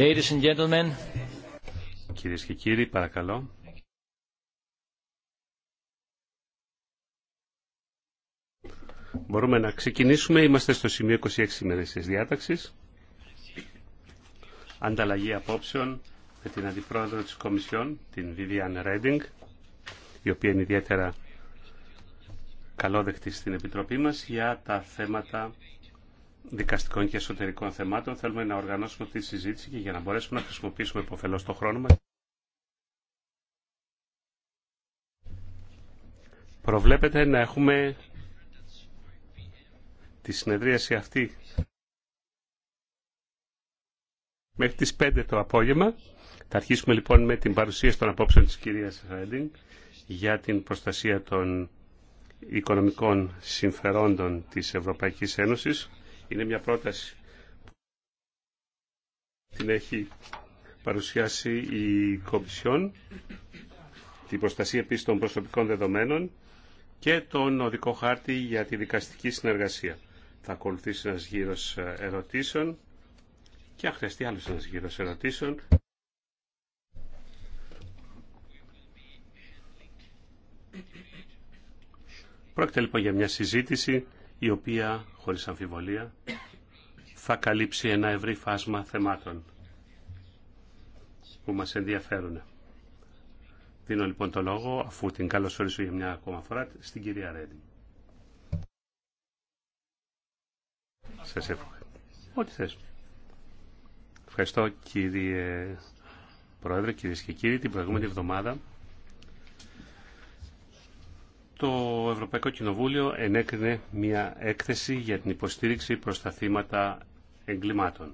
Ladies and gentlemen. Κυρίες και κύριοι, παρακαλώ. Μπορούμε να ξεκινήσουμε. Είμαστε στο σημείο 26 ημέρες της διάταξης. Ανταλλαγή απόψεων με την Αντιπρόεδρο της Κομισιόν, την Vivian Redding, η οποία είναι ιδιαίτερα καλόδεκτη στην Επιτροπή μας για τα θέματα δικαστικών και εσωτερικών θεμάτων. Θέλουμε να οργανώσουμε τη συζήτηση και για να μπορέσουμε να χρησιμοποιήσουμε υποφελώ το χρόνο μας. Προβλέπετε να έχουμε τη συνεδρίαση αυτή μέχρι τις 5 το απόγευμα. Θα αρχίσουμε λοιπόν με την παρουσίαση των απόψεων της κυρίας Ρέντινγκ για την προστασία των οικονομικών συμφερόντων της Ευρωπαϊκής Ένωσης. Είναι μια πρόταση την έχει παρουσιάσει η Κομισιόν, την προστασία επίσης των προσωπικών δεδομένων και τον οδικό χάρτη για τη δικαστική συνεργασία. Θα ακολουθήσει ένας γύρος ερωτήσεων και αν χρειαστεί άλλος ένας γύρος ερωτήσεων. Πρόκειται λοιπόν για μια συζήτηση η οποία, χωρίς αμφιβολία, θα καλύψει ένα ευρύ φάσμα θεμάτων που μας ενδιαφέρουν. Δίνω λοιπόν το λόγο, αφού την καλωσορίσω για μια ακόμα φορά, στην κυρία Ρέντι. Σας εύχομαι. Ό,τι θες. Ευχαριστώ κύριε Πρόεδρε, κυρίε και κύριοι. Την προηγούμενη εβδομάδα το Ευρωπαϊκό Κοινοβούλιο ενέκρινε μια έκθεση για την υποστήριξη προς τα θύματα εγκλημάτων.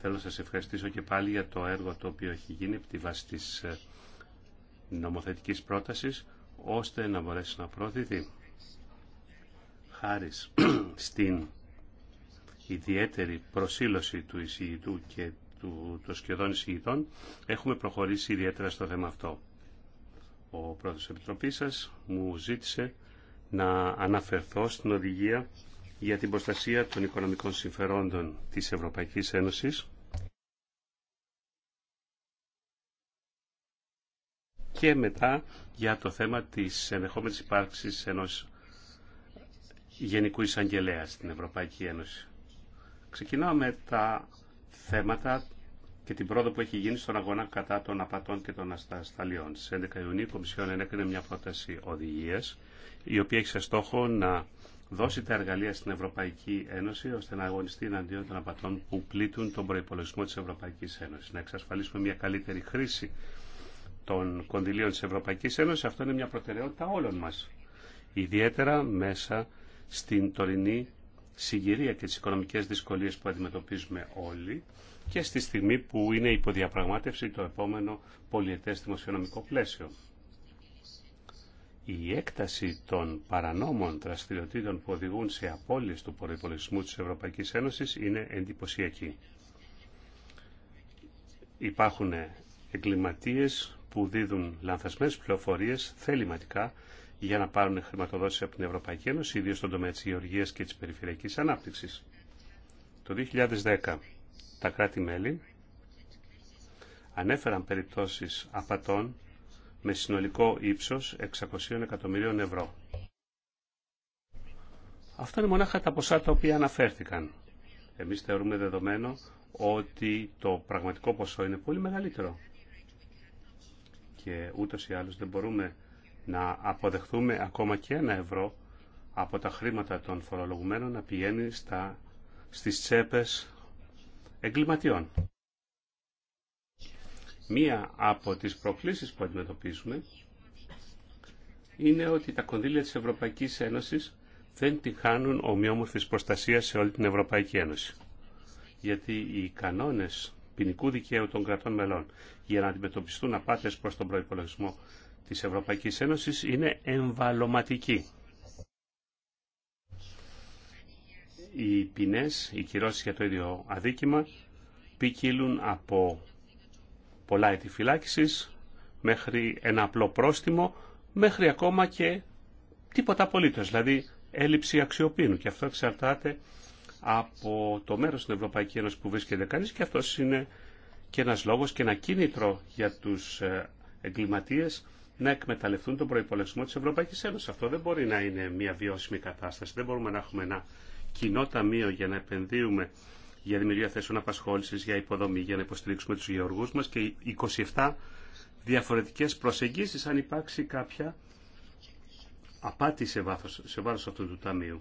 Θέλω να σας ευχαριστήσω και πάλι για το έργο το οποίο έχει γίνει από τη βάση της ε, νομοθετικής πρότασης, ώστε να μπορέσει να προωθηθεί. Χάρη στην ιδιαίτερη προσήλωση του εισηγητού και του, των σχεδόν εισηγητών, έχουμε προχωρήσει ιδιαίτερα στο θέμα αυτό ο πρόεδρος Επιτροπής σας μου ζήτησε να αναφερθώ στην οδηγία για την προστασία των οικονομικών συμφερόντων της Ευρωπαϊκής Ένωσης και μετά για το θέμα της ενδεχόμενης υπάρξης ενός Γενικού Εισαγγελέα στην Ευρωπαϊκή Ένωση. Ξεκινάω με τα θέματα και την πρόοδο που έχει γίνει στον αγώνα κατά των απατών και των αστασταλιών. Στι 11 Ιουνίου η Κομισιόν ενέκρινε μια πρόταση οδηγία, η οποία έχει σε στόχο να δώσει τα εργαλεία στην Ευρωπαϊκή Ένωση ώστε να αγωνιστεί εναντίον των απατών που πλήττουν τον προπολογισμό τη Ευρωπαϊκή Ένωση. Να εξασφαλίσουμε μια καλύτερη χρήση των κονδυλίων τη Ευρωπαϊκή Ένωση. Αυτό είναι μια προτεραιότητα όλων μα. Ιδιαίτερα μέσα στην τωρινή συγκυρία και τι οικονομικέ δυσκολίε που αντιμετωπίζουμε όλοι, και στη στιγμή που είναι υποδιαπραγμάτευση το επόμενο πολιετές δημοσιονομικό πλαίσιο. Η έκταση των παρανόμων δραστηριοτήτων που οδηγούν σε απώλειες του προϋπολογισμού της Ευρωπαϊκής Ένωσης είναι εντυπωσιακή. Υπάρχουν εγκληματίες που δίδουν λανθασμένες πληροφορίες θεληματικά για να πάρουν χρηματοδότηση από την Ευρωπαϊκή Ένωση, ιδίως στον τομέα της γεωργίας και της περιφερειακής ανάπτυξης. Το 2010 τα κράτη-μέλη ανέφεραν περιπτώσεις απατών με συνολικό ύψος 600 εκατομμυρίων ευρώ. Αυτά είναι μονάχα τα ποσά τα οποία αναφέρθηκαν. Εμείς θεωρούμε δεδομένο ότι το πραγματικό ποσό είναι πολύ μεγαλύτερο. Και ούτως ή άλλως δεν μπορούμε να αποδεχθούμε ακόμα και ένα ευρώ από τα χρήματα των φορολογουμένων να πηγαίνει στα, στις τσέπες εγκληματιών. Μία από τις προκλήσεις που αντιμετωπίζουμε είναι ότι τα κονδύλια της Ευρωπαϊκής Ένωσης δεν τη χάνουν ομοιόμορφης προστασία σε όλη την Ευρωπαϊκή Ένωση. Γιατί οι κανόνες ποινικού δικαίου των κρατών μελών για να αντιμετωπιστούν απάτες προς τον προϋπολογισμό της Ευρωπαϊκής Ένωσης είναι εμβαλωματικοί. οι ποινές, οι κυρώσεις για το ίδιο αδίκημα ποικίλουν από πολλά έτη μέχρι ένα απλό πρόστιμο, μέχρι ακόμα και τίποτα απολύτως, δηλαδή έλλειψη αξιοπίνου. Και αυτό εξαρτάται από το μέρος στην Ευρωπαϊκή Ένωση που βρίσκεται κανείς και αυτός είναι και ένας λόγος και ένα κίνητρο για τους ε, εγκληματίες να εκμεταλλευτούν τον προπολογισμό τη Ευρωπαϊκή Ένωση. Αυτό δεν μπορεί να είναι μια βιώσιμη κατάσταση. Δεν μπορούμε να έχουμε ένα κοινό ταμείο για να επενδύουμε για δημιουργία θέσεων απασχόλησης, για υποδομή, για να υποστηρίξουμε τους γεωργούς μας και 27 διαφορετικές προσεγγίσεις αν υπάρξει κάποια απάτη σε βάθος, σε βάθος αυτού του ταμείου.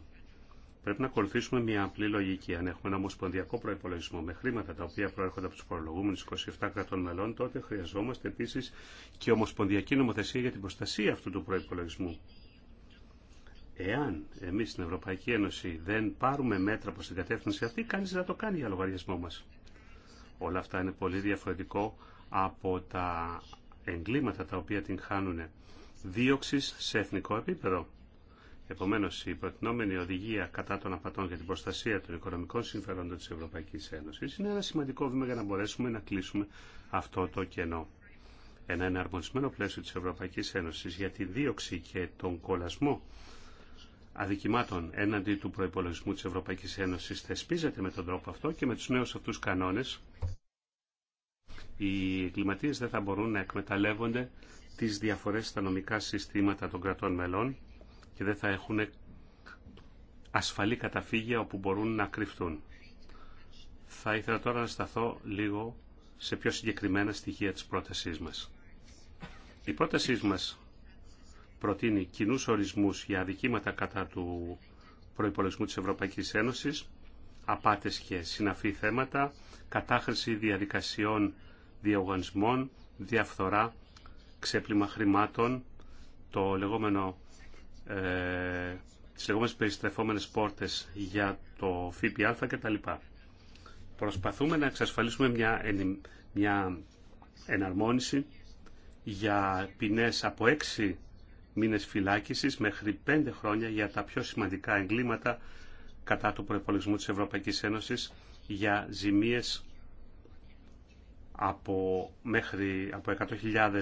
Πρέπει να ακολουθήσουμε μια απλή λογική. Αν έχουμε ένα ομοσπονδιακό προπολογισμό με χρήματα τα οποία προέρχονται από του προλογούμενου 27 κρατών μελών, τότε χρειαζόμαστε επίση και ομοσπονδιακή νομοθεσία για την προστασία αυτού του προπολογισμού. Εάν εμείς στην Ευρωπαϊκή Ένωση δεν πάρουμε μέτρα προς την κατεύθυνση αυτή, κανείς δεν θα το κάνει για λογαριασμό μας. Όλα αυτά είναι πολύ διαφορετικό από τα εγκλήματα τα οποία την χάνουν δίωξη σε εθνικό επίπεδο. Επομένω, η προτινόμενη οδηγία κατά των απατών για την προστασία των οικονομικών συμφερόντων τη Ευρωπαϊκή Ένωση είναι ένα σημαντικό βήμα για να μπορέσουμε να κλείσουμε αυτό το κενό. Ένα εναρμονισμένο πλαίσιο τη Ευρωπαϊκή Ένωση για τη δίωξη και τον κολασμό αδικημάτων έναντι του προϋπολογισμού της Ευρωπαϊκής Ένωσης θεσπίζεται με τον τρόπο αυτό και με τους νέους αυτούς κανόνες οι εγκληματίες δεν θα μπορούν να εκμεταλλεύονται τις διαφορές στα νομικά συστήματα των κρατών μελών και δεν θα έχουν ασφαλή καταφύγια όπου μπορούν να κρυφτούν. Θα ήθελα τώρα να σταθώ λίγο σε πιο συγκεκριμένα στοιχεία της πρότασής μας. Η πρότασή μας προτείνει κοινού ορισμού για αδικήματα κατά του προπολογισμού τη Ευρωπαϊκή Ένωση, απάτε και συναφή θέματα, κατάχρηση διαδικασιών διαγωνισμών, διαφθορά, ξέπλυμα χρημάτων, το λεγόμενο, ε, τις λεγόμενες περιστρεφόμενες πόρτες για το ΦΠΑ κτλ. Προσπαθούμε να εξασφαλίσουμε μια, μια εναρμόνιση για ποινές από μήνες φυλάκισης μέχρι πέντε χρόνια για τα πιο σημαντικά εγκλήματα κατά του προπολογισμού της Ευρωπαϊκής Ένωσης για ζημίες από, μέχρι, από 100.000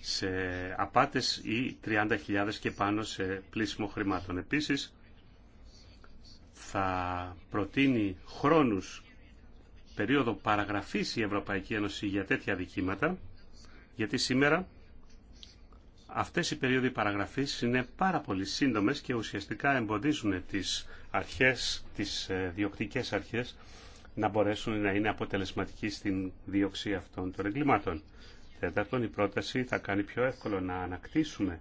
σε απάτες ή 30.000 και πάνω σε πλήσιμο χρημάτων. Επίσης, θα προτείνει χρόνους, περίοδο παραγραφής η Ευρωπαϊκή Ένωση για τέτοια δικήματα, γιατί σήμερα Αυτές οι περίοδοι παραγραφής είναι πάρα πολύ σύντομες και ουσιαστικά εμποδίζουν τις αρχές, τις ε, διοκτικές αρχές να μπορέσουν να είναι αποτελεσματικοί στην δίωξη αυτών των εγκλημάτων. Τέταρτον, η πρόταση θα κάνει πιο εύκολο να ανακτήσουμε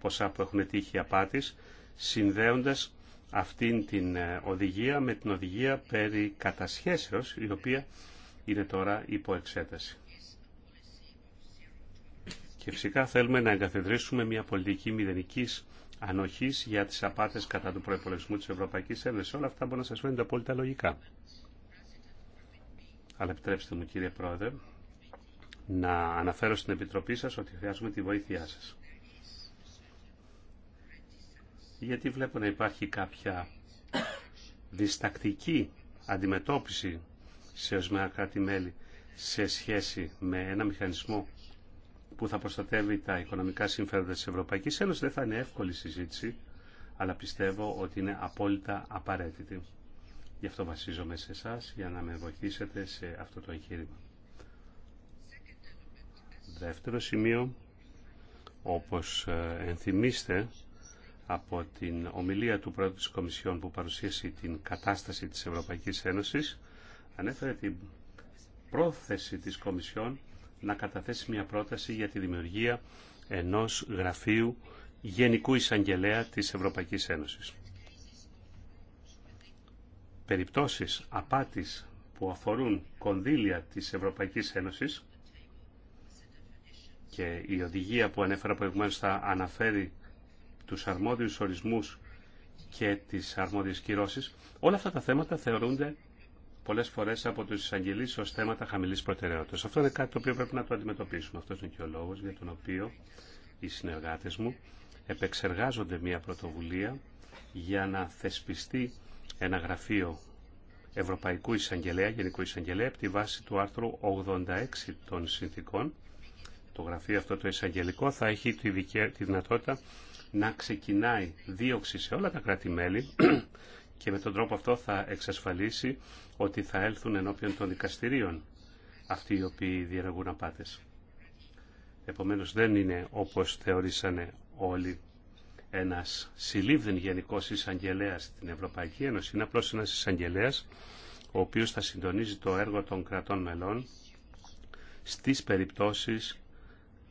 ποσά που έχουν τύχει απάτης, συνδέοντας αυτήν την ε, οδηγία με την οδηγία περί κατασχέσεως, η οποία είναι τώρα υπό εξέταση. Και φυσικά θέλουμε να εγκαθιδρύσουμε μια πολιτική μηδενική ανοχή για τι απάτε κατά του προπολογισμού τη Ευρωπαϊκή Ένωση. Όλα αυτά μπορεί να σα φαίνονται απόλυτα λογικά. Αλλά επιτρέψτε μου, κύριε Πρόεδρε, να αναφέρω στην Επιτροπή σας ότι χρειάζομαι τη βοήθειά σας. Γιατί βλέπω να υπάρχει κάποια διστακτική αντιμετώπιση σε ορισμένα κράτη-μέλη σε σχέση με ένα μηχανισμό που θα προστατεύει τα οικονομικά συμφέροντα της Ευρωπαϊκής Ένωσης. Δεν θα είναι εύκολη συζήτηση, αλλά πιστεύω ότι είναι απόλυτα απαραίτητη. Γι' αυτό βασίζομαι σε εσά για να με βοηθήσετε σε αυτό το εγχείρημα. Δεύτερο σημείο, όπως ε, ενθυμίστε από την ομιλία του πρώτου της Κομισιόν που παρουσίασε την κατάσταση της Ευρωπαϊκής Ένωσης, ανέφερε την πρόθεση της Κομισιόν να καταθέσει μια πρόταση για τη δημιουργία ενός γραφείου Γενικού Εισαγγελέα της Ευρωπαϊκής Ένωσης. Περιπτώσεις απάτης που αφορούν κονδύλια της Ευρωπαϊκής Ένωσης και η οδηγία που ανέφερα προηγουμένως θα αναφέρει τους αρμόδιους ορισμούς και τις αρμόδιες κυρώσεις, όλα αυτά τα θέματα θεωρούνται πολλέ φορέ από του εισαγγελεί ω θέματα χαμηλή προτεραιότητα. Αυτό είναι κάτι το οποίο πρέπει να το αντιμετωπίσουμε. Αυτό είναι και ο λόγο για τον οποίο οι συνεργάτε μου επεξεργάζονται μια πρωτοβουλία για να θεσπιστεί ένα γραφείο Ευρωπαϊκού Εισαγγελέα, Γενικού Εισαγγελέα, από τη βάση του άρθρου 86 των συνθήκων. Το γραφείο αυτό το εισαγγελικό θα έχει τη, δυνατότητα να ξεκινάει δίωξη σε όλα τα κράτη-μέλη και με τον τρόπο αυτό θα εξασφαλίσει ότι θα έλθουν ενώπιον των δικαστηρίων αυτοί οι οποίοι διερευνούν απάτες. Επομένως δεν είναι όπως θεωρήσανε όλοι ένας συλλήβδεν γενικός εισαγγελέα στην Ευρωπαϊκή Ένωση. Είναι απλώς ένας εισαγγελέα, ο οποίος θα συντονίζει το έργο των κρατών μελών στις περιπτώσεις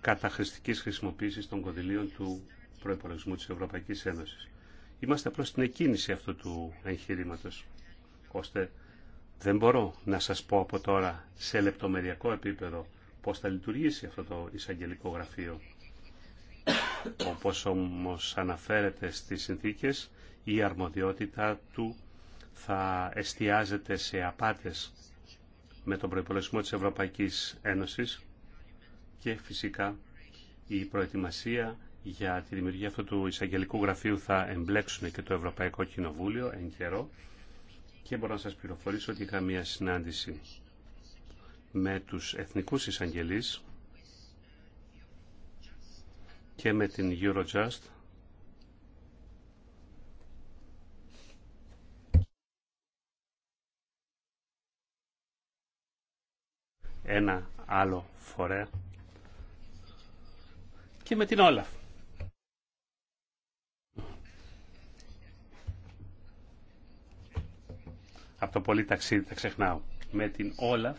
καταχρηστικής χρησιμοποίησης των κονδυλίων του προϋπολογισμού της Ευρωπαϊκής Ένωσης. Είμαστε προς την εκκίνηση αυτού του εγχειρήματο. ώστε δεν μπορώ να σας πω από τώρα σε λεπτομεριακό επίπεδο πώς θα λειτουργήσει αυτό το εισαγγελικό γραφείο. Όπως όμως αναφέρεται στις συνθήκες, η αρμοδιότητα του θα εστιάζεται σε απάτες με τον προϋπολογισμό της Ευρωπαϊκής Ένωσης και φυσικά η προετοιμασία, για τη δημιουργία αυτού του εισαγγελικού γραφείου θα εμπλέξουν και το Ευρωπαϊκό Κοινοβούλιο εν καιρό και μπορώ να σας πληροφορήσω ότι είχα μία συνάντηση με τους εθνικούς εισαγγελείς και με την Eurojust ένα άλλο φορέα και με την Όλαφ. από το πολύ ταξίδι, θα ξεχνάω, με την Όλαφ,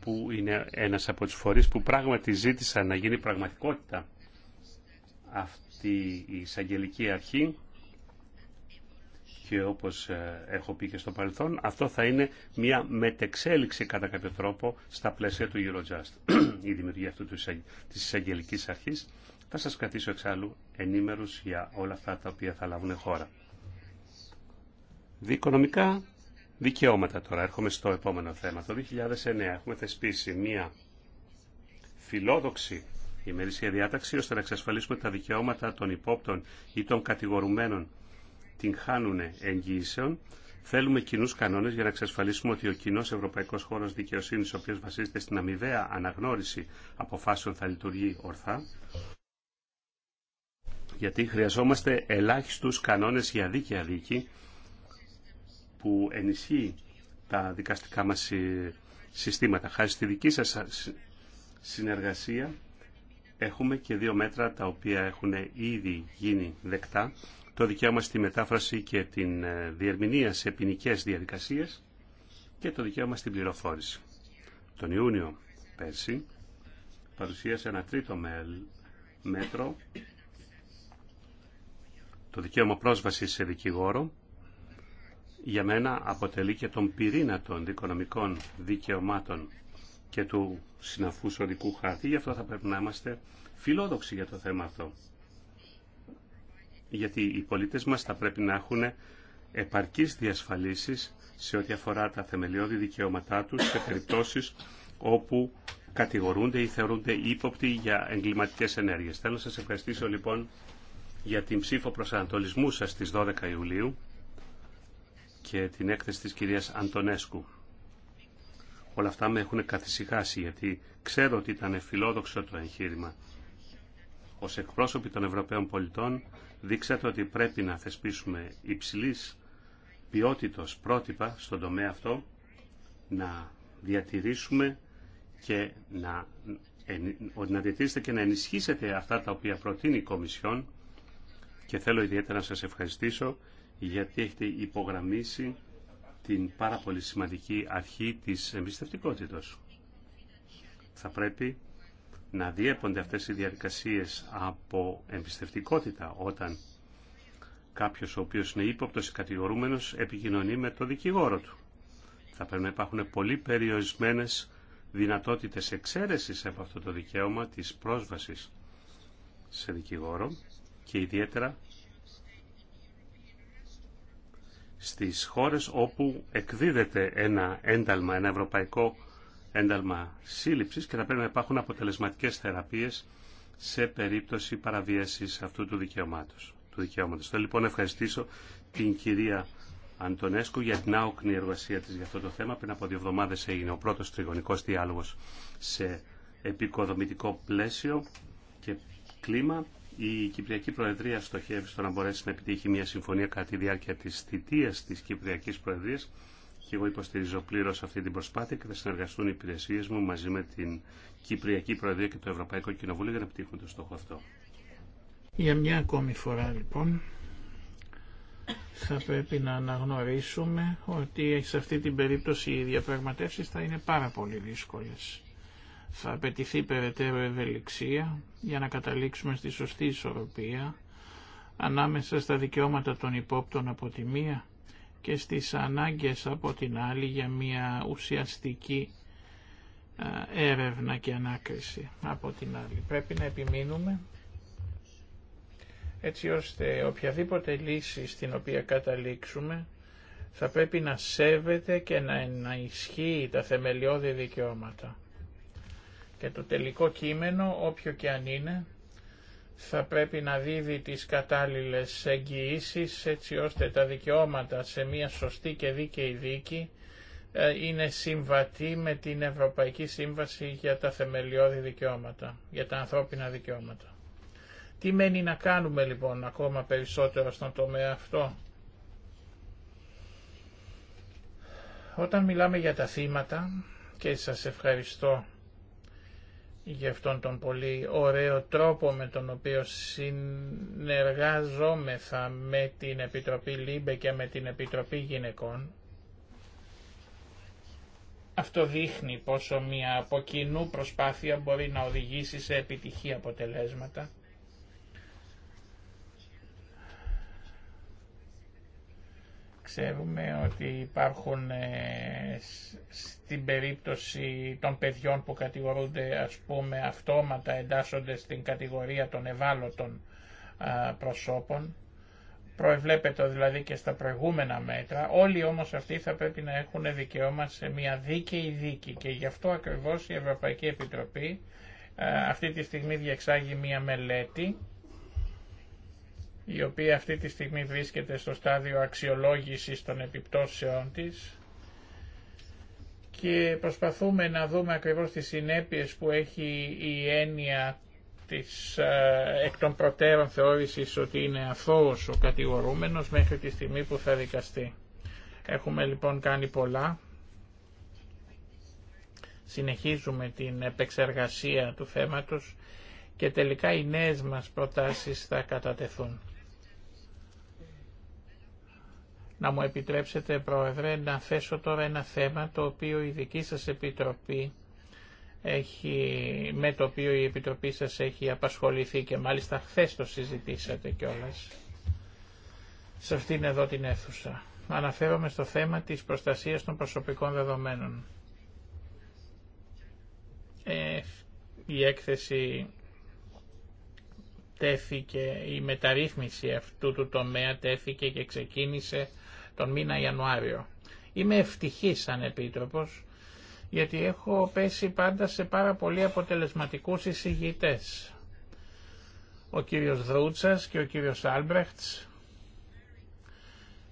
που είναι ένας από τους φορείς που πράγματι ζήτησαν να γίνει πραγματικότητα αυτή η εισαγγελική αρχή και όπως ε, έχω πει και στο παρελθόν, αυτό θα είναι μια μετεξέλιξη κατά κάποιο τρόπο στα πλαίσια του Eurojust. η δημιουργία αυτού της εισαγγελική αρχής θα σας κρατήσω εξάλλου ενήμερους για όλα αυτά τα οποία θα λάβουν χώρα. Δικονομικά δικαιώματα τώρα. Έρχομαι στο επόμενο θέμα. Το 2009 έχουμε θεσπίσει μία φιλόδοξη ημερήσια διάταξη ώστε να εξασφαλίσουμε τα δικαιώματα των υπόπτων ή των κατηγορουμένων την χάνουν εγγυήσεων. Θέλουμε κοινού κανόνε για να εξασφαλίσουμε ότι ο κοινό ευρωπαϊκό χώρο δικαιοσύνη, ο οποίο βασίζεται στην αμοιβαία αναγνώριση αποφάσεων, θα λειτουργεί ορθά. Γιατί χρειαζόμαστε ελάχιστου κανόνε για δίκαια δίκη που ενισχύει τα δικαστικά μας συστήματα. Χάρη στη δική σας συνεργασία έχουμε και δύο μέτρα τα οποία έχουν ήδη γίνει δεκτά. Το δικαίωμα στη μετάφραση και την ε, διερμηνία σε ποινικέ διαδικασίες και το δικαίωμα στην πληροφόρηση. Τον Ιούνιο πέρσι παρουσίασε ένα τρίτο μέτρο το δικαίωμα πρόσβαση σε δικηγόρο για μένα αποτελεί και τον πυρήνα των δικονομικών δικαιωμάτων και του συναφού οδικού χάρτη, γι' αυτό θα πρέπει να είμαστε φιλόδοξοι για το θέμα αυτό. Γιατί οι πολίτες μας θα πρέπει να έχουν επαρκείς διασφαλίσεις σε ό,τι αφορά τα θεμελιώδη δικαιώματά τους σε περιπτώσεις όπου κατηγορούνται ή θεωρούνται ύποπτοι για εγκληματικές ενέργειες. Θέλω να σας ευχαριστήσω λοιπόν για την ψήφο προσανατολισμού σας στις 12 Ιουλίου και την έκθεση της κυρίας Αντωνέσκου. Όλα αυτά με έχουν καθησυχάσει γιατί ξέρω ότι ήταν φιλόδοξο το εγχείρημα. Ως εκπρόσωποι των Ευρωπαίων πολιτών δείξατε ότι πρέπει να θεσπίσουμε υψηλής ποιότητος πρότυπα στον τομέα αυτό, να διατηρήσουμε και να, να διατηρήσετε και να ενισχύσετε αυτά τα οποία προτείνει η Κομισιόν και θέλω ιδιαίτερα να σας ευχαριστήσω γιατί έχετε υπογραμμίσει την πάρα πολύ σημαντική αρχή της εμπιστευτικότητας. Θα πρέπει να διέπονται αυτές οι διαδικασίες από εμπιστευτικότητα όταν κάποιος ο οποίος είναι ύποπτος ή κατηγορούμενος επικοινωνεί με το δικηγόρο του. Θα πρέπει να υπάρχουν πολύ περιορισμένες δυνατότητες εξαίρεσης από αυτό το δικαίωμα της πρόσβασης σε δικηγόρο και ιδιαίτερα στις χώρες όπου εκδίδεται ένα ένταλμα, ένα ευρωπαϊκό ένταλμα σύλληψης και θα πρέπει να υπάρχουν αποτελεσματικές θεραπείες σε περίπτωση παραβίασης αυτού του δικαιωμάτος. Του δικαιώματος. Θέλω λοιπόν να ευχαριστήσω την κυρία Αντωνέσκου για την άοκνη εργασία της για αυτό το θέμα. Πριν από δύο εβδομάδες έγινε ο πρώτος τριγωνικός διάλογος σε επικοδομητικό πλαίσιο και κλίμα η Κυπριακή Προεδρία στοχεύει στο να μπορέσει να επιτύχει μια συμφωνία κατά τη διάρκεια της θητείας της Κυπριακής Προεδρίας και εγώ υποστηρίζω πλήρω αυτή την προσπάθεια και θα συνεργαστούν οι υπηρεσίε μου μαζί με την Κυπριακή Προεδρία και το Ευρωπαϊκό Κοινοβούλιο για να επιτύχουν το στόχο αυτό. Για μια ακόμη φορά λοιπόν θα πρέπει να αναγνωρίσουμε ότι σε αυτή την περίπτωση οι διαπραγματεύσεις θα είναι πάρα πολύ δύσκολες. Θα απαιτηθεί περαιτέρω ευελιξία για να καταλήξουμε στη σωστή ισορροπία ανάμεσα στα δικαιώματα των υπόπτων από τη μία και στις ανάγκες από την άλλη για μια ουσιαστική έρευνα και ανάκριση από την άλλη. Πρέπει να επιμείνουμε έτσι ώστε οποιαδήποτε λύση στην οποία καταλήξουμε θα πρέπει να σέβεται και να ενισχύει τα θεμελιώδη δικαιώματα. Και το τελικό κείμενο, όποιο και αν είναι, θα πρέπει να δίδει τις κατάλληλες εγγυήσει έτσι ώστε τα δικαιώματα σε μια σωστή και δίκαιη δίκη ε, είναι συμβατή με την Ευρωπαϊκή Σύμβαση για τα θεμελιώδη δικαιώματα, για τα ανθρώπινα δικαιώματα. Τι μένει να κάνουμε λοιπόν ακόμα περισσότερο στον τομέα αυτό. Όταν μιλάμε για τα θύματα και σας ευχαριστώ Γι' αυτόν τον πολύ ωραίο τρόπο με τον οποίο συνεργάζομεθα με την Επιτροπή ΛΥΜΠΕ και με την Επιτροπή Γυναικών. Αυτό δείχνει πόσο μια από κοινού προσπάθεια μπορεί να οδηγήσει σε επιτυχή αποτελέσματα. Ξέρουμε ότι υπάρχουν ε, στην περίπτωση των παιδιών που κατηγορούνται ας πούμε αυτόματα εντάσσονται στην κατηγορία των ευάλωτων προσώπων. Προεβλέπεται δηλαδή και στα προηγούμενα μέτρα. Όλοι όμως αυτοί θα πρέπει να έχουν δικαίωμα σε μια δίκαιη δίκη και γι' αυτό ακριβώς η Ευρωπαϊκή Επιτροπή αυτή τη στιγμή διεξάγει μια μελέτη η οποία αυτή τη στιγμή βρίσκεται στο στάδιο αξιολόγησης των επιπτώσεών της και προσπαθούμε να δούμε ακριβώς τις συνέπειες που έχει η έννοια της ε, εκ των προτέρων θεώρησης ότι είναι αθώος ο κατηγορούμενος μέχρι τη στιγμή που θα δικαστεί. Έχουμε λοιπόν κάνει πολλά. Συνεχίζουμε την επεξεργασία του θέματος και τελικά οι νέες μας προτάσεις θα κατατεθούν. Να μου επιτρέψετε, Πρόεδρε, να θέσω τώρα ένα θέμα το οποίο η δική σας Επιτροπή έχει, με το οποίο η Επιτροπή σας έχει απασχοληθεί και μάλιστα χθε το συζητήσατε κιόλας σε αυτήν εδώ την αίθουσα. Αναφέρομαι στο θέμα της προστασίας των προσωπικών δεδομένων. Ε, η έκθεση τέθηκε, η μεταρρύθμιση αυτού του τομέα τέθηκε και ξεκίνησε τον μήνα Ιανουάριο. Είμαι ευτυχής σαν επίτροπος γιατί έχω πέσει πάντα σε πάρα πολύ αποτελεσματικούς εισηγητές. Ο κύριος Δρούτσας και ο κύριος Άλμπρεχτς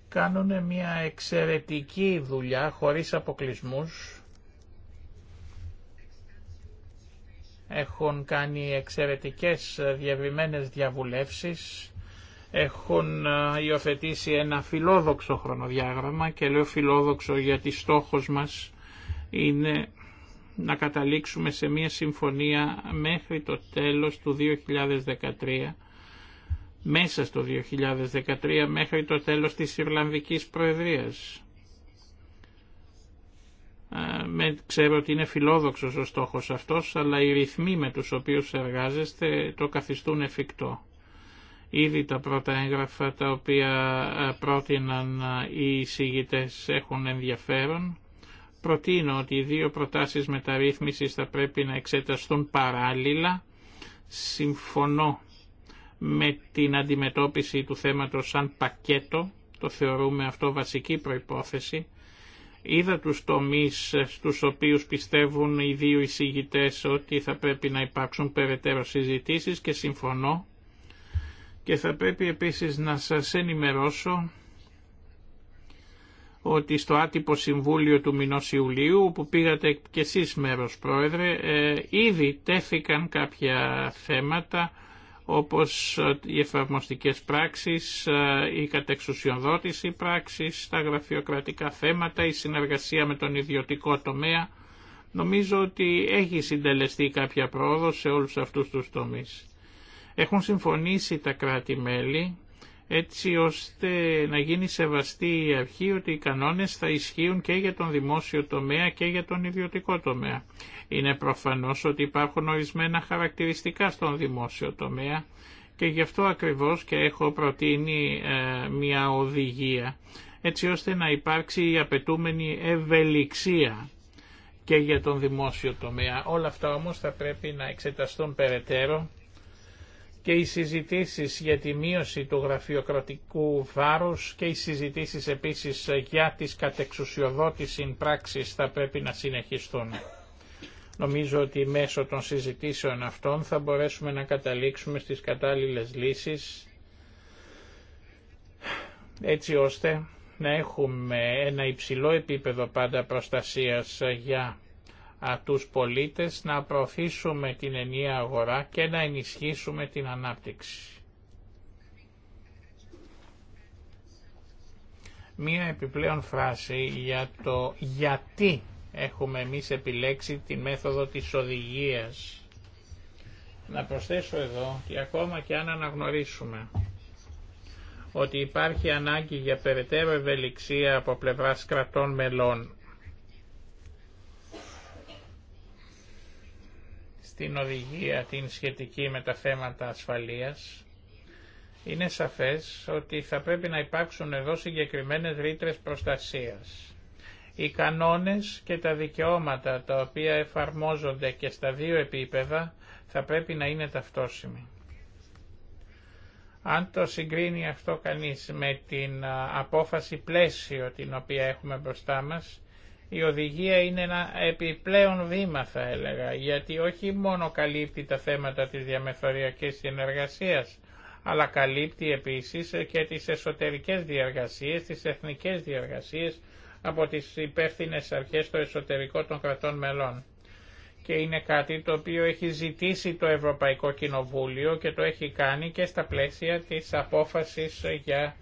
κάνουν μια εξαιρετική δουλειά χωρίς αποκλισμούς. Έχουν κάνει εξαιρετικές διαβημένες διαβουλεύσεις έχουν υιοθετήσει ένα φιλόδοξο χρονοδιάγραμμα και λέω φιλόδοξο γιατί στόχος μας είναι να καταλήξουμε σε μια συμφωνία μέχρι το τέλος του 2013 μέσα στο 2013 μέχρι το τέλος της Ιρλανδικής Προεδρίας. Με, ξέρω ότι είναι φιλόδοξος ο στόχος αυτός, αλλά οι ρυθμοί με τους οποίους εργάζεστε το καθιστούν εφικτό. Ήδη τα πρώτα έγγραφα τα οποία ε, πρότειναν ε, οι εισηγητές έχουν ενδιαφέρον. Προτείνω ότι οι δύο προτάσεις μεταρρύθμισης θα πρέπει να εξεταστούν παράλληλα. Συμφωνώ με την αντιμετώπιση του θέματος σαν πακέτο, το θεωρούμε αυτό βασική προϋπόθεση. Είδα τους τομείς στους οποίους πιστεύουν οι δύο εισηγητές ότι θα πρέπει να υπάρξουν περαιτέρω συζητήσεις και συμφωνώ και θα πρέπει επίσης να σας ενημερώσω ότι στο άτυπο συμβούλιο του μηνός Ιουλίου, που πήγατε και εσείς μέρος πρόεδρε, ε, ήδη τέθηκαν κάποια θέματα όπως οι εφαρμοστικές πράξεις, ε, η κατεξουσιοδότηση πράξης, τα γραφειοκρατικά θέματα, η συνεργασία με τον ιδιωτικό τομέα. Νομίζω ότι έχει συντελεστεί κάποια πρόοδος σε όλους αυτούς τους τομείς. Έχουν συμφωνήσει τα κράτη-μέλη έτσι ώστε να γίνει σεβαστή η αρχή ότι οι κανόνες θα ισχύουν και για τον δημόσιο τομέα και για τον ιδιωτικό τομέα. Είναι προφανώς ότι υπάρχουν ορισμένα χαρακτηριστικά στον δημόσιο τομέα και γι' αυτό ακριβώς και έχω προτείνει ε, μια οδηγία έτσι ώστε να υπάρξει η απαιτούμενη ευελιξία και για τον δημόσιο τομέα. Όλα αυτά όμως θα πρέπει να εξεταστούν περαιτέρω και οι συζητήσεις για τη μείωση του γραφειοκρατικού βάρους και οι συζητήσεις επίσης για τις κατεξουσιοδότηση πράξεις θα πρέπει να συνεχιστούν. Νομίζω ότι μέσω των συζητήσεων αυτών θα μπορέσουμε να καταλήξουμε στις κατάλληλες λύσεις έτσι ώστε να έχουμε ένα υψηλό επίπεδο πάντα προστασίας για τους πολίτες να προωθήσουμε την ενιαία αγορά και να ενισχύσουμε την ανάπτυξη. Μία επιπλέον φράση για το γιατί έχουμε εμείς επιλέξει τη μέθοδο της οδηγίας. Να προσθέσω εδώ και ακόμα και αν αναγνωρίσουμε ότι υπάρχει ανάγκη για περαιτέρω ευελιξία από πλευράς κρατών μελών την οδηγία την σχετική με τα θέματα ασφαλείας, είναι σαφές ότι θα πρέπει να υπάρξουν εδώ συγκεκριμένες ρήτρες προστασίας. Οι κανόνες και τα δικαιώματα τα οποία εφαρμόζονται και στα δύο επίπεδα θα πρέπει να είναι ταυτόσιμοι. Αν το συγκρίνει αυτό κανείς με την απόφαση πλαίσιο την οποία έχουμε μπροστά μας, η οδηγία είναι ένα επιπλέον βήμα θα έλεγα, γιατί όχι μόνο καλύπτει τα θέματα της διαμεθοριακής συνεργασίας, αλλά καλύπτει επίσης και τις εσωτερικές διαργασίες, τις εθνικές διαργασίες από τις υπεύθυνε αρχές στο εσωτερικό των κρατών μελών. Και είναι κάτι το οποίο έχει ζητήσει το Ευρωπαϊκό Κοινοβούλιο και το έχει κάνει και στα πλαίσια της απόφασης για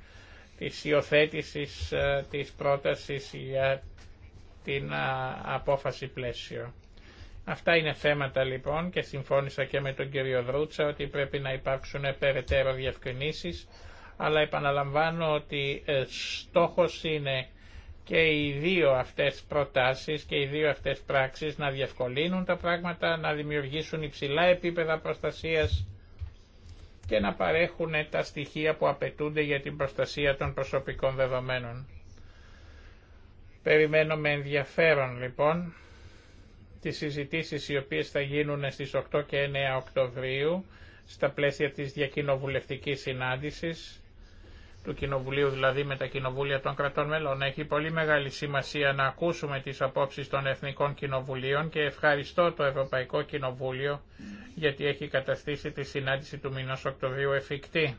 τη υιοθέτηση ε, της πρότασης για την απόφαση πλαίσιο. Αυτά είναι θέματα λοιπόν και συμφώνησα και με τον κύριο Δρούτσα ότι πρέπει να υπάρξουν περαιτέρω διευκρινήσεις αλλά επαναλαμβάνω ότι ε, στόχος είναι και οι δύο αυτές προτάσεις και οι δύο αυτές πράξεις να διευκολύνουν τα πράγματα, να δημιουργήσουν υψηλά επίπεδα προστασίας και να παρέχουν τα στοιχεία που απαιτούνται για την προστασία των προσωπικών δεδομένων. Περιμένω με ενδιαφέρον λοιπόν τις συζητήσεις οι οποίες θα γίνουν στις 8 και 9 Οκτωβρίου στα πλαίσια της διακοινοβουλευτικής συνάντησης του Κοινοβουλίου, δηλαδή με τα Κοινοβούλια των Κρατών Μελών. Έχει πολύ μεγάλη σημασία να ακούσουμε τις απόψεις των Εθνικών Κοινοβουλίων και ευχαριστώ το Ευρωπαϊκό Κοινοβούλιο γιατί έχει καταστήσει τη συνάντηση του μηνός Οκτωβρίου εφικτή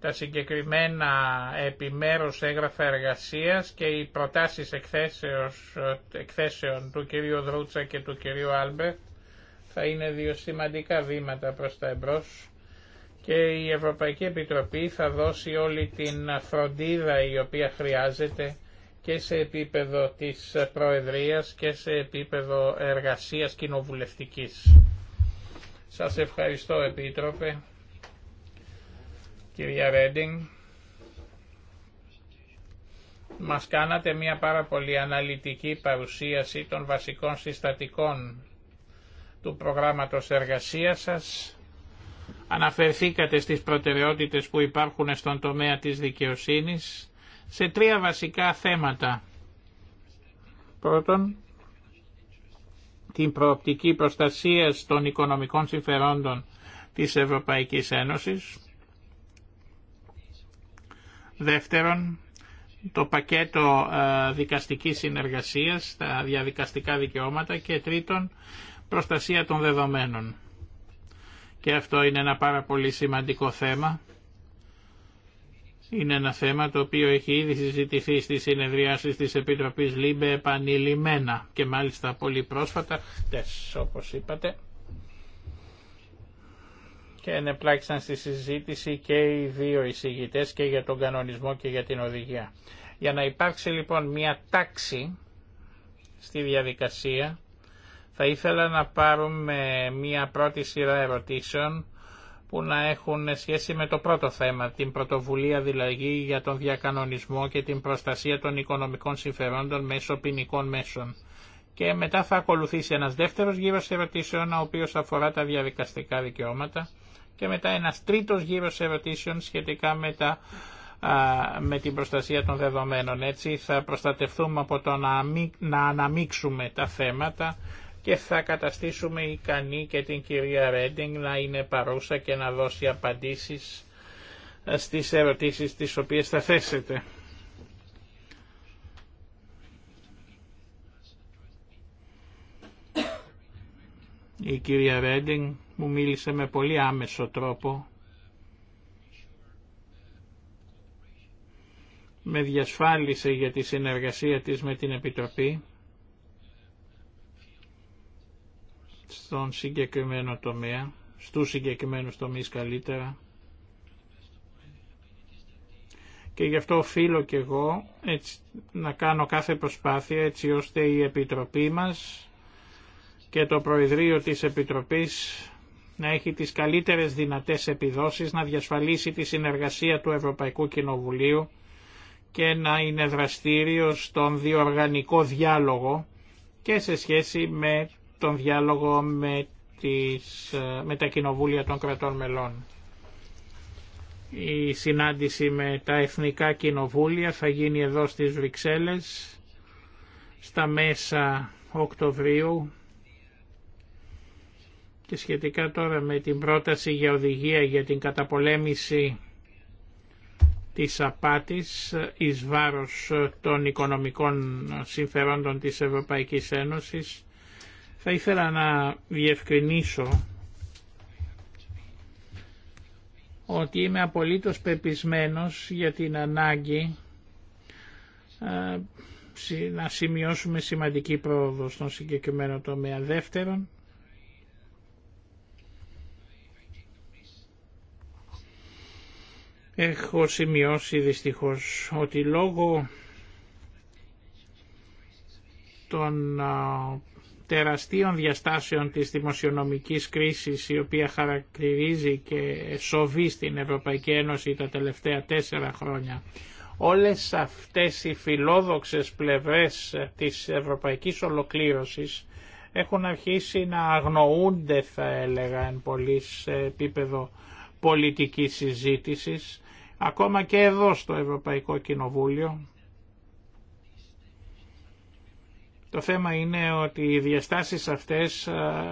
τα συγκεκριμένα επιμέρους έγγραφα εργασίας και οι προτάσεις εκθέσεως, εκθέσεων του κυρίου Δρούτσα και του κυρίου Άλμπερτ θα είναι δύο σημαντικά βήματα προς τα εμπρός και η Ευρωπαϊκή Επιτροπή θα δώσει όλη την φροντίδα η οποία χρειάζεται και σε επίπεδο της Προεδρίας και σε επίπεδο εργασίας κοινοβουλευτικής. Σας ευχαριστώ Επίτροπε. Κυρία Ρέντινγκ, μας κάνατε μια πάρα πολύ αναλυτική παρουσίαση των βασικών συστατικών του προγράμματος εργασίας σας. Αναφερθήκατε στις προτεραιότητες που υπάρχουν στον τομέα της δικαιοσύνης σε τρία βασικά θέματα. Πρώτον, την προοπτική προστασία των οικονομικών συμφερόντων της Ευρωπαϊκής Ένωσης. Δεύτερον, το πακέτο ε, δικαστικής συνεργασίας, τα διαδικαστικά δικαιώματα και τρίτον, προστασία των δεδομένων. Και αυτό είναι ένα πάρα πολύ σημαντικό θέμα. Είναι ένα θέμα το οποίο έχει ήδη συζητηθεί στη συνεδριάσεις της Επιτροπής ΛΥΜΠΕ επανειλημμένα και μάλιστα πολύ πρόσφατα, χτες όπως είπατε και ενεπλάξαν στη συζήτηση και οι δύο εισηγητέ και για τον κανονισμό και για την οδηγία. Για να υπάρξει λοιπόν μια τάξη στη διαδικασία θα ήθελα να πάρουμε μια πρώτη σειρά ερωτήσεων που να έχουν σχέση με το πρώτο θέμα, την πρωτοβουλία δηλαδή για τον διακανονισμό και την προστασία των οικονομικών συμφερόντων μέσω ποινικών μέσων. Και μετά θα ακολουθήσει ένας δεύτερος γύρος ερωτήσεων, ο οποίος αφορά τα διαδικαστικά δικαιώματα και μετά ένας τρίτος γύρος ερωτήσεων σχετικά με, τα, με την προστασία των δεδομένων. Έτσι θα προστατευτούμε από το να, να αναμίξουμε τα θέματα και θα καταστήσουμε ικανή και την κυρία Ρέντινγκ να είναι παρούσα και να δώσει απαντήσεις ε, στις ερωτήσεις τις οποίες θα θέσετε. Η κυρία Ρέντινγκ μου μίλησε με πολύ άμεσο τρόπο με διασφάλισε για τη συνεργασία της με την Επιτροπή στον συγκεκριμένο τομέα, στους συγκεκριμένους τομείς καλύτερα. Και γι' αυτό οφείλω και εγώ έτσι, να κάνω κάθε προσπάθεια έτσι ώστε η Επιτροπή μας και το Προεδρείο της Επιτροπής να έχει τις καλύτερες δυνατές επιδόσεις, να διασφαλίσει τη συνεργασία του Ευρωπαϊκού Κοινοβουλίου και να είναι δραστήριο στον διοργανικό διάλογο και σε σχέση με τον διάλογο με, τις, με τα κοινοβούλια των κρατών μελών. Η συνάντηση με τα εθνικά κοινοβούλια θα γίνει εδώ στις Βρυξέλλες στα μέσα Οκτωβρίου και σχετικά τώρα με την πρόταση για οδηγία για την καταπολέμηση της απάτης εις βάρος των οικονομικών συμφερόντων της Ευρωπαϊκής Ένωσης θα ήθελα να διευκρινίσω ότι είμαι απολύτως πεπισμένος για την ανάγκη ε, να σημειώσουμε σημαντική πρόοδο στον συγκεκριμένο τομέα. Δεύτερον, Έχω σημειώσει δυστυχώς ότι λόγω των τεραστίων διαστάσεων της δημοσιονομικής κρίσης η οποία χαρακτηρίζει και σοβεί στην Ευρωπαϊκή Ένωση τα τελευταία τέσσερα χρόνια. Όλες αυτές οι φιλόδοξες πλευρές της ευρωπαϊκής ολοκλήρωσης έχουν αρχίσει να αγνοούνται θα έλεγα εν πολύ σε επίπεδο πολιτικής συζήτησης Ακόμα και εδώ στο Ευρωπαϊκό Κοινοβούλιο το θέμα είναι ότι οι διαστάσεις αυτές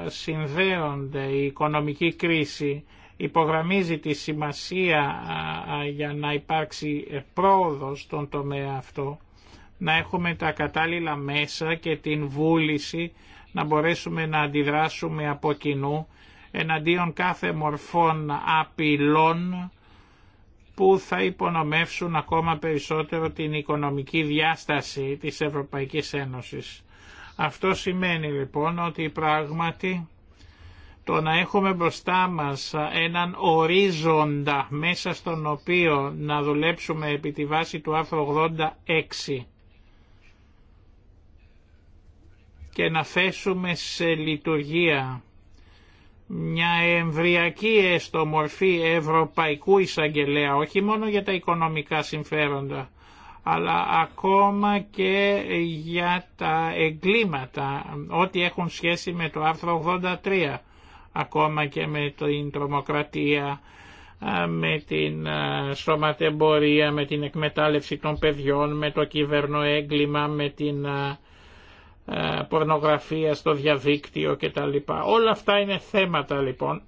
συνδέονται, η οικονομική κρίση υπογραμμίζει τη σημασία για να υπάρξει πρόοδος στον τομέα αυτό, να έχουμε τα κατάλληλα μέσα και την βούληση να μπορέσουμε να αντιδράσουμε από κοινού εναντίον κάθε μορφών απειλών που θα υπονομεύσουν ακόμα περισσότερο την οικονομική διάσταση της Ευρωπαϊκής Ένωσης. Αυτό σημαίνει λοιπόν ότι πράγματι το να έχουμε μπροστά μας έναν ορίζοντα μέσα στον οποίο να δουλέψουμε επί τη βάση του άρθρου 86 και να θέσουμε σε λειτουργία μια εμβριακή έστω μορφή ευρωπαϊκού εισαγγελέα, όχι μόνο για τα οικονομικά συμφέροντα, αλλά ακόμα και για τα εγκλήματα, ό,τι έχουν σχέση με το άρθρο 83, ακόμα και με την τρομοκρατία, με την σωματεμπορία, με την εκμετάλλευση των παιδιών, με το κυβερνοέγκλημα, με την ε, πορνογραφία στο διαδίκτυο και τα λοιπά. Όλα αυτά είναι θέματα λοιπόν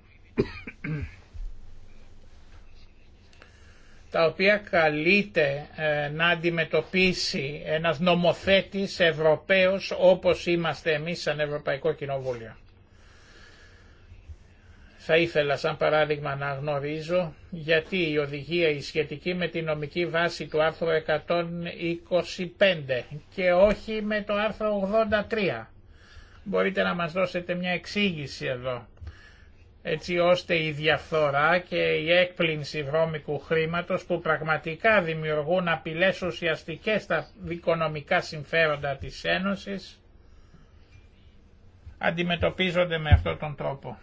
τα οποία καλείται ε, να αντιμετωπίσει ένας νομοθέτης Ευρωπαίος όπως είμαστε εμείς σαν Ευρωπαϊκό Κοινοβούλιο. Θα ήθελα σαν παράδειγμα να γνωρίζω γιατί η οδηγία η σχετική με τη νομική βάση του άρθρου 125 και όχι με το άρθρο 83. Μπορείτε να μας δώσετε μια εξήγηση εδώ έτσι ώστε η διαφθορά και η έκπληνση βρώμικου χρήματος που πραγματικά δημιουργούν απειλές ουσιαστικές στα οικονομικά συμφέροντα της Ένωσης αντιμετωπίζονται με αυτόν τον τρόπο.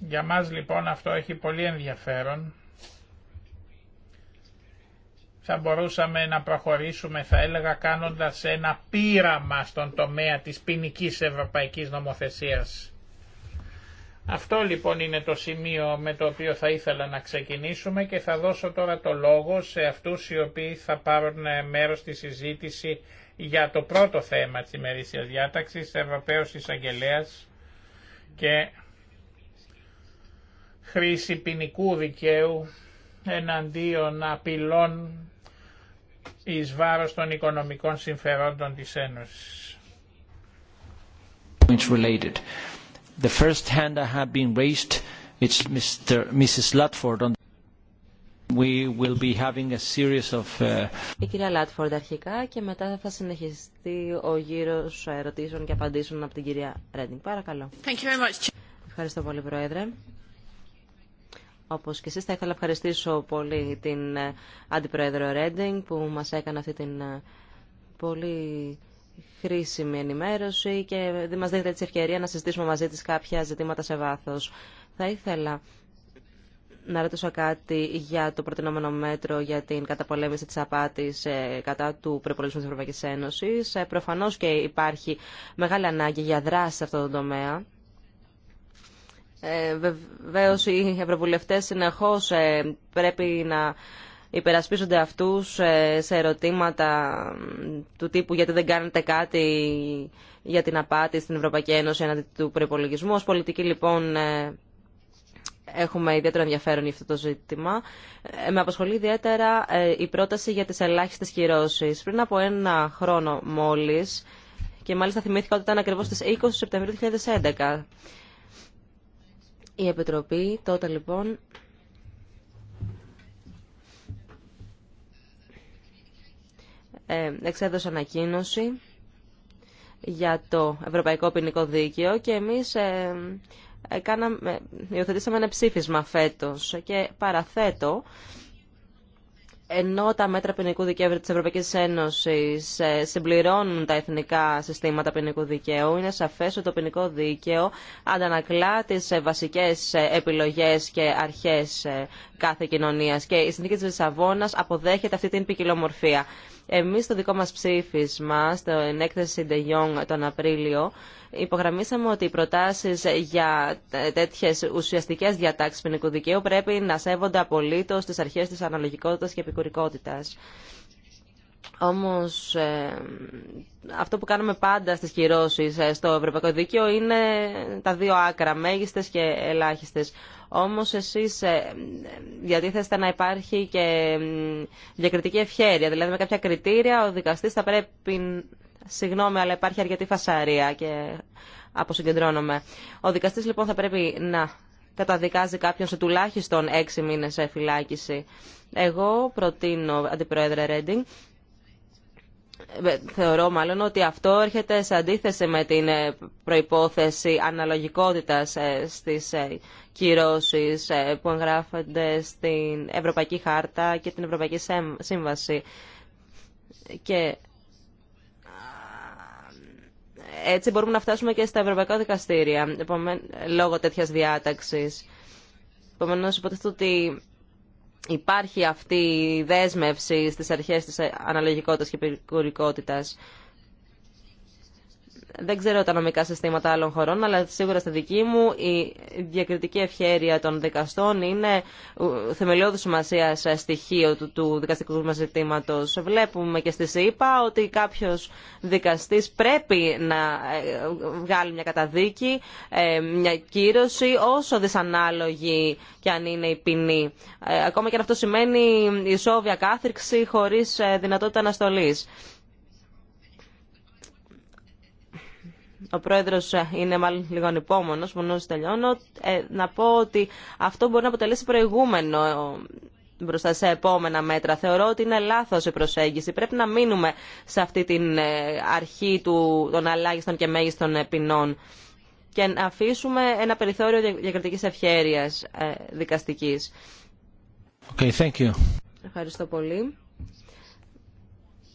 Για μας λοιπόν αυτό έχει πολύ ενδιαφέρον. Θα μπορούσαμε να προχωρήσουμε, θα έλεγα, κάνοντας ένα πείραμα στον τομέα της ποινική ευρωπαϊκής νομοθεσίας. Αυτό λοιπόν είναι το σημείο με το οποίο θα ήθελα να ξεκινήσουμε και θα δώσω τώρα το λόγο σε αυτούς οι οποίοι θα πάρουν μέρος στη συζήτηση για το πρώτο θέμα της ημερήσιας διάταξης, Ευρωπαίος Εισαγγελέας και χρήση ποινικού δικαίου εναντίον απειλών εις βάρος των οικονομικών συμφερόντων της Ένωσης. The first hand that been raised, it's Mrs. Latford. We will be having a series of. Uh, Η κυρία Λάτφορντ αρχικά και μετά θα συνεχιστεί ο γύρος ερωτήσεων και απαντήσεων από την κυρία Ρέντινγκ. Παρακαλώ. Thank you very much. Ευχαριστώ πολύ, Πρόεδρε. Όπω και εσεί. θα ήθελα να ευχαριστήσω πολύ την ε, Αντιπρόεδρο Ρέντινγκ που μας έκανε αυτή την ε, πολύ χρήσιμη ενημέρωση και μας δίνετε τη ευκαιρία να συζητήσουμε μαζί της κάποια ζητήματα σε βάθο. Θα ήθελα να ρωτήσω κάτι για το προτινόμενο μέτρο για την καταπολέμηση της απάτης ε, κατά του προπολισμού της Ευρωπαϊκής Ένωσης. Προφανώς και υπάρχει μεγάλη ανάγκη για δράση σε αυτό το τομέα ε, Βεβαίω οι ευρωβουλευτέ συνεχώ ε, πρέπει να υπερασπίζονται αυτού ε, σε ερωτήματα του τύπου γιατί δεν κάνετε κάτι για την απάτη στην Ευρωπαϊκή Ένωση εναντί του προπολογισμού. Ω πολιτικοί λοιπόν ε, έχουμε ιδιαίτερο ενδιαφέρον για αυτό το ζήτημα. Ε, με απασχολεί ιδιαίτερα η πρόταση για τις ελάχιστες κυρώσεις. Πριν από ένα χρόνο μόλις, και μάλιστα θυμήθηκα ότι ήταν ακριβώς στις 20 Σεπτεμβρίου 2011, η Επιτροπή τότε λοιπόν ε, εξέδωσε ανακοίνωση για το Ευρωπαϊκό Ποινικό Δίκαιο και εμείς ε, ε, κάναμε, υιοθετήσαμε ένα ψήφισμα φέτος και παραθέτω ενώ τα μέτρα ποινικού δικαίου της Ευρωπαϊκής Ένωσης ε, συμπληρώνουν τα εθνικά συστήματα ποινικού δικαίου, είναι σαφές ότι το ποινικό δίκαιο αντανακλά τις ε, βασικές ε, επιλογές και αρχές κάθε κοινωνίας και η συνθήκη της Λισαβόνας αποδέχεται αυτή την ποικιλομορφία. Εμείς στο δικό μας ψήφισμα, στο ενέκθεση De Jong τον Απρίλιο, υπογραμμίσαμε ότι οι προτάσεις για τέτοιες ουσιαστικές διατάξεις ποινικού δικαίου πρέπει να σέβονται απολύτως τις αρχές της αναλογικότητας και επικουρικότητας. Όμως ε, αυτό που κάνουμε πάντα στις κυρώσεις ε, στο Ευρωπαϊκό Δίκαιο είναι τα δύο άκρα, μέγιστες και ελάχιστες. Όμως εσείς ε, διατίθεστε να υπάρχει και διακριτική ευχέρεια, δηλαδή με κάποια κριτήρια ο δικαστής θα πρέπει, συγγνώμη αλλά υπάρχει αρκετή φασαρία και αποσυγκεντρώνομαι. Ο δικαστής λοιπόν θα πρέπει να καταδικάζει κάποιον σε τουλάχιστον έξι μήνες φυλάκιση. Εγώ προτείνω, Αντιπρόεδρε Ρέντινγκ, ε, θεωρώ μάλλον ότι αυτό έρχεται σε αντίθεση με την ε, προϋπόθεση αναλογικότητας ε, στις κυρώσεις που εγγράφονται στην Ευρωπαϊκή Χάρτα και την Ευρωπαϊκή Σύμβαση. Και έτσι μπορούμε να φτάσουμε και στα ευρωπαϊκά δικαστήρια λόγω τέτοιας διάταξης. Επομένως, υποτίθεται ότι υπάρχει αυτή η δέσμευση στις αρχές της αναλογικότητας και περικορικότητας δεν ξέρω τα νομικά συστήματα άλλων χωρών, αλλά σίγουρα στη δική μου η διακριτική ευχέρεια των δικαστών είναι ε, θεμελιώδη σημασία ε, στοιχείο του, του δικαστικού μα ζητήματο. Βλέπουμε και στη ΣΥΠΑ ότι κάποιο δικαστή πρέπει να ε, βγάλει μια καταδίκη, μια κύρωση, όσο δυσανάλογη και αν είναι η ποινή. Ακόμα και αν αυτό σημαίνει ισόβια κάθριξη χωρί δυνατότητα αναστολή. ο πρόεδρος ε, είναι μάλλον λίγο ανυπόμονος, μόνος τελειώνω, ε, να πω ότι αυτό μπορεί να αποτελέσει προηγούμενο ε, μπροστά σε επόμενα μέτρα. Θεωρώ ότι είναι λάθος η προσέγγιση. Πρέπει να μείνουμε σε αυτή την αρχή του, των αλλάγιστων και μέγιστων ποινών και να αφήσουμε ένα περιθώριο διακριτικής ευχέρειας ε, δικαστικής. Okay, thank Ευχαριστώ πολύ.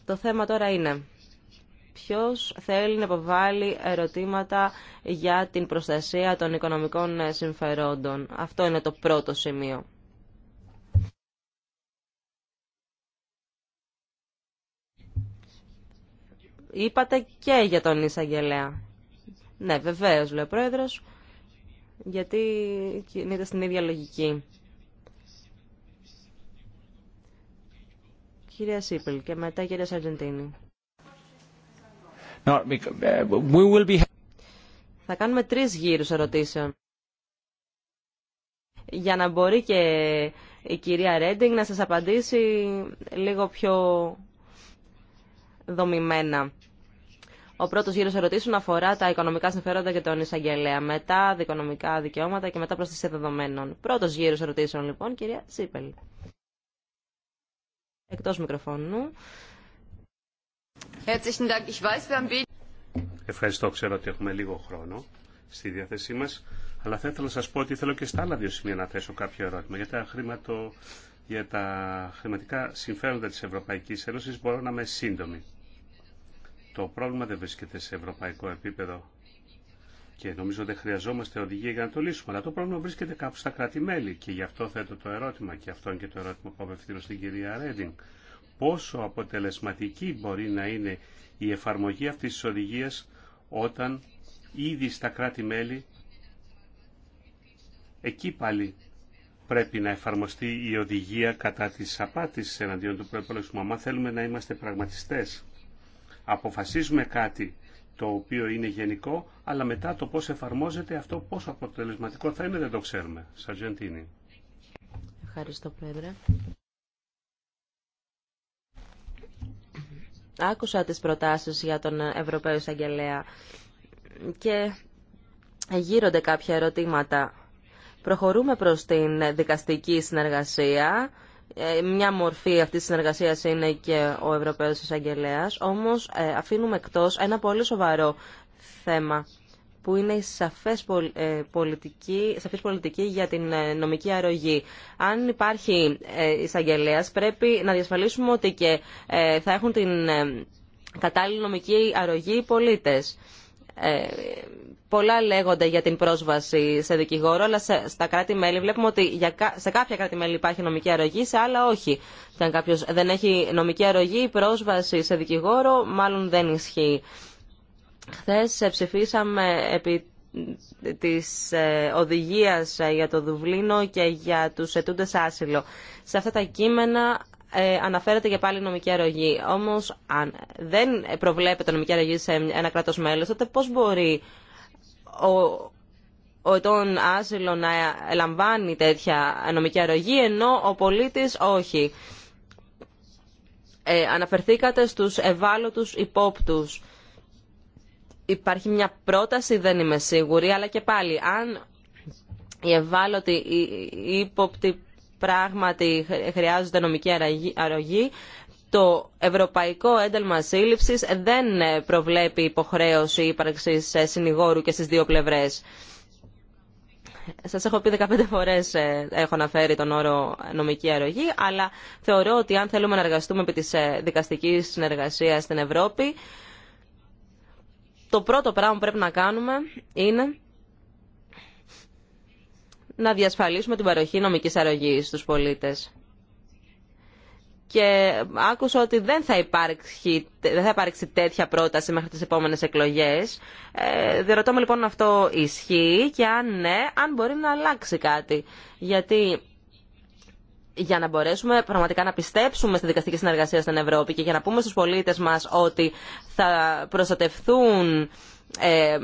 Το θέμα τώρα είναι ποιος θέλει να υποβάλει ερωτήματα για την προστασία των οικονομικών συμφερόντων. Αυτό είναι το πρώτο σημείο. Είπατε και για τον εισαγγελέα. Ναι, βεβαίως, λέει ο Πρόεδρος, γιατί κινείται στην ίδια λογική. Κυρία Σίπελ και μετά κυρία Σαρτζεντίνη. Uh, Θα κάνουμε τρεις γύρους ερωτήσεων για να μπορεί και η κυρία Ρέντινγκ να σας απαντήσει λίγο πιο δομημένα. Ο πρώτο γύρο ερωτήσεων αφορά τα οικονομικά συμφέροντα και τον εισαγγελέα. Μετά δικονομικά δικαιώματα και μετά προστασία δεδομένων. Πρώτο γύρος ερωτήσεων λοιπόν, κυρία Σίπελ. Εκτό μικροφώνου. Ευχαριστώ. Ξέρω ότι έχουμε λίγο χρόνο στη διάθεσή μα, αλλά θα ήθελα να σα πω ότι θέλω και στα άλλα δύο σημεία να θέσω κάποιο ερώτημα. Για τα, χρηματο... για τα χρηματικά συμφέροντα τη Ευρωπαϊκή Ένωση μπορώ να είμαι σύντομη. Το πρόβλημα δεν βρίσκεται σε ευρωπαϊκό επίπεδο και νομίζω δεν χρειαζόμαστε οδηγία για να το λύσουμε. Αλλά το πρόβλημα βρίσκεται κάπου στα κράτη-μέλη και γι' αυτό θέτω το ερώτημα και αυτό είναι και το ερώτημα που απευθύνω στην κυρία Ρέντινγκ πόσο αποτελεσματική μπορεί να είναι η εφαρμογή αυτής της οδηγίας όταν ήδη στα κράτη-μέλη εκεί πάλι πρέπει να εφαρμοστεί η οδηγία κατά της απάτης εναντίον του προϋπολογισμού. Αν θέλουμε να είμαστε πραγματιστές, αποφασίζουμε κάτι το οποίο είναι γενικό, αλλά μετά το πώς εφαρμόζεται αυτό, πόσο αποτελεσματικό θα είναι, δεν το ξέρουμε. Σαρτζεντίνη. Ευχαριστώ, Πρόεδρε. άκουσα τις προτάσεις για τον Ευρωπαίο Εισαγγελέα και γύρονται κάποια ερωτήματα. Προχωρούμε προς την δικαστική συνεργασία. Ε, μια μορφή αυτής της συνεργασίας είναι και ο Ευρωπαίος Εισαγγελέας, όμως ε, αφήνουμε εκτός ένα πολύ σοβαρό θέμα που είναι η σαφές ε, πολιτική, σαφής πολιτική για την ε, νομική αρρωγή. Αν υπάρχει ε, εισαγγελέα, πρέπει να διασφαλίσουμε ότι και θα έχουν την κατάλληλη νομική αρρωγή οι πολίτες. πολλά λέγονται για την πρόσβαση σε δικηγόρο, αλλά στα κράτη-μέλη βλέπουμε ότι σε κάποια κράτη-μέλη υπάρχει νομική αρρωγή, σε άλλα όχι. Και αν κάποιο δεν έχει νομική αρρωγή, η πρόσβαση σε δικηγόρο μάλλον δεν ισχύει. Χθες ε, ψηφίσαμε επί της ε, οδηγίας ε, για το Δουβλίνο και για τους ετούντες άσυλο. Σε αυτά τα κείμενα αναφέρεται και πάλι νομική αρρωγή. Όμως αν δεν προβλέπεται νομική αρρωγή σε ένα κράτος μέλος, τότε πώς μπορεί ο ο ετών άσυλο να λαμβάνει τέτοια νομική αρρωγή, ενώ ο πολίτης όχι. αναφερθήκατε στους ευάλωτους υπόπτους υπάρχει μια πρόταση, δεν είμαι σίγουρη, αλλά και πάλι, αν οι ευάλωτοι, οι ύποπτοι πράγματι χρειάζονται νομική αρρωγή, το Ευρωπαϊκό Ένταλμα Σύλληψης δεν ε, προβλέπει υποχρέωση ύπαρξης ε, συνηγόρου και στις δύο πλευρές. Σας έχω πει 15 φορές ε, έχω αναφέρει τον όρο νομική αρρωγή, αλλά θεωρώ ότι αν θέλουμε να εργαστούμε επί της δικαστικής συνεργασίας στην Ευρώπη, το πρώτο πράγμα που πρέπει να κάνουμε είναι να διασφαλίσουμε την παροχή νομικής αρρωγής στους πολίτες. Και άκουσα ότι δεν θα υπάρξει, δεν θα υπάρξει τέτοια πρόταση μέχρι τις επόμενες εκλογές. Ε, διερωτώ με λοιπόν αυτό ισχύει και αν ναι, αν μπορεί να αλλάξει κάτι. Γιατί για να μπορέσουμε πραγματικά να πιστέψουμε στη δικαστική συνεργασία στην Ευρώπη και για να πούμε στους πολίτες μας ότι θα προστατευθούν ε,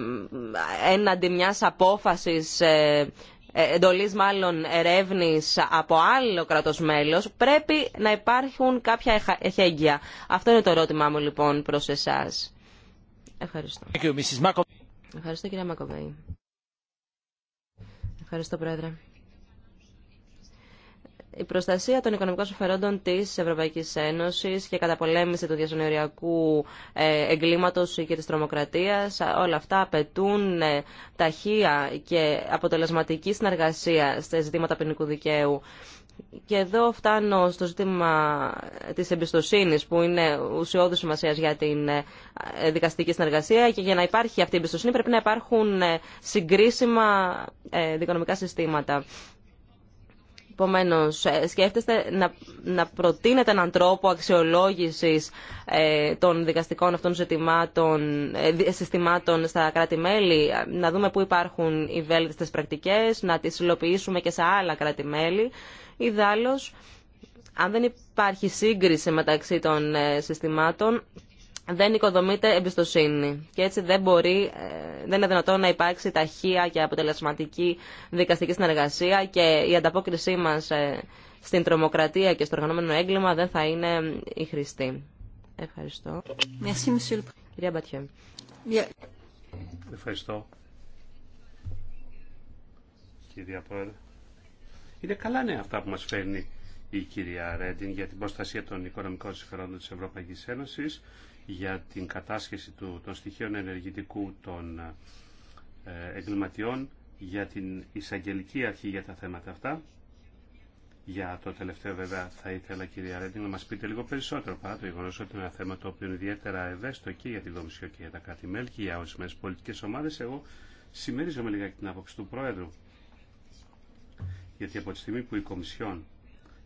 έναντι μιας απόφασης ε, ε μάλλον ερεύνη από άλλο κρατό μέλο, πρέπει να υπάρχουν κάποια εχέγγυα. Αυτό είναι το ερώτημά μου λοιπόν προ εσάς. Ευχαριστώ. Ευχαριστώ κυρία Μακοβέη. Ευχαριστώ πρόεδρε. Η προστασία των οικονομικών συμφερόντων τη Ευρωπαϊκή Ένωση και η καταπολέμηση του διασυνοριακού ε, εγκλήματος και τη τρομοκρατία, όλα αυτά απαιτούν ε, ταχεία και αποτελεσματική συνεργασία στα ζητήματα ποινικού δικαίου. Και εδώ φτάνω στο ζήτημα της εμπιστοσύνης που είναι ουσιώδης σημασία για την ε, δικαστική συνεργασία και για να υπάρχει αυτή η εμπιστοσύνη πρέπει να υπάρχουν συγκρίσιμα δικονομικά συστήματα. Επομένω, ε, σκέφτεστε να, να προτείνετε έναν τρόπο αξιολόγηση ε, των δικαστικών αυτών ζητημάτων, ε, συστημάτων στα κράτη-μέλη, να δούμε πού υπάρχουν οι βέλτιστε πρακτικέ, να τι υλοποιήσουμε και σε άλλα κράτη-μέλη. Ιδάλω, αν δεν υπάρχει σύγκριση μεταξύ των συστημάτων, δεν οικοδομείται εμπιστοσύνη και έτσι δεν, μπορεί, ε, δεν είναι δυνατόν να υπάρξει ταχεία και αποτελεσματική δικαστική συνεργασία και η ανταπόκρισή μας ε, στην τρομοκρατία και στο οργανωμένο έγκλημα δεν θα είναι ε, η χρηστή. Ευχαριστώ. Κυρία Μπατιέ. Ευχαριστώ. Κυρία Πρόεδρε. Είναι καλά νέα αυτά που μας φέρνει η κυρία Ρέντιν για την προστασία των οικονομικών συμφερόντων της Ευρωπαϊκής Ένωσης για την κατάσχεση του, των στοιχείων ενεργητικού των ε, εγκληματιών, για την εισαγγελική αρχή για τα θέματα αυτά. Για το τελευταίο βέβαια θα ήθελα κυρία Ρέντινγκ να μας πείτε λίγο περισσότερο παρά το γεγονός ότι είναι ένα θέμα το οποίο είναι ιδιαίτερα ευαίσθητο και για τη Κομισιό και για τα κράτη-μέλη και για ορισμένες πολιτικές ομάδες. Εγώ συμμερίζομαι λίγα και την άποψη του Πρόεδρου. Γιατί από τη στιγμή που η Κομισιόν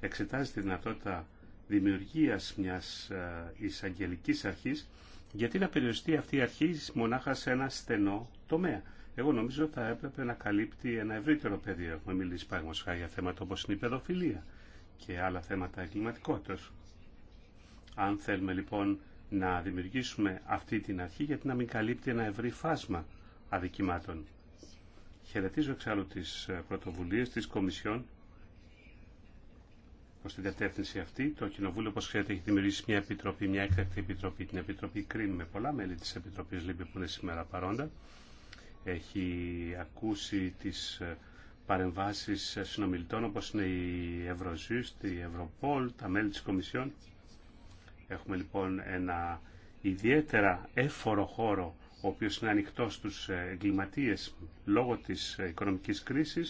εξετάζει τη δυνατότητα δημιουργίας μιας ε, εισαγγελικής αρχής, γιατί να περιοριστεί αυτή η αρχή μονάχα σε ένα στενό τομέα. Εγώ νομίζω θα έπρεπε να καλύπτει ένα ευρύτερο πεδίο. Έχουμε μιλήσει παραγωγικά για θέματα όπως είναι η παιδοφιλία και άλλα θέματα εγκληματικότητα. Αν θέλουμε λοιπόν να δημιουργήσουμε αυτή την αρχή, γιατί να μην καλύπτει ένα ευρύ φάσμα αδικημάτων. Χαιρετίζω εξάλλου τι ε, πρωτοβουλίε τη Κομισιόν προ την κατεύθυνση αυτή. Το Κοινοβούλιο, όπω ξέρετε, έχει δημιουργήσει μια επιτροπή, μια έκτακτη επιτροπή, την Επιτροπή Κρίμη, με πολλά μέλη τη Επιτροπή Λίμπη που είναι σήμερα παρόντα. Έχει ακούσει τι ε, παρεμβάσει συνομιλητών όπω είναι η Ευρωζήστ, η Ευρωπόλ, τα μέλη τη Κομισιόν. Έχουμε λοιπόν ένα ιδιαίτερα έφορο χώρο ο οποίο είναι ανοιχτό στου ε, εγκληματίε λόγω τη ε, οικονομική κρίση.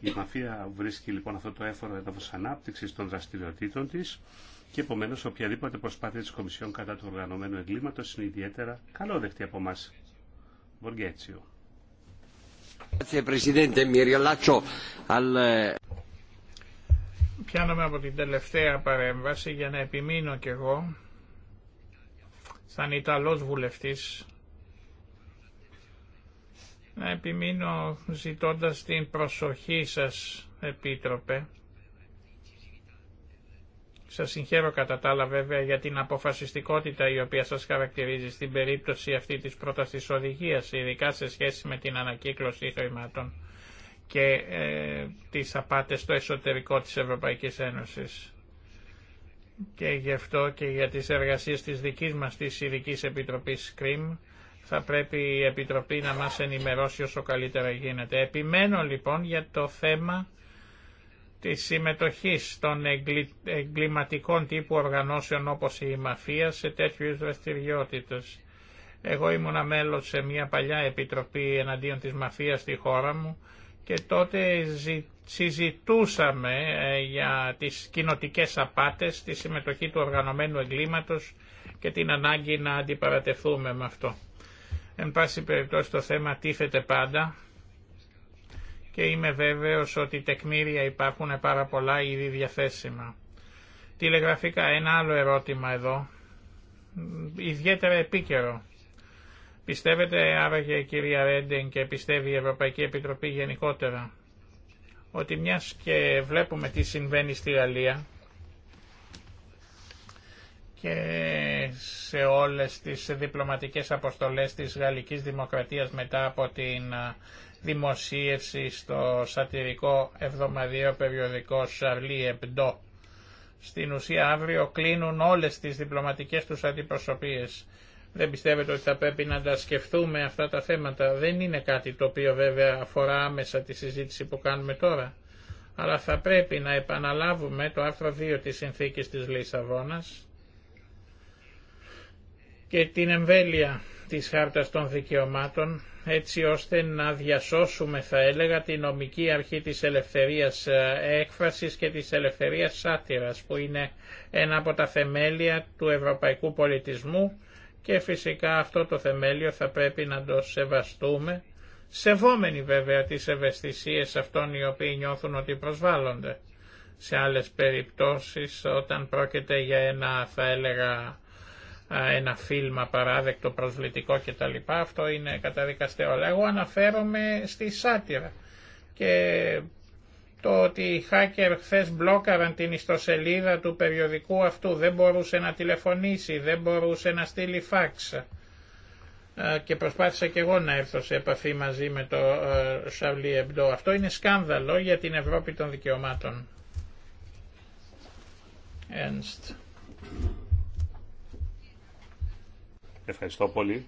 Η μαφία βρίσκει λοιπόν αυτό το έφορο έδαφο ανάπτυξη των δραστηριοτήτων τη και επομένω οποιαδήποτε προσπάθεια τη Κομισιόν κατά του οργανωμένου εγκλήματο είναι ιδιαίτερα καλόδεκτη από εμά. Βοργέτσιο. Πιάνομαι από την τελευταία παρέμβαση για να επιμείνω κι εγώ σαν Ιταλός βουλευτής να επιμείνω ζητώντας την προσοχή σας, Επίτροπε. Σας συγχαίρω κατά τα άλλα βέβαια για την αποφασιστικότητα η οποία σας χαρακτηρίζει στην περίπτωση αυτή της πρότασης οδηγίας, ειδικά σε σχέση με την ανακύκλωση χρημάτων και ε, τις απάτες στο εσωτερικό της Ευρωπαϊκής Ένωσης. Και γι' αυτό και για τις εργασίες της δικής μας της ειδική Επιτροπής ΚΡΙΜ θα πρέπει η Επιτροπή να μας ενημερώσει όσο καλύτερα γίνεται. Επιμένω λοιπόν για το θέμα της συμμετοχής των εγκληματικών τύπου οργανώσεων όπως η μαφία σε τέτοιου δραστηριότητες. Εγώ ήμουν μέλος σε μια παλιά επιτροπή εναντίον της μαφίας στη χώρα μου και τότε συζητούσαμε ε, για τις κοινοτικέ απάτες, τη συμμετοχή του οργανωμένου εγκλήματος και την ανάγκη να αντιπαρατεθούμε με αυτό. Εν πάση περιπτώσει το θέμα τίθεται πάντα και είμαι βέβαιος ότι τεκμήρια υπάρχουν πάρα πολλά ήδη διαθέσιμα. Τηλεγραφικά ένα άλλο ερώτημα εδώ, ιδιαίτερα επίκαιρο. Πιστεύετε άραγε η κυρία Ρέντεν και πιστεύει η Ευρωπαϊκή Επιτροπή γενικότερα ότι μιας και βλέπουμε τι συμβαίνει στη Γαλλία και σε όλες τις διπλωματικές αποστολές της Γαλλικής Δημοκρατίας μετά από την δημοσίευση στο σατυρικό εβδομαδιαίο περιοδικό Σαρλί Hebdo. Στην ουσία αύριο κλείνουν όλες τις διπλωματικές τους αντιπροσωπείες. Δεν πιστεύετε ότι θα πρέπει να τα σκεφτούμε αυτά τα θέματα. Δεν είναι κάτι το οποίο βέβαια αφορά άμεσα τη συζήτηση που κάνουμε τώρα. Αλλά θα πρέπει να επαναλάβουμε το άρθρο 2 της Συνθήκης της Λισαβόνας και την εμβέλεια της Χάρτας των Δικαιωμάτων έτσι ώστε να διασώσουμε θα έλεγα την νομική αρχή της ελευθερίας ε, έκφρασης και της ελευθερίας σάτυρας που είναι ένα από τα θεμέλια του ευρωπαϊκού πολιτισμού και φυσικά αυτό το θεμέλιο θα πρέπει να το σεβαστούμε σεβόμενοι βέβαια τις ευαισθησίες αυτών οι οποίοι νιώθουν ότι προσβάλλονται. Σε άλλες περιπτώσεις όταν πρόκειται για ένα θα έλεγα ένα φίλμα παράδεκτο, προσβλητικό κτλ. Αυτό είναι καταδικαστέο. Αλλά εγώ αναφέρομαι στη σάτυρα. Και το ότι οι hacker χθε μπλόκαραν την ιστοσελίδα του περιοδικού αυτού, δεν μπορούσε να τηλεφωνήσει, δεν μπορούσε να στείλει φάξ. Και προσπάθησα και εγώ να έρθω σε επαφή μαζί με το Σαβλί Εμπτό. Αυτό είναι σκάνδαλο για την Ευρώπη των δικαιωμάτων. Ευχαριστώ πολύ.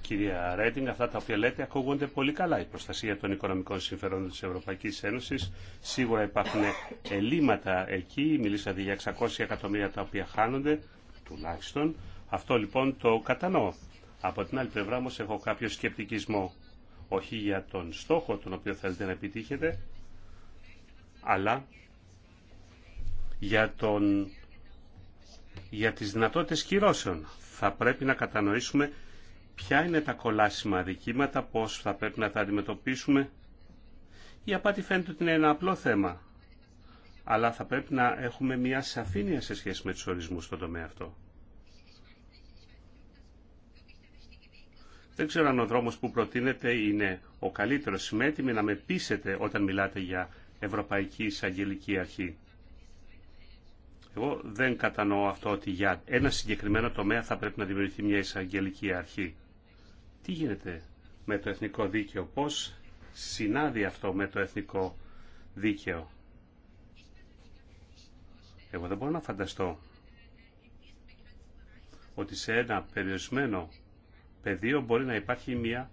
Κυρία Ρέντινγκ, αυτά τα οποία λέτε ακούγονται πολύ καλά. Η προστασία των οικονομικών συμφερόντων της Ευρωπαϊκής Ένωσης. Σίγουρα υπάρχουν ελλείμματα εκεί. Μιλήσατε για 600 εκατομμύρια τα οποία χάνονται, τουλάχιστον. Αυτό λοιπόν το κατανοώ. Από την άλλη πλευρά όμως έχω κάποιο σκεπτικισμό. Όχι για τον στόχο τον οποίο θέλετε να επιτύχετε, αλλά για, τον, για τις δυνατότητες κυρώσεων θα πρέπει να κατανοήσουμε ποια είναι τα κολάσιμα δικήματα, πώς θα πρέπει να τα αντιμετωπίσουμε. Η απάτη φαίνεται ότι είναι ένα απλό θέμα, αλλά θα πρέπει να έχουμε μια σαφήνεια σε σχέση με τους ορισμούς στον τομέα αυτό. Δεν ξέρω αν ο δρόμος που προτείνεται είναι ο καλύτερος. Είμαι έτοιμη να με πείσετε όταν μιλάτε για Ευρωπαϊκή Εισαγγελική Αρχή. Εγώ δεν κατανοώ αυτό ότι για ένα συγκεκριμένο τομέα θα πρέπει να δημιουργηθεί μια εισαγγελική αρχή. Τι γίνεται με το εθνικό δίκαιο, πώς συνάδει αυτό με το εθνικό δίκαιο. Εγώ δεν μπορώ να φανταστώ ότι σε ένα περιορισμένο πεδίο μπορεί να υπάρχει μια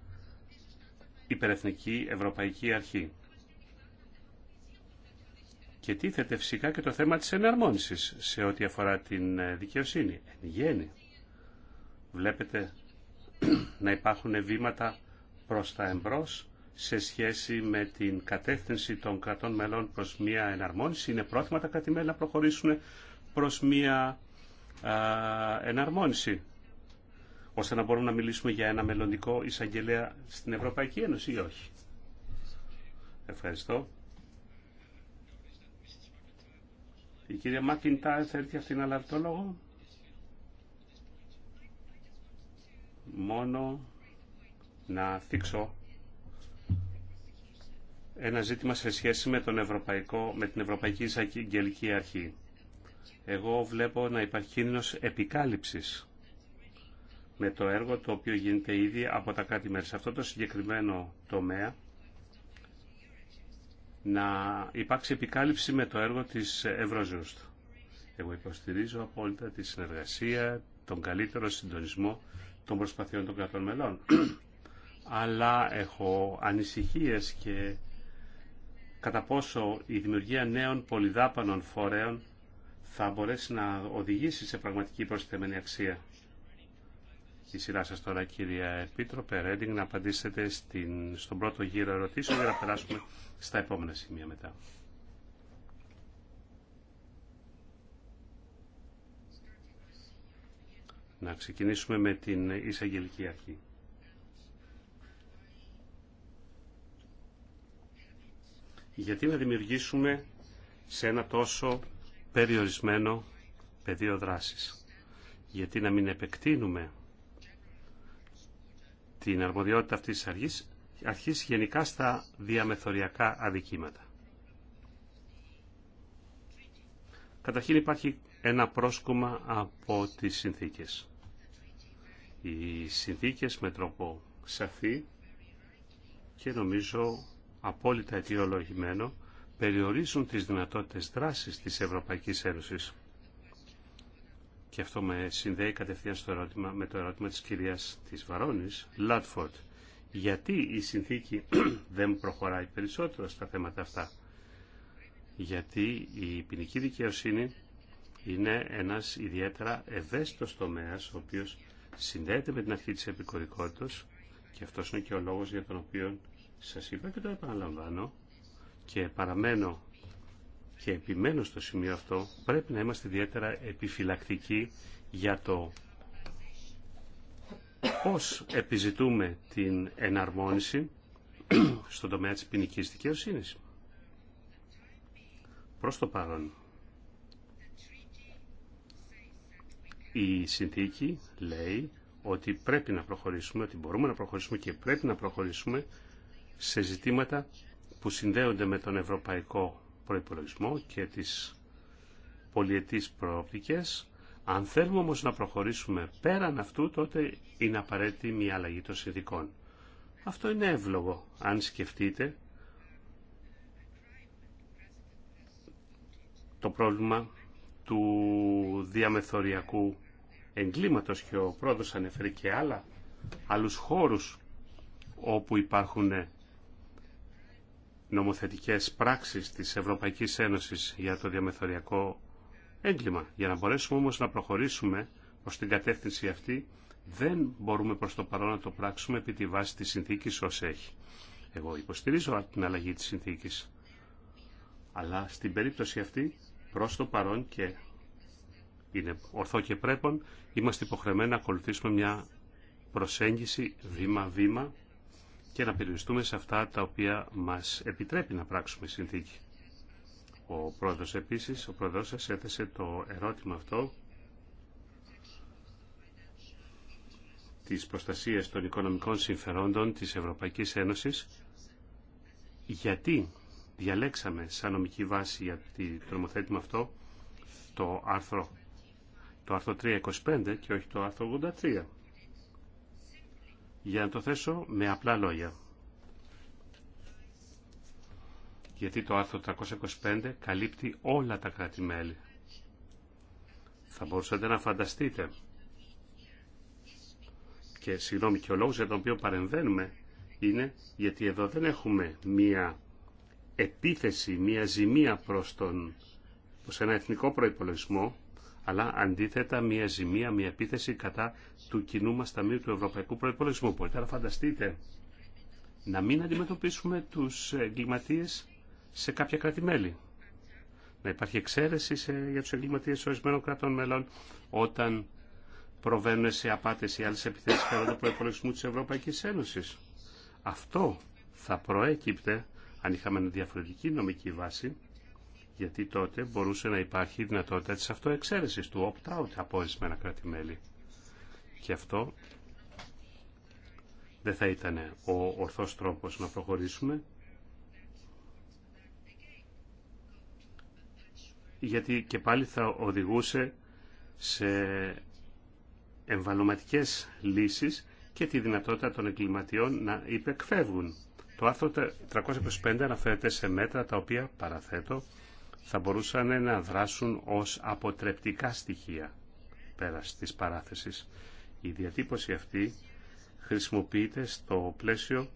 υπερεθνική ευρωπαϊκή αρχή. Και τίθεται φυσικά και το θέμα της εναρμόνισης σε ό,τι αφορά την ε, δικαιοσύνη. Εν γέννη, βλέπετε να υπάρχουν βήματα προς τα εμπρός σε σχέση με την κατεύθυνση των κρατών μελών προς μια εναρμόνιση. Είναι πρόθυμα τα κράτη να προχωρήσουν προς μια α, εναρμόνιση ώστε να μπορούμε να μιλήσουμε για ένα μελλοντικό εισαγγελέα στην Ευρωπαϊκή Ένωση ή όχι. Ευχαριστώ. Η κυρία Μακιντάρ θέλει και αυτή να λάβει Μόνο να θίξω ένα ζήτημα σε σχέση με, τον Ευρωπαϊκό, με την Ευρωπαϊκή Εισαγγελική Αρχή. Εγώ βλέπω να υπάρχει κίνδυνος επικάλυψης με το έργο το οποίο γίνεται ήδη από τα κάτι μέρη. Σε αυτό το συγκεκριμένο τομέα να υπάρξει επικάλυψη με το έργο της Ευρωζούστου. Εγώ υποστηρίζω απόλυτα τη συνεργασία, τον καλύτερο συντονισμό των προσπαθειών των κρατών μελών. Αλλά έχω ανησυχίες και κατά πόσο η δημιουργία νέων πολυδάπανων φορέων θα μπορέσει να οδηγήσει σε πραγματική προσθεμένη αξία η σειρά σας τώρα κυρία Επίτροπε Ρέντινγκ να απαντήσετε στον πρώτο γύρο ερωτήσεων για να περάσουμε στα επόμενα σημεία μετά. Να ξεκινήσουμε με την εισαγγελική αρχή. Γιατί να δημιουργήσουμε σε ένα τόσο περιορισμένο πεδίο δράσης. Γιατί να μην επεκτείνουμε την αρμοδιότητα αυτής της αρχής, αρχής γενικά στα διαμεθοριακά αδικήματα. Καταρχήν υπάρχει ένα πρόσκομα από τις συνθήκες. Οι συνθήκες με τρόπο σαφή και νομίζω απόλυτα αιτιολογημένο περιορίζουν τις δυνατότητες δράσης της Ευρωπαϊκής Ένωσης και αυτό με συνδέει κατευθείαν στο ερώτημα, με το ερώτημα της κυρίας της Βαρόνης, Λατφόρτ. Γιατί η συνθήκη δεν προχωράει περισσότερο στα θέματα αυτά. Γιατί η ποινική δικαιοσύνη είναι ένας ιδιαίτερα ευαίσθητος τομέας, ο οποίος συνδέεται με την αρχή της επικορικότητας και αυτός είναι και ο λόγος για τον οποίο σας είπα και το επαναλαμβάνω και παραμένω και επιμένω στο σημείο αυτό, πρέπει να είμαστε ιδιαίτερα επιφυλακτικοί για το πώς επιζητούμε την εναρμόνιση στον τομέα της ποινική δικαιοσύνη. Προς το παρόν, η συνθήκη λέει ότι πρέπει να προχωρήσουμε, ότι μπορούμε να προχωρήσουμε και πρέπει να προχωρήσουμε σε ζητήματα που συνδέονται με τον ευρωπαϊκό προϋπολογισμό και τις πολιετής προοπτικές. Αν θέλουμε όμως να προχωρήσουμε πέραν αυτού, τότε είναι απαραίτητη μια αλλαγή των συνδικών. Αυτό είναι εύλογο, αν σκεφτείτε το πρόβλημα του διαμεθοριακού εγκλήματος και ο πρόεδρος ανέφερε και άλλα, άλλους χώρους όπου υπάρχουν νομοθετικές πράξεις της Ευρωπαϊκής Ένωσης για το διαμεθοριακό έγκλημα. Για να μπορέσουμε όμως να προχωρήσουμε προς την κατεύθυνση αυτή, δεν μπορούμε προς το παρόν να το πράξουμε επί τη βάση της συνθήκης ως έχει. Εγώ υποστηρίζω την αλλαγή της συνθήκης. Αλλά στην περίπτωση αυτή, προς το παρόν και είναι ορθό και πρέπον, είμαστε υποχρεμένοι να ακολουθήσουμε μια προσέγγιση βήμα-βήμα και να περιοριστούμε σε αυτά τα οποία μας επιτρέπει να πράξουμε συνθήκη. Ο πρόεδρος επίσης, ο πρόεδρος έθεσε το ερώτημα αυτό της προστασίας των οικονομικών συμφερόντων της Ευρωπαϊκής Ένωσης γιατί διαλέξαμε σαν νομική βάση για το τρομοθέτημα αυτό το άρθρο, το άρθρο 325 και όχι το άρθρο 83 για να το θέσω με απλά λόγια. Γιατί το άρθρο 325 καλύπτει όλα τα κράτη-μέλη. Θα μπορούσατε να φανταστείτε. Και συγγνώμη και ο λόγος για τον οποίο παρεμβαίνουμε είναι γιατί εδώ δεν έχουμε μία επίθεση, μία ζημία προς, τον, προς ένα εθνικό προϋπολογισμό αλλά αντίθετα μια ζημία, μια επίθεση κατά του κοινού μας ταμείου του Ευρωπαϊκού Προϋπολογισμού. Μπορείτε να φανταστείτε να μην αντιμετωπίσουμε τους εγκληματίες σε κάποια κράτη-μέλη. Να υπάρχει εξαίρεση σε, για τους εγκληματίες ορισμένων κρατών μέλων όταν προβαίνουν σε απάτες ή άλλες επιθέσεις κατά του προϋπολογισμού της Ευρωπαϊκής Ένωσης. Αυτό θα προέκυπτε, αν είχαμε μια διαφορετική νομική βάση, γιατί τότε μπορούσε να υπάρχει η δυνατότητα της αυτοεξαίρεσης, του opt-out από ορισμένα κράτη-μέλη. Και αυτό δεν θα ήταν ο ορθός τρόπος να προχωρήσουμε, γιατί και πάλι θα οδηγούσε σε εμβαλωματικές λύσεις και τη δυνατότητα των εγκληματιών να υπεκφεύγουν. Το άρθρο 325 αναφέρεται σε μέτρα τα οποία, παραθέτω, θα μπορούσαν να δράσουν ως αποτρεπτικά στοιχεία πέρας της παράθεσης. Η διατύπωση αυτή χρησιμοποιείται στο πλαίσιο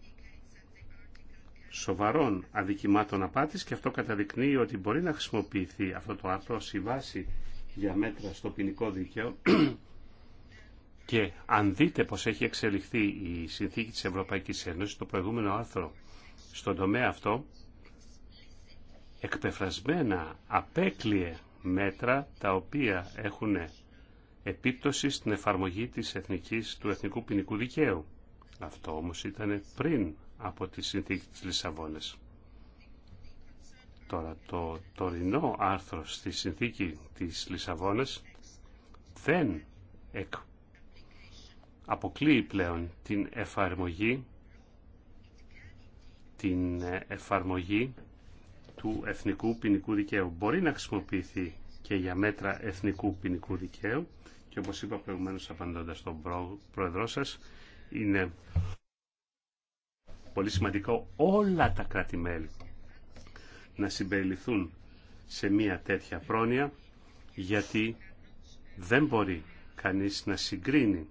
σοβαρών αδικημάτων απάτης και αυτό καταδεικνύει ότι μπορεί να χρησιμοποιηθεί αυτό το άρθρο ως η βάση για μέτρα στο ποινικό δίκαιο και αν δείτε πως έχει εξελιχθεί η συνθήκη της Ευρωπαϊκής Ένωσης, το προηγούμενο άρθρο στον τομέα αυτό εκπεφρασμένα απέκλειε μέτρα τα οποία έχουν επίπτωση στην εφαρμογή της εθνικής, του εθνικού ποινικού δικαίου. Αυτό όμως ήταν πριν από τη συνθήκη της Λισαβόνας. Τώρα το τωρινό άρθρο στη συνθήκη της Λισαβόνας δεν εκ... αποκλείει πλέον την εφαρμογή την ε, εφαρμογή του εθνικού ποινικού δικαίου. Μπορεί να χρησιμοποιηθεί και για μέτρα εθνικού ποινικού δικαίου και όπως είπα προηγουμένως απαντώντας στον πρόεδρό σας, είναι πολύ σημαντικό όλα τα κρατη να συμπεριληφθούν σε μια τέτοια πρόνοια γιατί δεν μπορεί κανείς να συγκρίνει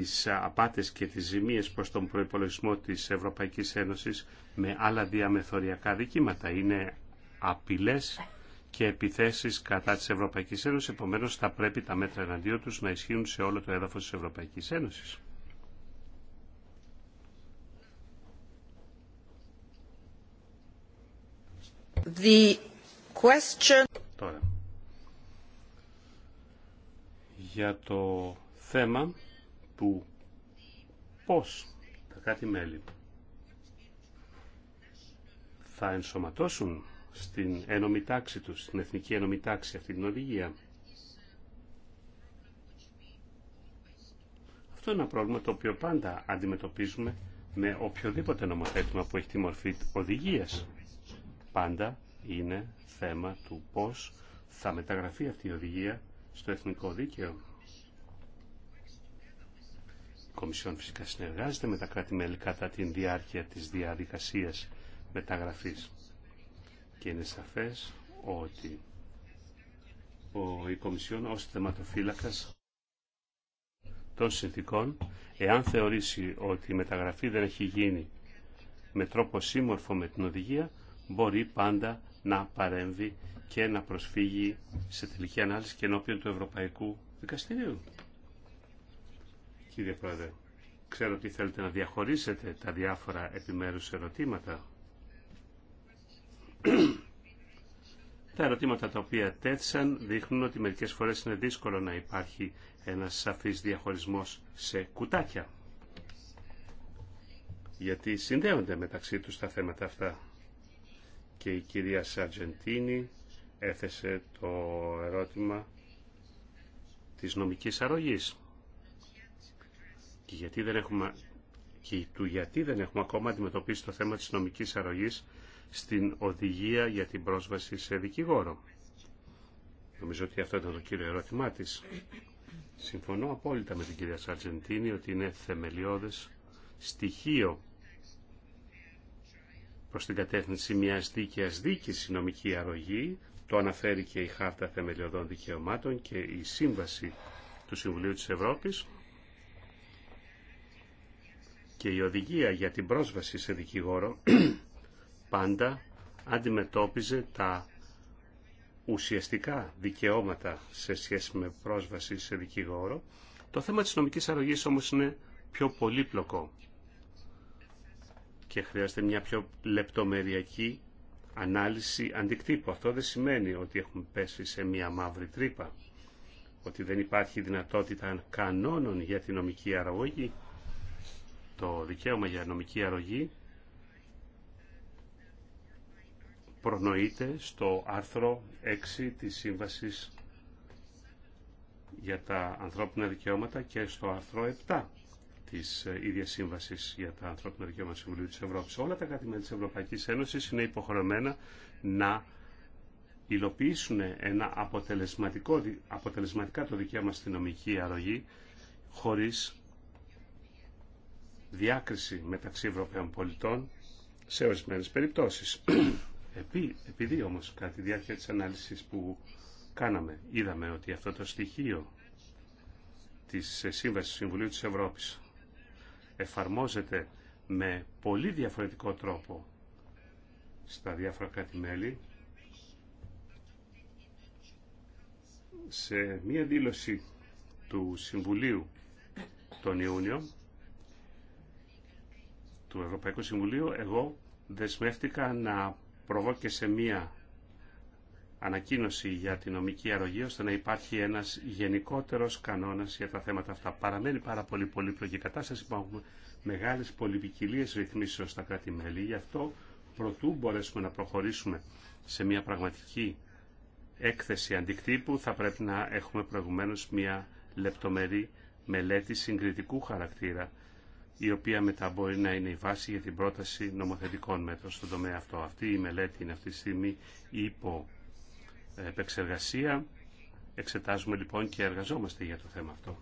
τις απάτες και τις ζημίες προς τον προϋπολογισμό της Ευρωπαϊκής Ένωσης με άλλα διαμεθοριακά δικήματα. Είναι απειλές και επιθέσεις κατά της Ευρωπαϊκής Ένωσης, επομένως θα πρέπει τα μέτρα εναντίον τους να ισχύουν σε όλο το έδαφος της Ευρωπαϊκής Ένωσης. The question... Τώρα, για το θέμα του πώς τα κάτι μελη θα ενσωματώσουν στην ένωμη τους, στην εθνική ένωμη τάξη αυτή την οδηγία. Αυτό είναι ένα πρόβλημα το οποίο πάντα αντιμετωπίζουμε με οποιοδήποτε νομοθέτημα που έχει τη μορφή οδηγίας. Πάντα είναι θέμα του πώς θα μεταγραφεί αυτή η οδηγία στο εθνικό δίκαιο. Κομισιόν φυσικά συνεργάζεται με τα κράτη-μέλη κατά την διάρκεια της διαδικασίας μεταγραφής. Και είναι σαφές ότι ο, η Κομισιόν ως θεματοφύλακας των συνθήκων, εάν θεωρήσει ότι η μεταγραφή δεν έχει γίνει με τρόπο σύμμορφο με την οδηγία, μπορεί πάντα να παρέμβει και να προσφύγει σε τελική ανάλυση και ενώπιον του Ευρωπαϊκού Δικαστηρίου κύριε Πρόεδρε. Ξέρω ότι θέλετε να διαχωρίσετε τα διάφορα επιμέρους ερωτήματα. τα ερωτήματα τα οποία τέθησαν δείχνουν ότι μερικές φορές είναι δύσκολο να υπάρχει ένας σαφής διαχωρισμός σε κουτάκια. Γιατί συνδέονται μεταξύ τους τα θέματα αυτά. Και η κυρία Σαρτζεντίνη έθεσε το ερώτημα της νομικής αρρωγής και γιατί δεν έχουμε, και του γιατί δεν έχουμε ακόμα αντιμετωπίσει το θέμα της νομικής αρρωγής στην οδηγία για την πρόσβαση σε δικηγόρο. Νομίζω ότι αυτό ήταν το κύριο ερώτημά της. Συμφωνώ απόλυτα με την κυρία Σαρτζεντίνη ότι είναι θεμελιώδες στοιχείο προς την κατεύθυνση μιας δίκαιας δίκης η νομική αρρωγή. Το αναφέρει και η Χάρτα Θεμελιωδών Δικαιωμάτων και η Σύμβαση του Συμβουλίου της Ευρώπης και η οδηγία για την πρόσβαση σε δικηγόρο πάντα αντιμετώπιζε τα ουσιαστικά δικαιώματα σε σχέση με πρόσβαση σε δικηγόρο. Το θέμα της νομικής αρρωγής όμως είναι πιο πολύπλοκο και χρειάζεται μια πιο λεπτομεριακή ανάλυση αντικτύπου. Αυτό δεν σημαίνει ότι έχουμε πέσει σε μια μαύρη τρύπα, ότι δεν υπάρχει δυνατότητα κανόνων για τη νομική αρρωγή το δικαίωμα για νομική αρρωγή προνοείται στο άρθρο 6 της Σύμβασης για τα ανθρώπινα δικαιώματα και στο άρθρο 7 της ε, ίδιας Σύμβασης για τα ανθρώπινα δικαιώματα Συμβουλίου της Ευρώπης. Όλα τα κρατη της Ευρωπαϊκής Ένωσης είναι υποχρεωμένα να υλοποιήσουν ένα αποτελεσματικό, αποτελεσματικά το δικαίωμα στη νομική αρρωγή χωρίς διάκριση μεταξύ Ευρωπαίων πολιτών σε ορισμένες περιπτώσεις. Επί, επειδή όμως κατά τη διάρκεια της ανάλυσης που κάναμε είδαμε ότι αυτό το στοιχείο της Σύμβασης του Συμβουλίου της Ευρώπης εφαρμόζεται με πολύ διαφορετικό τρόπο στα διάφορα κράτη-μέλη σε μία δήλωση του Συμβουλίου τον Ιούνιο του Ευρωπαϊκού Συμβουλίου, εγώ δεσμεύτηκα να προβώ και σε μία ανακοίνωση για την νομική αρρωγή, ώστε να υπάρχει ένας γενικότερος κανόνας για τα θέματα αυτά. Παραμένει πάρα πολύ πολύπλοκη κατάσταση, υπάρχουν μεγάλες πολυπικιλίες ρυθμίσεις ως τα κράτη-μέλη, γι' αυτό προτού μπορέσουμε να προχωρήσουμε σε μια πραγματική έκθεση αντικτύπου, θα πρέπει να έχουμε προηγουμένως μια λεπτομερή μελέτη συγκριτικού χαρακτήρα η οποία μετά μπορεί να είναι η βάση για την πρόταση νομοθετικών μέτρων στον τομέα αυτό. Αυτή η μελέτη είναι αυτή τη στιγμή υπό επεξεργασία. Εξετάζουμε λοιπόν και εργαζόμαστε για το θέμα αυτό.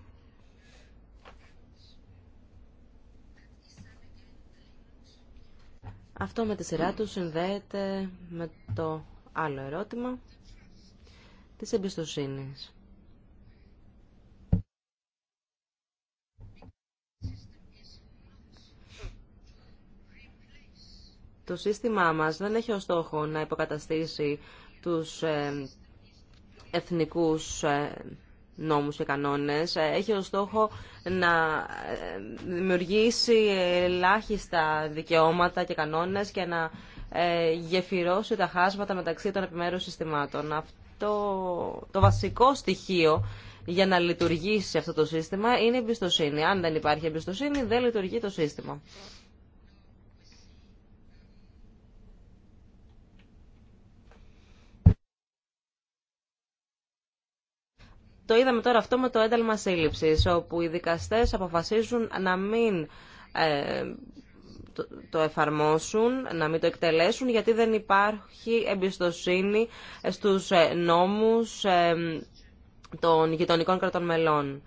Αυτό με τη σειρά του συνδέεται με το άλλο ερώτημα της εμπιστοσύνης. Το σύστημά μας δεν έχει ως στόχο να υποκαταστήσει τους ε, εθνικούς ε, νόμους και κανόνες. Ε, έχει ως στόχο να δημιουργήσει ελάχιστα δικαιώματα και κανόνες και να γεφυρώσει τα χάσματα μεταξύ των επιμέρους συστημάτων. Αυτό το βασικό στοιχείο για να λειτουργήσει αυτό το σύστημα είναι η εμπιστοσύνη. Αν δεν υπάρχει εμπιστοσύνη δεν λειτουργεί το σύστημα. Το είδαμε τώρα αυτό με το ένταλμα σύλληψης, όπου οι δικαστές αποφασίζουν να μην ε, το, εφαρμόσουν, να μην το εκτελέσουν, γιατί δεν υπάρχει εμπιστοσύνη στους ε, νόμους ε, των γειτονικών κρατών μελών.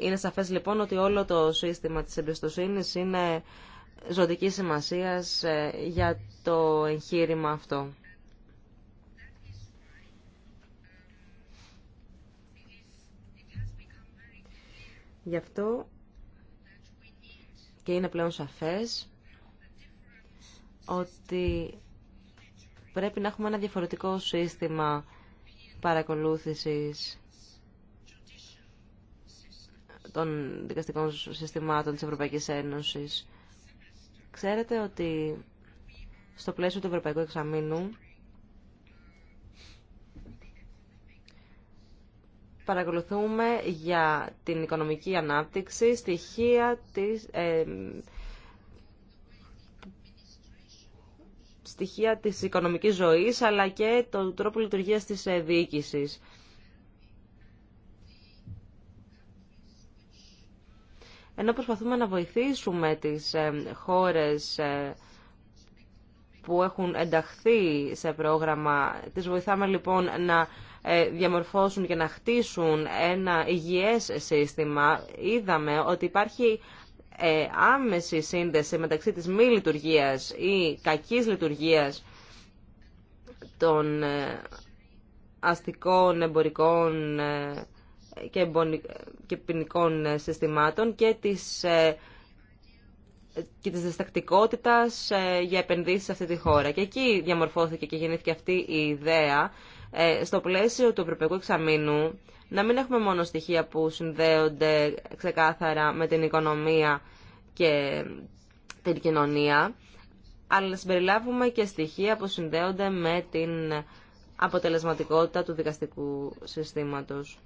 Είναι σαφές λοιπόν ότι όλο το σύστημα της εμπιστοσύνης είναι ζωτική σημασίας ε, για το εγχείρημα αυτό. Γι' αυτό και είναι πλέον σαφές ότι πρέπει να έχουμε ένα διαφορετικό σύστημα παρακολούθησης των δικαστικών συστημάτων της Ευρωπαϊκής Ένωσης. Ξέρετε ότι στο πλαίσιο του Ευρωπαϊκού Εξαμήνου παρακολουθούμε για την οικονομική ανάπτυξη στοιχεία της, ε, στοιχεία της οικονομικής ζωής αλλά και τον τρόπο λειτουργίας της ε, διοίκησης. Ενώ προσπαθούμε να βοηθήσουμε τις ε, χώρες ε, που έχουν ενταχθεί σε πρόγραμμα, τις βοηθάμε λοιπόν να ε, διαμορφώσουν και να χτίσουν ένα υγιές σύστημα, είδαμε ότι υπάρχει ε, άμεση σύνδεση μεταξύ της μη λειτουργίας ή κακής λειτουργίας των ε, αστικών, εμπορικών και ποινικών συστημάτων και της, και της διστακτικότητας για επενδύσεις σε αυτή τη χώρα. Και εκεί διαμορφώθηκε και γεννήθηκε αυτή η ιδέα ε, στο πλαίσιο του Ευρωπαϊκού Εξαμήνου να μην έχουμε μόνο στοιχεία που συνδέονται ξεκάθαρα με την οικονομία και την κοινωνία, αλλά να συμπεριλάβουμε και στοιχεία που συνδέονται με την αποτελεσματικότητα του δικαστικού συστήματος.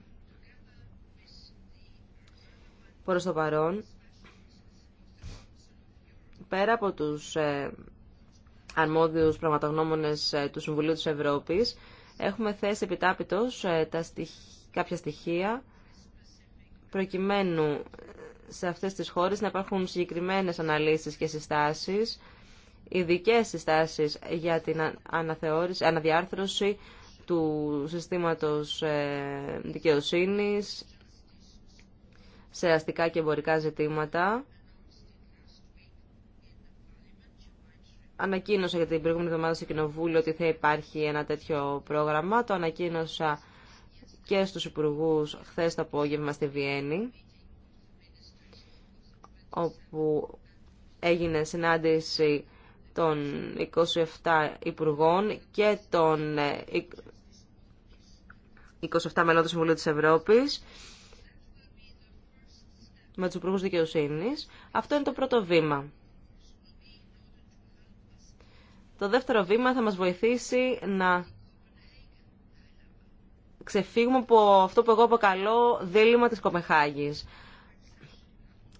Προς το παρόν, πέρα από τους ε, αρμόδιους πραγματογνώμονες ε, του Συμβουλίου της Ευρώπης, Έχουμε θέσει επιτάπητος ε, τα κάποια στοιχεία προκειμένου ε, σε αυτές τις χώρες να υπάρχουν συγκεκριμένες αναλύσεις και συστάσεις, ειδικέ συστάσεις για την αναθεώρηση, αναδιάρθρωση του συστήματος ε, δικαιοσύνης σε αστικά και εμπορικά ζητήματα ανακοίνωσα για την προηγούμενη εβδομάδα στο Κοινοβούλιο ότι θα υπάρχει ένα τέτοιο πρόγραμμα. Το ανακοίνωσα και στους υπουργού χθες το απόγευμα στη Βιέννη, όπου έγινε συνάντηση των 27 υπουργών και των 27 ε, μελών του Συμβουλίου της Ευρώπης με τους υπουργούς δικαιοσύνης. Αυτό είναι το πρώτο βήμα. Το δεύτερο βήμα θα μας βοηθήσει να ξεφύγουμε από αυτό που εγώ αποκαλώ δίλημα της Κοπεχάγης.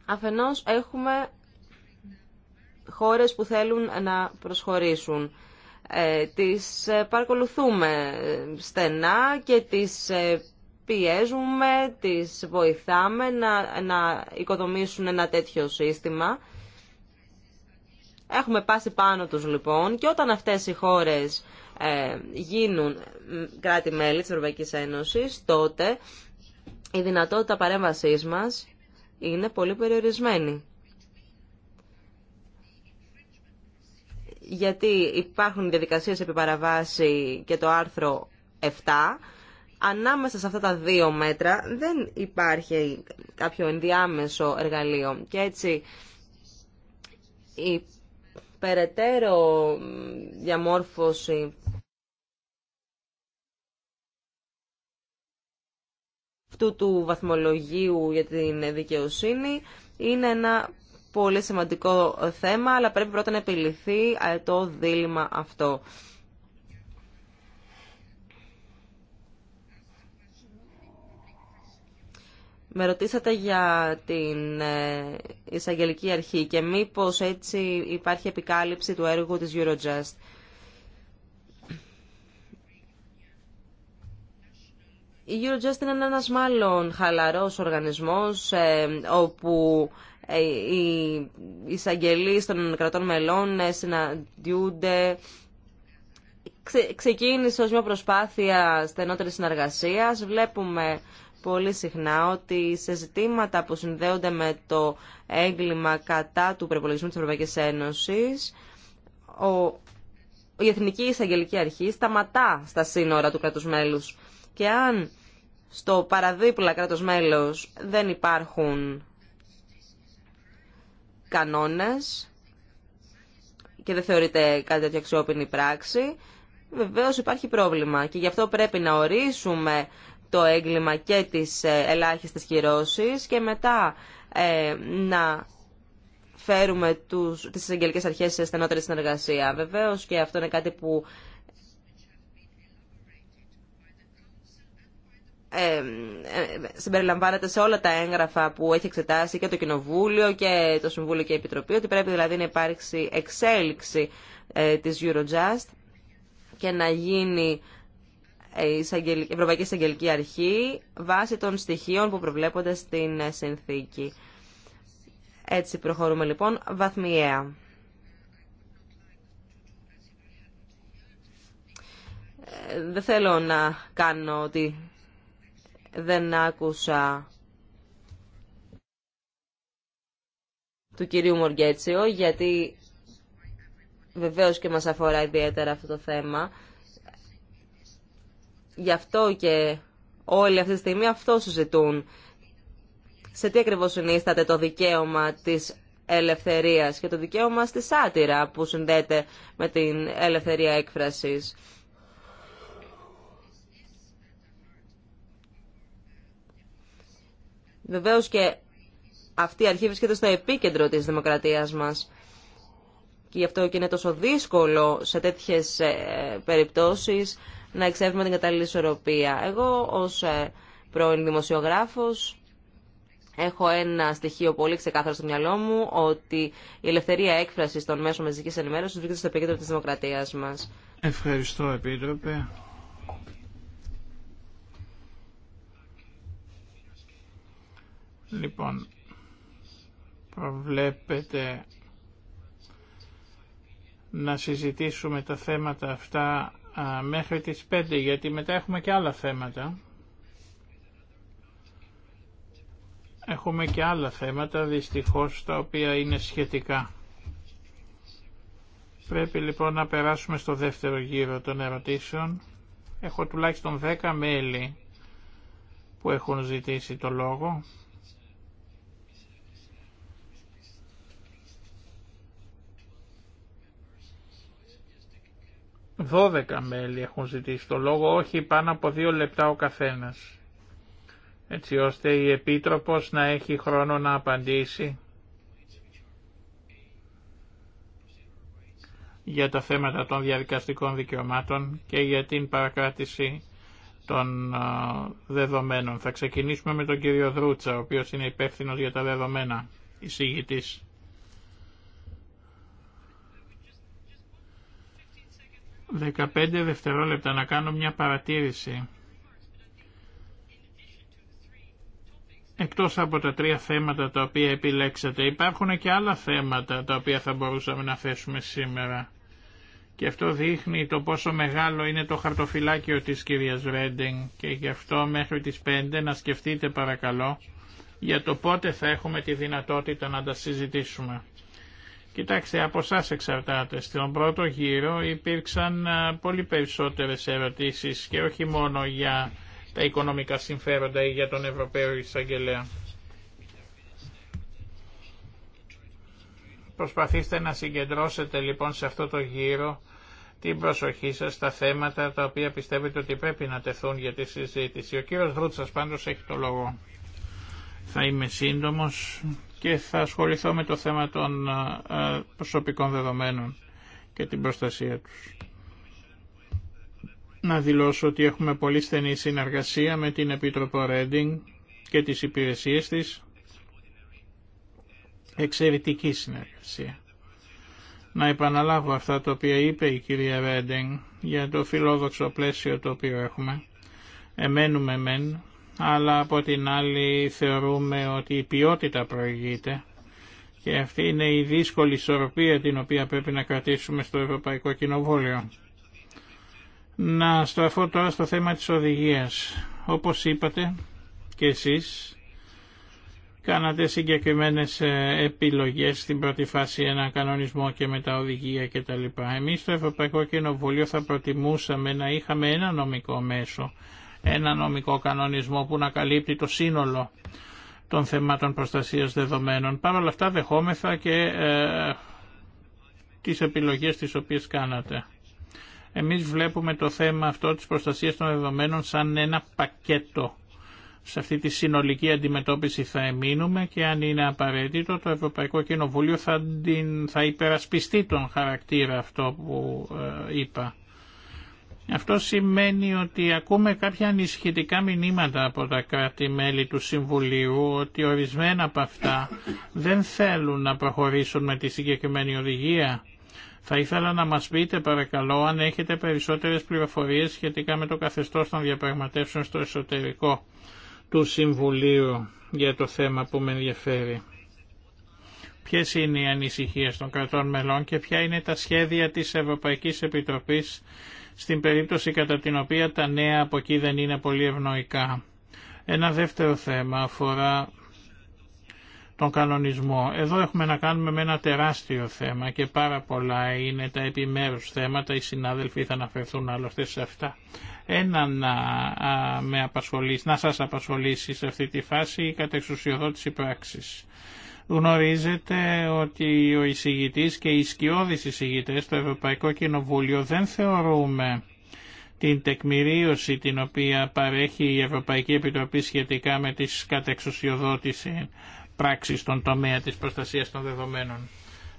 Αφενός έχουμε χώρες που θέλουν να προσχωρήσουν. Ε, τις ε, παρακολουθούμε ε, στενά και τις ε, πιέζουμε, τις βοηθάμε να, να οικοδομήσουν ένα τέτοιο σύστημα Έχουμε πάσει πάνω τους λοιπόν και όταν αυτές οι χώρες ε, γίνουν κράτη-μέλη της Ευρωπαϊκής Ένωσης, τότε η δυνατότητα παρέμβασής μας είναι πολύ περιορισμένη. Γιατί υπάρχουν διαδικασίες επί παραβάση και το άρθρο 7, ανάμεσα σε αυτά τα δύο μέτρα δεν υπάρχει κάποιο ενδιάμεσο εργαλείο. Και έτσι η περαιτέρω διαμόρφωση αυτού του βαθμολογίου για την δικαιοσύνη είναι ένα πολύ σημαντικό θέμα, αλλά πρέπει πρώτα να επιληθεί ε, το δίλημα αυτό. Με ρωτήσατε για την ε, εισαγγελική αρχή και μήπως έτσι υπάρχει επικάλυψη του έργου της Eurojust. Η Eurojust είναι ένας μάλλον χαλαρός οργανισμός ε, όπου ε, οι εισαγγελείς των κρατών μελών συναντιούνται ξεκίνησε ως μια προσπάθεια στενότερης συνεργασίας. Βλέπουμε πολύ συχνά ότι σε ζητήματα που συνδέονται με το έγκλημα κατά του προπολογισμού της Ευρωπαϊκής Ένωσης, ο, η Εθνική Εισαγγελική Αρχή σταματά στα σύνορα του κράτους μέλους. Και αν στο παραδίπλα κράτος μέλος δεν υπάρχουν κανόνες και δεν θεωρείται κάτι τέτοιο αξιόπινη πράξη, βεβαίως υπάρχει πρόβλημα και γι' αυτό πρέπει να ορίσουμε το έγκλημα και τις ε, ελάχιστες χειρώσεις και μετά ε, να φέρουμε τους, τις εγγελικές αρχές σε στενότερη συνεργασία. Βεβαίως και αυτό είναι κάτι που ε, ε, συμπεριλαμβάνεται σε όλα τα έγγραφα που έχει εξετάσει και το Κοινοβούλιο και το Συμβούλιο και η Επιτροπή, ότι πρέπει δηλαδή να υπάρξει εξέλιξη ε, της Eurojust και να γίνει ε, Ευρωπαϊκή Εισαγγελική Αρχή βάσει των στοιχείων που προβλέπονται στην συνθήκη. Έτσι προχωρούμε λοιπόν βαθμιαία. Ε, δεν θέλω να κάνω ότι δεν άκουσα του κυρίου Μοργέτσιο, γιατί βεβαίως και μας αφορά ιδιαίτερα αυτό το θέμα. Γι' αυτό και όλοι αυτή τη στιγμή αυτό συζητούν. Σε τι ακριβώς συνίσταται το δικαίωμα της ελευθερίας και το δικαίωμα στη σάτυρα που συνδέεται με την ελευθερία έκφρασης. Βεβαίως και αυτή η αρχή βρίσκεται στο επίκεντρο της δημοκρατίας μας. Και γι' αυτό και είναι τόσο δύσκολο σε τέτοιες ε, περιπτώσεις να εξεύρουμε την κατάλληλη ισορροπία. Εγώ ως ε, πρώην δημοσιογράφος έχω ένα στοιχείο πολύ ξεκάθαρο στο μυαλό μου ότι η ελευθερία έκφρασης των μέσων μαζικής ενημέρωσης βρίσκεται στο επίκεντρο της δημοκρατίας μας. Ευχαριστώ Επίτροπε. Λοιπόν, προβλέπετε να συζητήσουμε τα θέματα αυτά α, μέχρι τις 5 γιατί μετά έχουμε και άλλα θέματα. Έχουμε και άλλα θέματα δυστυχώς τα οποία είναι σχετικά. Πρέπει λοιπόν να περάσουμε στο δεύτερο γύρο των ερωτήσεων. Έχω τουλάχιστον 10 μέλη που έχουν ζητήσει το λόγο. Δώδεκα μέλη έχουν ζητήσει το λόγο, όχι πάνω από δύο λεπτά ο καθένας. Έτσι ώστε η Επίτροπος να έχει χρόνο να απαντήσει για τα θέματα των διαδικαστικών δικαιωμάτων και για την παρακράτηση των δεδομένων. Θα ξεκινήσουμε με τον κύριο Δρούτσα, ο οποίος είναι υπεύθυνος για τα δεδομένα, εισηγητής. 15 δευτερόλεπτα να κάνω μια παρατήρηση. Εκτός από τα τρία θέματα τα οποία επιλέξατε, υπάρχουν και άλλα θέματα τα οποία θα μπορούσαμε να θέσουμε σήμερα. Και αυτό δείχνει το πόσο μεγάλο είναι το χαρτοφυλάκιο της κυρίας Ρέντινγκ και γι' αυτό μέχρι τις 5 να σκεφτείτε παρακαλώ για το πότε θα έχουμε τη δυνατότητα να τα συζητήσουμε. Κοιτάξτε, από εσά εξαρτάται. Στον πρώτο γύρο υπήρξαν πολύ περισσότερες ερωτήσεις και όχι μόνο για τα οικονομικά συμφέροντα ή για τον Ευρωπαίο Εισαγγελέα. Προσπαθήστε να συγκεντρώσετε λοιπόν σε αυτό το γύρο την προσοχή σας στα θέματα τα οποία πιστεύετε ότι πρέπει να τεθούν για τη συζήτηση. Ο κύριος Βρούτσας πάντως έχει το λόγο. Θα είμαι σύντομος και θα ασχοληθώ με το θέμα των ε, προσωπικών δεδομένων και την προστασία τους. Να δηλώσω ότι έχουμε πολύ στενή συνεργασία με την Επίτροπο Ρέντινγκ και τις υπηρεσίες της. Εξαιρετική συνεργασία. Να επαναλάβω αυτά τα οποία είπε η κυρία Ρέντινγκ για το φιλόδοξο πλαίσιο το οποίο έχουμε. Εμένουμε μεν αλλά από την άλλη θεωρούμε ότι η ποιότητα προηγείται και αυτή είναι η δύσκολη ισορροπία την οποία πρέπει να κρατήσουμε στο Ευρωπαϊκό Κοινοβούλιο. Να στραφώ τώρα στο θέμα της οδηγίας. Όπως είπατε και εσείς, κάνατε συγκεκριμένες ε, επιλογές στην πρώτη φάση, ένα κανονισμό και τα οδηγία κτλ. Εμείς στο Ευρωπαϊκό Κοινοβούλιο θα προτιμούσαμε να είχαμε ένα νομικό μέσο ένα νομικό κανονισμό που να καλύπτει το σύνολο των θεμάτων προστασίας δεδομένων. Παρ' όλα αυτά δεχόμεθα και ε, τις επιλογές τις οποίες κάνατε. Εμείς βλέπουμε το θέμα αυτό της προστασίας των δεδομένων σαν ένα πακέτο. Σε αυτή τη συνολική αντιμετώπιση θα εμείνουμε και αν είναι απαραίτητο το Ευρωπαϊκό Κοινοβούλιο θα, την, θα υπερασπιστεί τον χαρακτήρα αυτό που ε, είπα. Αυτό σημαίνει ότι ακούμε κάποια ανησυχητικά μηνύματα από τα κράτη-μέλη του Συμβουλίου ότι ορισμένα από αυτά δεν θέλουν να προχωρήσουν με τη συγκεκριμένη οδηγία. Θα ήθελα να μας πείτε παρακαλώ αν έχετε περισσότερες πληροφορίες σχετικά με το καθεστώς των διαπραγματεύσεων στο εσωτερικό του Συμβουλίου για το θέμα που με ενδιαφέρει. Ποιες είναι οι ανησυχίες των κρατών μελών και ποια είναι τα σχέδια της Ευρωπαϊκής Επιτροπής στην περίπτωση κατά την οποία τα νέα από εκεί δεν είναι πολύ ευνοϊκά. Ένα δεύτερο θέμα αφορά τον κανονισμό. Εδώ έχουμε να κάνουμε με ένα τεράστιο θέμα και πάρα πολλά είναι τα επιμέρους θέματα, οι συνάδελφοι θα αναφερθούν άλλωστε σε αυτά. Ένα να, με απασχολήσει, να σας απασχολήσει σε αυτή τη φάση η κατεξουσιοδότηση πράξης. Γνωρίζετε ότι ο εισηγητής και οι σκιώδεις εισηγητές στο Ευρωπαϊκό Κοινοβούλιο δεν θεωρούμε την τεκμηρίωση την οποία παρέχει η Ευρωπαϊκή Επιτροπή σχετικά με τις κατεξουσιοδότηση πράξεις στον τομέα της προστασίας των δεδομένων.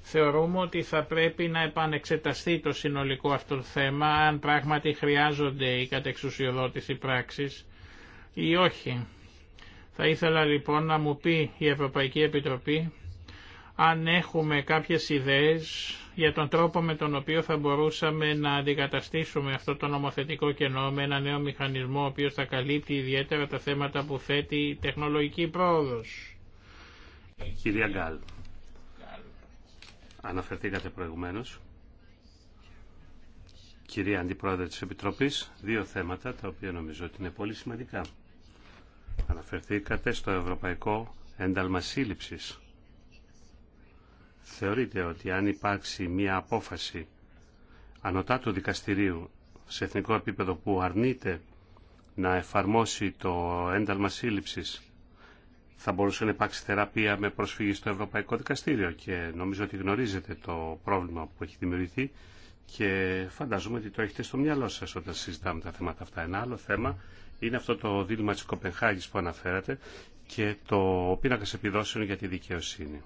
Θεωρούμε ότι θα πρέπει να επανεξεταστεί το συνολικό αυτό το θέμα αν πράγματι χρειάζονται οι κατεξουσιοδότηση πράξεις ή όχι. Θα ήθελα λοιπόν να μου πει η Ευρωπαϊκή Επιτροπή αν έχουμε κάποιες ιδέες για τον τρόπο με τον οποίο θα μπορούσαμε να αντικαταστήσουμε αυτό το νομοθετικό κενό με ένα νέο μηχανισμό ο οποίος θα καλύπτει ιδιαίτερα τα θέματα που θέτει η τεχνολογική πρόοδος. Κυρία Γκάλ, αναφερθήκατε προηγουμένως. Κυρία Αντιπρόεδρε της Επιτροπής, δύο θέματα τα οποία νομίζω ότι είναι πολύ σημαντικά. Αναφερθήκατε στο Ευρωπαϊκό Ένταλμα Σύλληψης. Θεωρείτε ότι αν υπάρξει μία απόφαση ανωτά του δικαστηρίου σε εθνικό επίπεδο που αρνείται να εφαρμόσει το ένταλμα σύλληψης θα μπορούσε να υπάρξει θεραπεία με προσφυγή στο Ευρωπαϊκό Δικαστήριο και νομίζω ότι γνωρίζετε το πρόβλημα που έχει δημιουργηθεί και φαντάζομαι ότι το έχετε στο μυαλό σας όταν συζητάμε τα θέματα αυτά. Ένα άλλο θέμα είναι αυτό το δίλημα της Κοπενχάγης που αναφέρατε και το πίνακα επιδόσεων για τη δικαιοσύνη.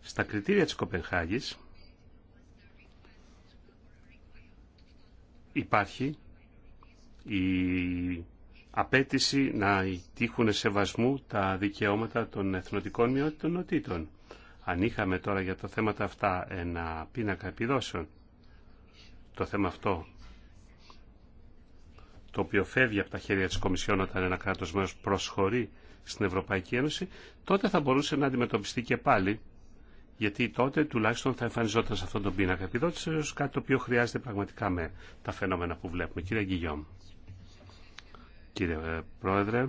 Στα κριτήρια της Κοπενχάγης υπάρχει η απέτηση να τύχουν σεβασμού τα δικαιώματα των εθνοτικών μειονοτήτων. Αν είχαμε τώρα για τα θέματα αυτά ένα πίνακα επιδόσεων, το θέμα αυτό το οποίο φεύγει από τα χέρια της Κομισιόν όταν ένα κράτος μέρος προσχωρεί στην Ευρωπαϊκή Ένωση, τότε θα μπορούσε να αντιμετωπιστεί και πάλι, γιατί τότε τουλάχιστον θα εμφανιζόταν σε αυτόν τον πίνακα επιδότηση ως κάτι το οποίο χρειάζεται πραγματικά με τα φαινόμενα που βλέπουμε. Κύριε Γκυγιόμ. Κύριε ε, Πρόεδρε,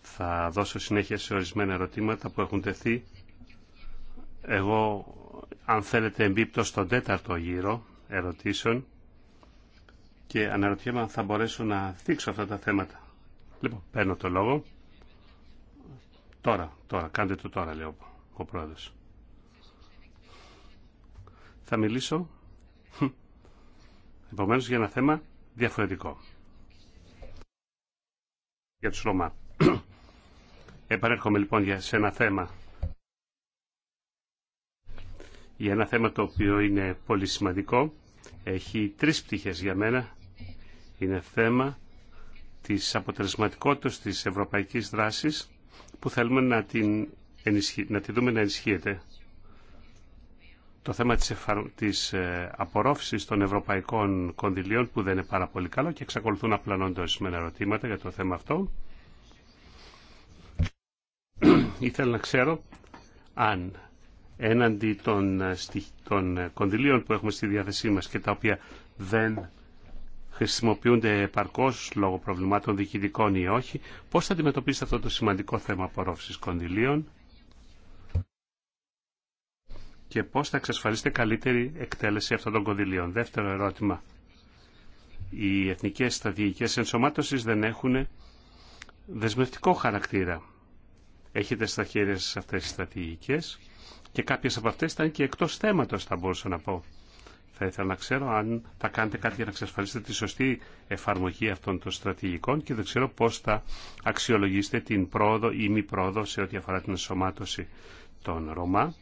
θα δώσω συνέχεια σε ορισμένα ερωτήματα που έχουν τεθεί. Εγώ, αν θέλετε, εμπίπτω στον τέταρτο γύρο ερωτήσεων και αναρωτιέμαι αν θα μπορέσω να θίξω αυτά τα θέματα. Λοιπόν, παίρνω το λόγο. Τώρα, τώρα, κάντε το τώρα, λέω ο πρόεδρος. Θα μιλήσω, επομένως, για ένα θέμα διαφορετικό. Για τους Ρωμά. Επανέρχομαι λοιπόν για σε ένα θέμα. Για ένα θέμα το οποίο είναι πολύ σημαντικό. Έχει τρεις πτυχές για μένα. Είναι θέμα της αποτελεσματικότητας της ευρωπαϊκής δράσης που θέλουμε να την, να δούμε να ενισχύεται. Το θέμα της, εφαρ... της ε, απορρόφησης των ευρωπαϊκών κονδυλίων που δεν είναι πάρα πολύ καλό και εξακολουθούν να με ερωτήματα για το θέμα αυτό. Ήθελα να ξέρω αν έναντι των, ε, των ε, κονδυλίων που έχουμε στη διάθεσή μας και τα οποία δεν χρησιμοποιούνται επαρκώς λόγω προβλημάτων διοικητικών ή όχι. Πώς θα αντιμετωπίσετε αυτό το σημαντικό θέμα απορρόφηση κονδυλίων και πώς θα εξασφαλίσετε καλύτερη εκτέλεση αυτών των κονδυλίων. Δεύτερο ερώτημα. Οι εθνικές στρατηγικέ ενσωμάτωση δεν έχουν δεσμευτικό χαρακτήρα. Έχετε στα χέρια σα αυτέ τι στρατηγικέ και κάποιε από αυτέ ήταν και εκτό θέματο θα μπορούσα να πω. Θα ήθελα να ξέρω αν θα κάνετε κάτι για να εξασφαλίσετε τη σωστή εφαρμογή αυτών των στρατηγικών και δεν ξέρω πώς θα αξιολογήσετε την πρόοδο ή μη πρόοδο σε ό,τι αφορά την ενσωμάτωση των Ρωμά.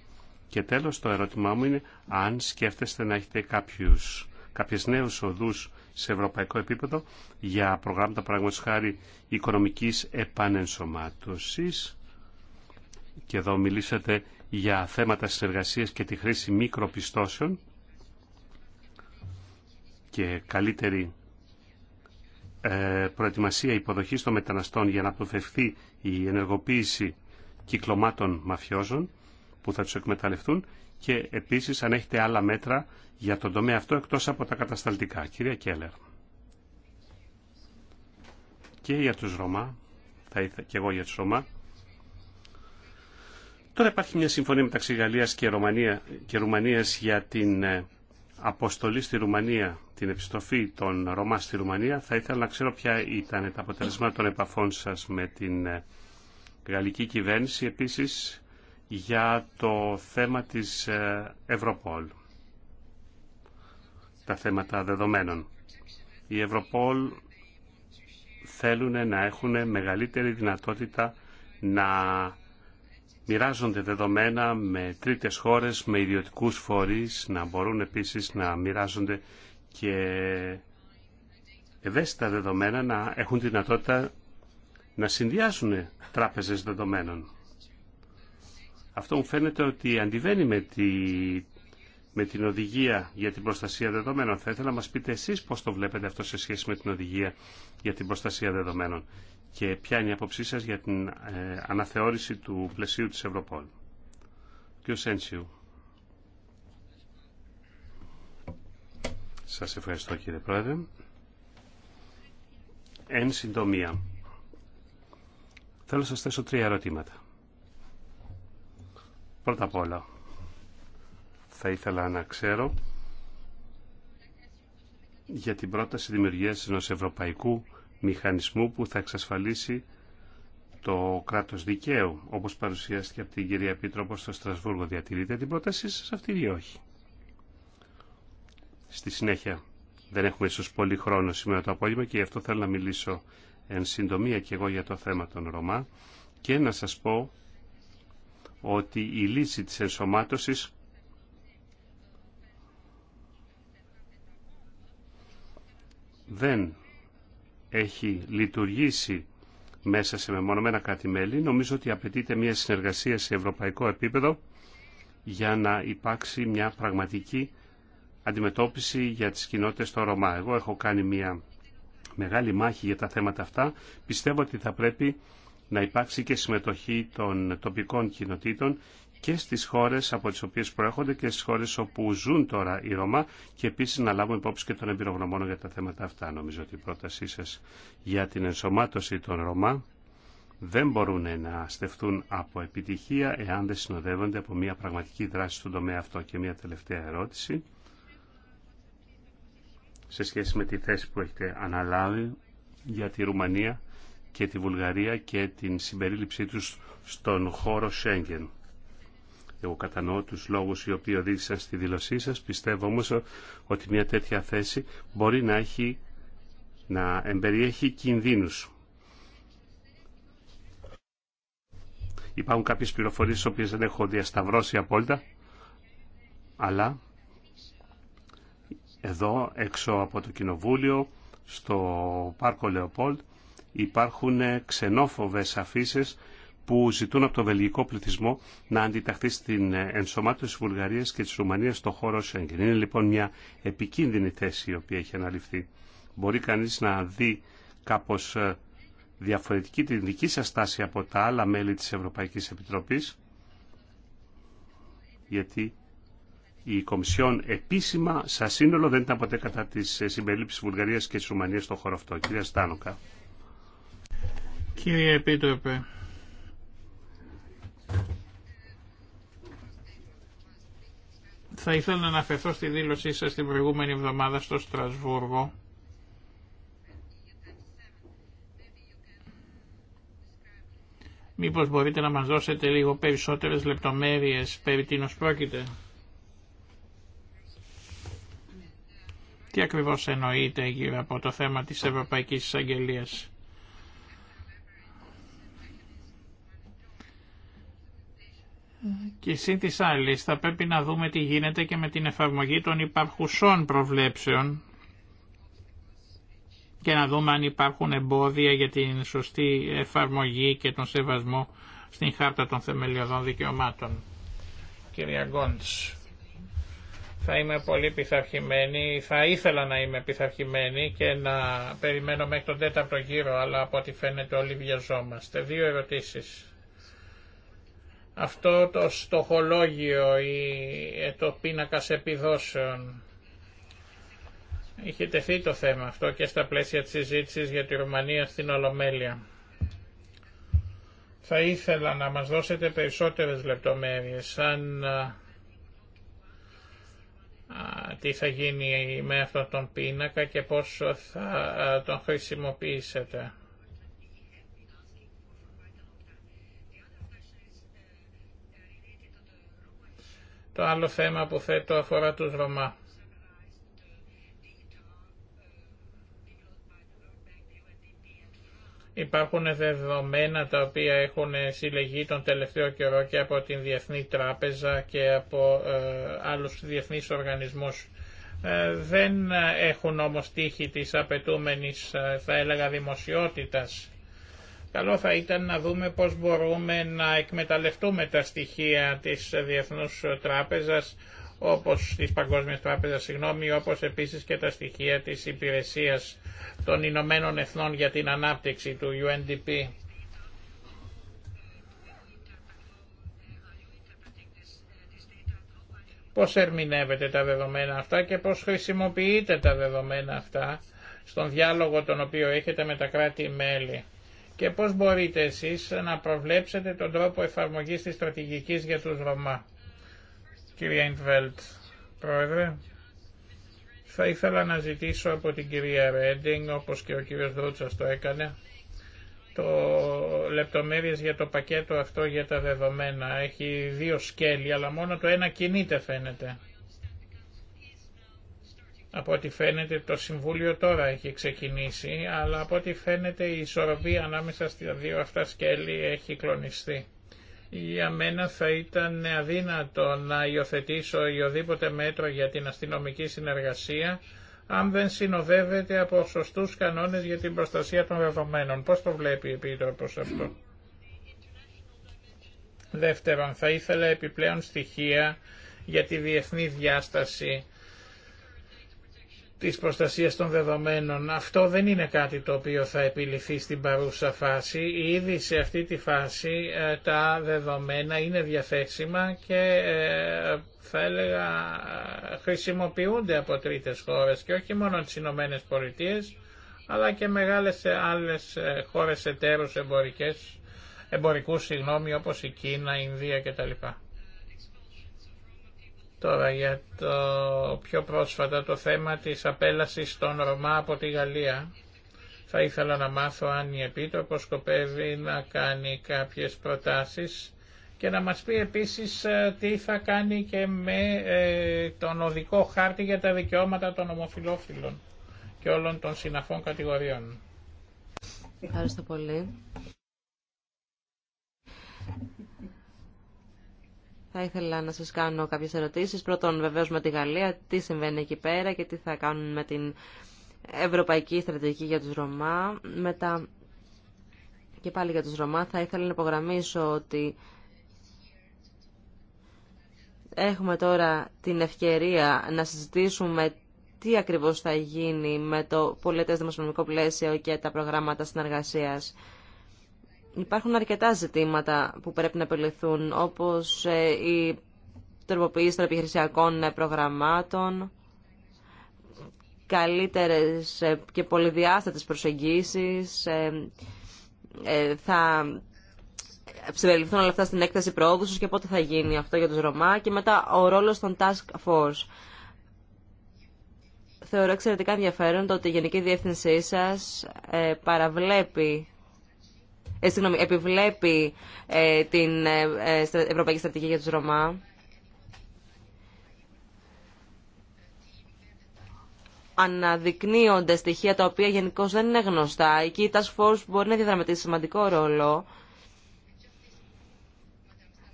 Και τέλος το ερώτημά μου είναι αν σκέφτεστε να έχετε κάποιους, κάποιες νέους οδούς σε ευρωπαϊκό επίπεδο για προγράμματα παραγωγής χάρη οικονομικής επανενσωμάτωσης. Και εδώ μιλήσατε για θέματα συνεργασίας και τη χρήση μικροπιστώσεων και καλύτερη ε, προετοιμασία υποδοχής των μεταναστών για να αποφευθεί η ενεργοποίηση κυκλωμάτων μαφιόζων που θα τους εκμεταλλευτούν και επίσης αν έχετε άλλα μέτρα για τον τομέα αυτό εκτός από τα κατασταλτικά. Κυρία Κέλλερ. Και για τους Ρωμά, θα ήθελα και εγώ για τους Ρωμά. Τώρα υπάρχει μια συμφωνία μεταξύ Γαλλίας και, και Ρουμανίας για την ε, αποστολή στη Ρουμανία, την επιστροφή των Ρωμά στη Ρουμανία, θα ήθελα να ξέρω ποια ήταν τα αποτελέσματα των επαφών σας με την ε, γαλλική κυβέρνηση, επίσης για το θέμα της ε, Ευρωπόλ, τα θέματα δεδομένων. Η Ευρωπόλ θέλουν να έχουν μεγαλύτερη δυνατότητα να μοιράζονται δεδομένα με τρίτες χώρες, με ιδιωτικούς φορείς, να μπορούν επίσης να μοιράζονται και ευαίσθητα δεδομένα, να έχουν δυνατότητα να συνδυάσουν τράπεζες δεδομένων. Αυτό μου φαίνεται ότι αντιβαίνει με, με την οδηγία για την προστασία δεδομένων. Θα ήθελα να μας πείτε εσείς πώς το βλέπετε αυτό σε σχέση με την οδηγία για την προστασία δεδομένων και ποια είναι η άποψή σας για την ε, αναθεώρηση του πλαισίου της Ευρωπόλ. ο Σένσιου. Σας ευχαριστώ κύριε Πρόεδρε. Εν συντομία, θέλω να σας θέσω τρία ερωτήματα. Πρώτα απ' όλα, θα ήθελα να ξέρω για την πρόταση δημιουργίας ενός Ευρωπαϊκού μηχανισμού που θα εξασφαλίσει το κράτος δικαίου, όπως παρουσιάστηκε από την κυρία Επίτροπο στο Στρασβούργο. Διατηρείτε την πρότασή σας αυτή ή όχι. Στη συνέχεια, δεν έχουμε ίσως πολύ χρόνο σήμερα το απόγευμα και γι' αυτό θέλω να μιλήσω εν συντομία και εγώ για το θέμα των Ρωμά και να σας πω ότι η λύση της ενσωμάτωσης δεν έχει λειτουργήσει μέσα σε μεμονωμένα κράτη-μέλη, νομίζω ότι απαιτείται μια συνεργασία σε ευρωπαϊκό επίπεδο για να υπάρξει μια πραγματική αντιμετώπιση για τις κοινότητες στο Ρωμά. Εγώ έχω κάνει μια μεγάλη μάχη για τα θέματα αυτά. Πιστεύω ότι θα πρέπει να υπάρξει και συμμετοχή των τοπικών κοινοτήτων και στις χώρες από τις οποίες προέρχονται και στις χώρες όπου ζουν τώρα οι Ρωμά και επίσης να λάβουμε υπόψη και τον εμπειρογνωμών για τα θέματα αυτά. Νομίζω ότι η πρότασή σας για την ενσωμάτωση των Ρωμά δεν μπορούν να στεφτούν από επιτυχία εάν δεν συνοδεύονται από μια πραγματική δράση στον τομέα αυτό. Και μια τελευταία ερώτηση σε σχέση με τη θέση που έχετε αναλάβει για τη Ρουμανία και τη Βουλγαρία και την συμπερίληψή τους στον χώρο Σέγγεν. Εγώ κατανοώ τους λόγους οι οποίοι οδήγησαν στη δήλωσή σας. Πιστεύω όμως ότι μια τέτοια θέση μπορεί να, έχει, να εμπεριέχει κινδύνους. Υπάρχουν κάποιες πληροφορίες τις οποίες δεν έχω διασταυρώσει απόλυτα, αλλά εδώ έξω από το Κοινοβούλιο, στο Πάρκο Λεοπόλτ, υπάρχουν ξενόφοβες αφήσει που ζητούν από το βελγικό πληθυσμό να αντιταχθεί στην ενσωμάτωση της Βουλγαρίας και της Ρουμανίας στο χώρο Σέγγεν. Είναι λοιπόν μια επικίνδυνη θέση η οποία έχει αναλυφθεί. Μπορεί κανείς να δει κάπως ε, διαφορετική την δική σας στάση από τα άλλα μέλη της Ευρωπαϊκής Επιτροπής, γιατί η Κομισιόν επίσημα, σαν σύνολο, δεν ήταν ποτέ κατά της ε, συμπερίληψης Βουλγαρίας και της Ρουμανίας στον χώρο αυτό. Κυρία Στάνοκα. Κύριε Επίτροπε, Θα ήθελα να αναφερθώ στη δήλωσή σας την προηγούμενη εβδομάδα στο Στρασβούργο Μήπως μπορείτε να μας δώσετε λίγο περισσότερες λεπτομέρειες περί τίνος πρόκειται. Τι ακριβώς εννοείται γύρω από το θέμα της Ευρωπαϊκής Εισαγγελίας. Και σύν της άλλης θα πρέπει να δούμε τι γίνεται και με την εφαρμογή των υπαρχουσών προβλέψεων και να δούμε αν υπάρχουν εμπόδια για την σωστή εφαρμογή και τον σεβασμό στην Χάρτα των Θεμελιωδών Δικαιωμάτων. Κυρία Γκόντς, θα είμαι πολύ πειθαρχημένη, θα ήθελα να είμαι πειθαρχημένη και να περιμένω μέχρι τον τέταρτο γύρο, αλλά από ό,τι φαίνεται όλοι βιαζόμαστε. Δύο ερωτήσεις αυτό το στοχολόγιο ή ε, το πίνακα επιδόσεων. Είχε τεθεί το θέμα αυτό και στα πλαίσια της συζήτηση για τη Ρουμανία στην Ολομέλεια. Θα ήθελα να μας δώσετε περισσότερες λεπτομέρειες σαν ε, τι θα γίνει με αυτόν τον πίνακα και πώς θα ε, τον χρησιμοποιήσετε. Το άλλο θέμα που θέτω αφορά τους Ρωμά. Υπάρχουν δεδομένα τα οποία έχουν συλλεγεί τον τελευταίο καιρό και από την Διεθνή Τράπεζα και από ε, άλλους διεθνείς οργανισμούς. Ε, δεν έχουν όμως τύχη της απαιτούμενης, ε, θα έλεγα, δημοσιότητας Καλό θα ήταν να δούμε πώς μπορούμε να εκμεταλλευτούμε τα στοιχεία της Διεθνούς Τράπεζας όπως της Παγκόσμιας Τράπεζας, συγγνώμη, όπως επίσης και τα στοιχεία της Υπηρεσίας των Ηνωμένων Εθνών για την Ανάπτυξη του UNDP. Πώς ερμηνεύετε τα δεδομένα αυτά και πώς χρησιμοποιείτε τα δεδομένα αυτά στον διάλογο τον οποίο έχετε με τα κράτη-μέλη και πώς μπορείτε εσείς να προβλέψετε τον τρόπο εφαρμογής της στρατηγικής για τους Ρωμά. Κυρία Ιντβέλτ, Πρόεδρε, θα ήθελα να ζητήσω από την κυρία Ρέντινγκ, όπως και ο κύριος Δρούτσας το έκανε, το λεπτομέρειες για το πακέτο αυτό για τα δεδομένα. Έχει δύο σκέλη, αλλά μόνο το ένα κινείται φαίνεται. Από ό,τι φαίνεται το Συμβούλιο τώρα έχει ξεκινήσει, αλλά από ό,τι φαίνεται η ισορροπία ανάμεσα στα δύο αυτά σκέλη έχει κλονιστεί. Για μένα θα ήταν αδύνατο να υιοθετήσω οποιοδήποτε μέτρο για την αστυνομική συνεργασία αν δεν συνοδεύεται από σωστούς κανόνες για την προστασία των δεδομένων. Πώς το βλέπει η Επίτροπος αυτό. Δεύτερον, θα ήθελα επιπλέον στοιχεία για τη διεθνή διάσταση της προστασίας των δεδομένων. Αυτό δεν είναι κάτι το οποίο θα επιληθεί στην παρούσα φάση. Ήδη σε αυτή τη φάση ε, τα δεδομένα είναι διαθέσιμα και ε, θα έλεγα ε, χρησιμοποιούνται από τρίτες χώρες και όχι μόνο τις Ηνωμένε Πολιτείες αλλά και μεγάλες άλλες χώρες εταίρους εμπορικές, εμπορικούς συγγνώμη όπως η Κίνα, η Ινδία κτλ. Τώρα για το πιο πρόσφατα το θέμα της απέλασης των Ρωμά από τη Γαλλία. Θα ήθελα να μάθω αν η Επίτροπο σκοπεύει να κάνει κάποιες προτάσεις και να μας πει επίσης ε, τι θα κάνει και με ε, τον οδικό χάρτη για τα δικαιώματα των ομοφυλόφιλων και όλων των συναφών κατηγοριών. Ευχαριστώ πολύ. Θα ήθελα να σας κάνω κάποιες ερωτήσεις. Πρώτον, βεβαίως με τη Γαλλία, τι συμβαίνει εκεί πέρα και τι θα κάνουν με την Ευρωπαϊκή Στρατηγική για τους Ρωμά. Μετά, και πάλι για τους Ρωμά, θα ήθελα να υπογραμμίσω ότι έχουμε τώρα την ευκαιρία να συζητήσουμε τι ακριβώς θα γίνει με το πολιτές δημοσιονομικό πλαίσιο και τα προγράμματα συνεργασίας. Υπάρχουν αρκετά ζητήματα που πρέπει να επιληθούν, όπως ε, η τροποποίηση των επιχειρησιακών ε, προγραμμάτων, καλύτερες ε, και πολυδιάστατες προσεγγίσεις. Θα συμπεριληφθούν όλα αυτά στην έκταση πρόοδους και πότε θα γίνει αυτό για τους Ρωμά και μετά ο ρόλος των Task Force. Θεωρώ εξαιρετικά ενδιαφέρον το ότι η Γενική Διεύθυνσή σας παραβλέπει ε, επιβλέπει ε, την ε, ε, Ευρωπαϊκή Στρατηγική για τους Ρωμά. Αναδεικνύονται στοιχεία τα οποία γενικώ δεν είναι γνωστά. Εκεί η Task Force μπορεί να διαδραματίσει σημαντικό ρόλο.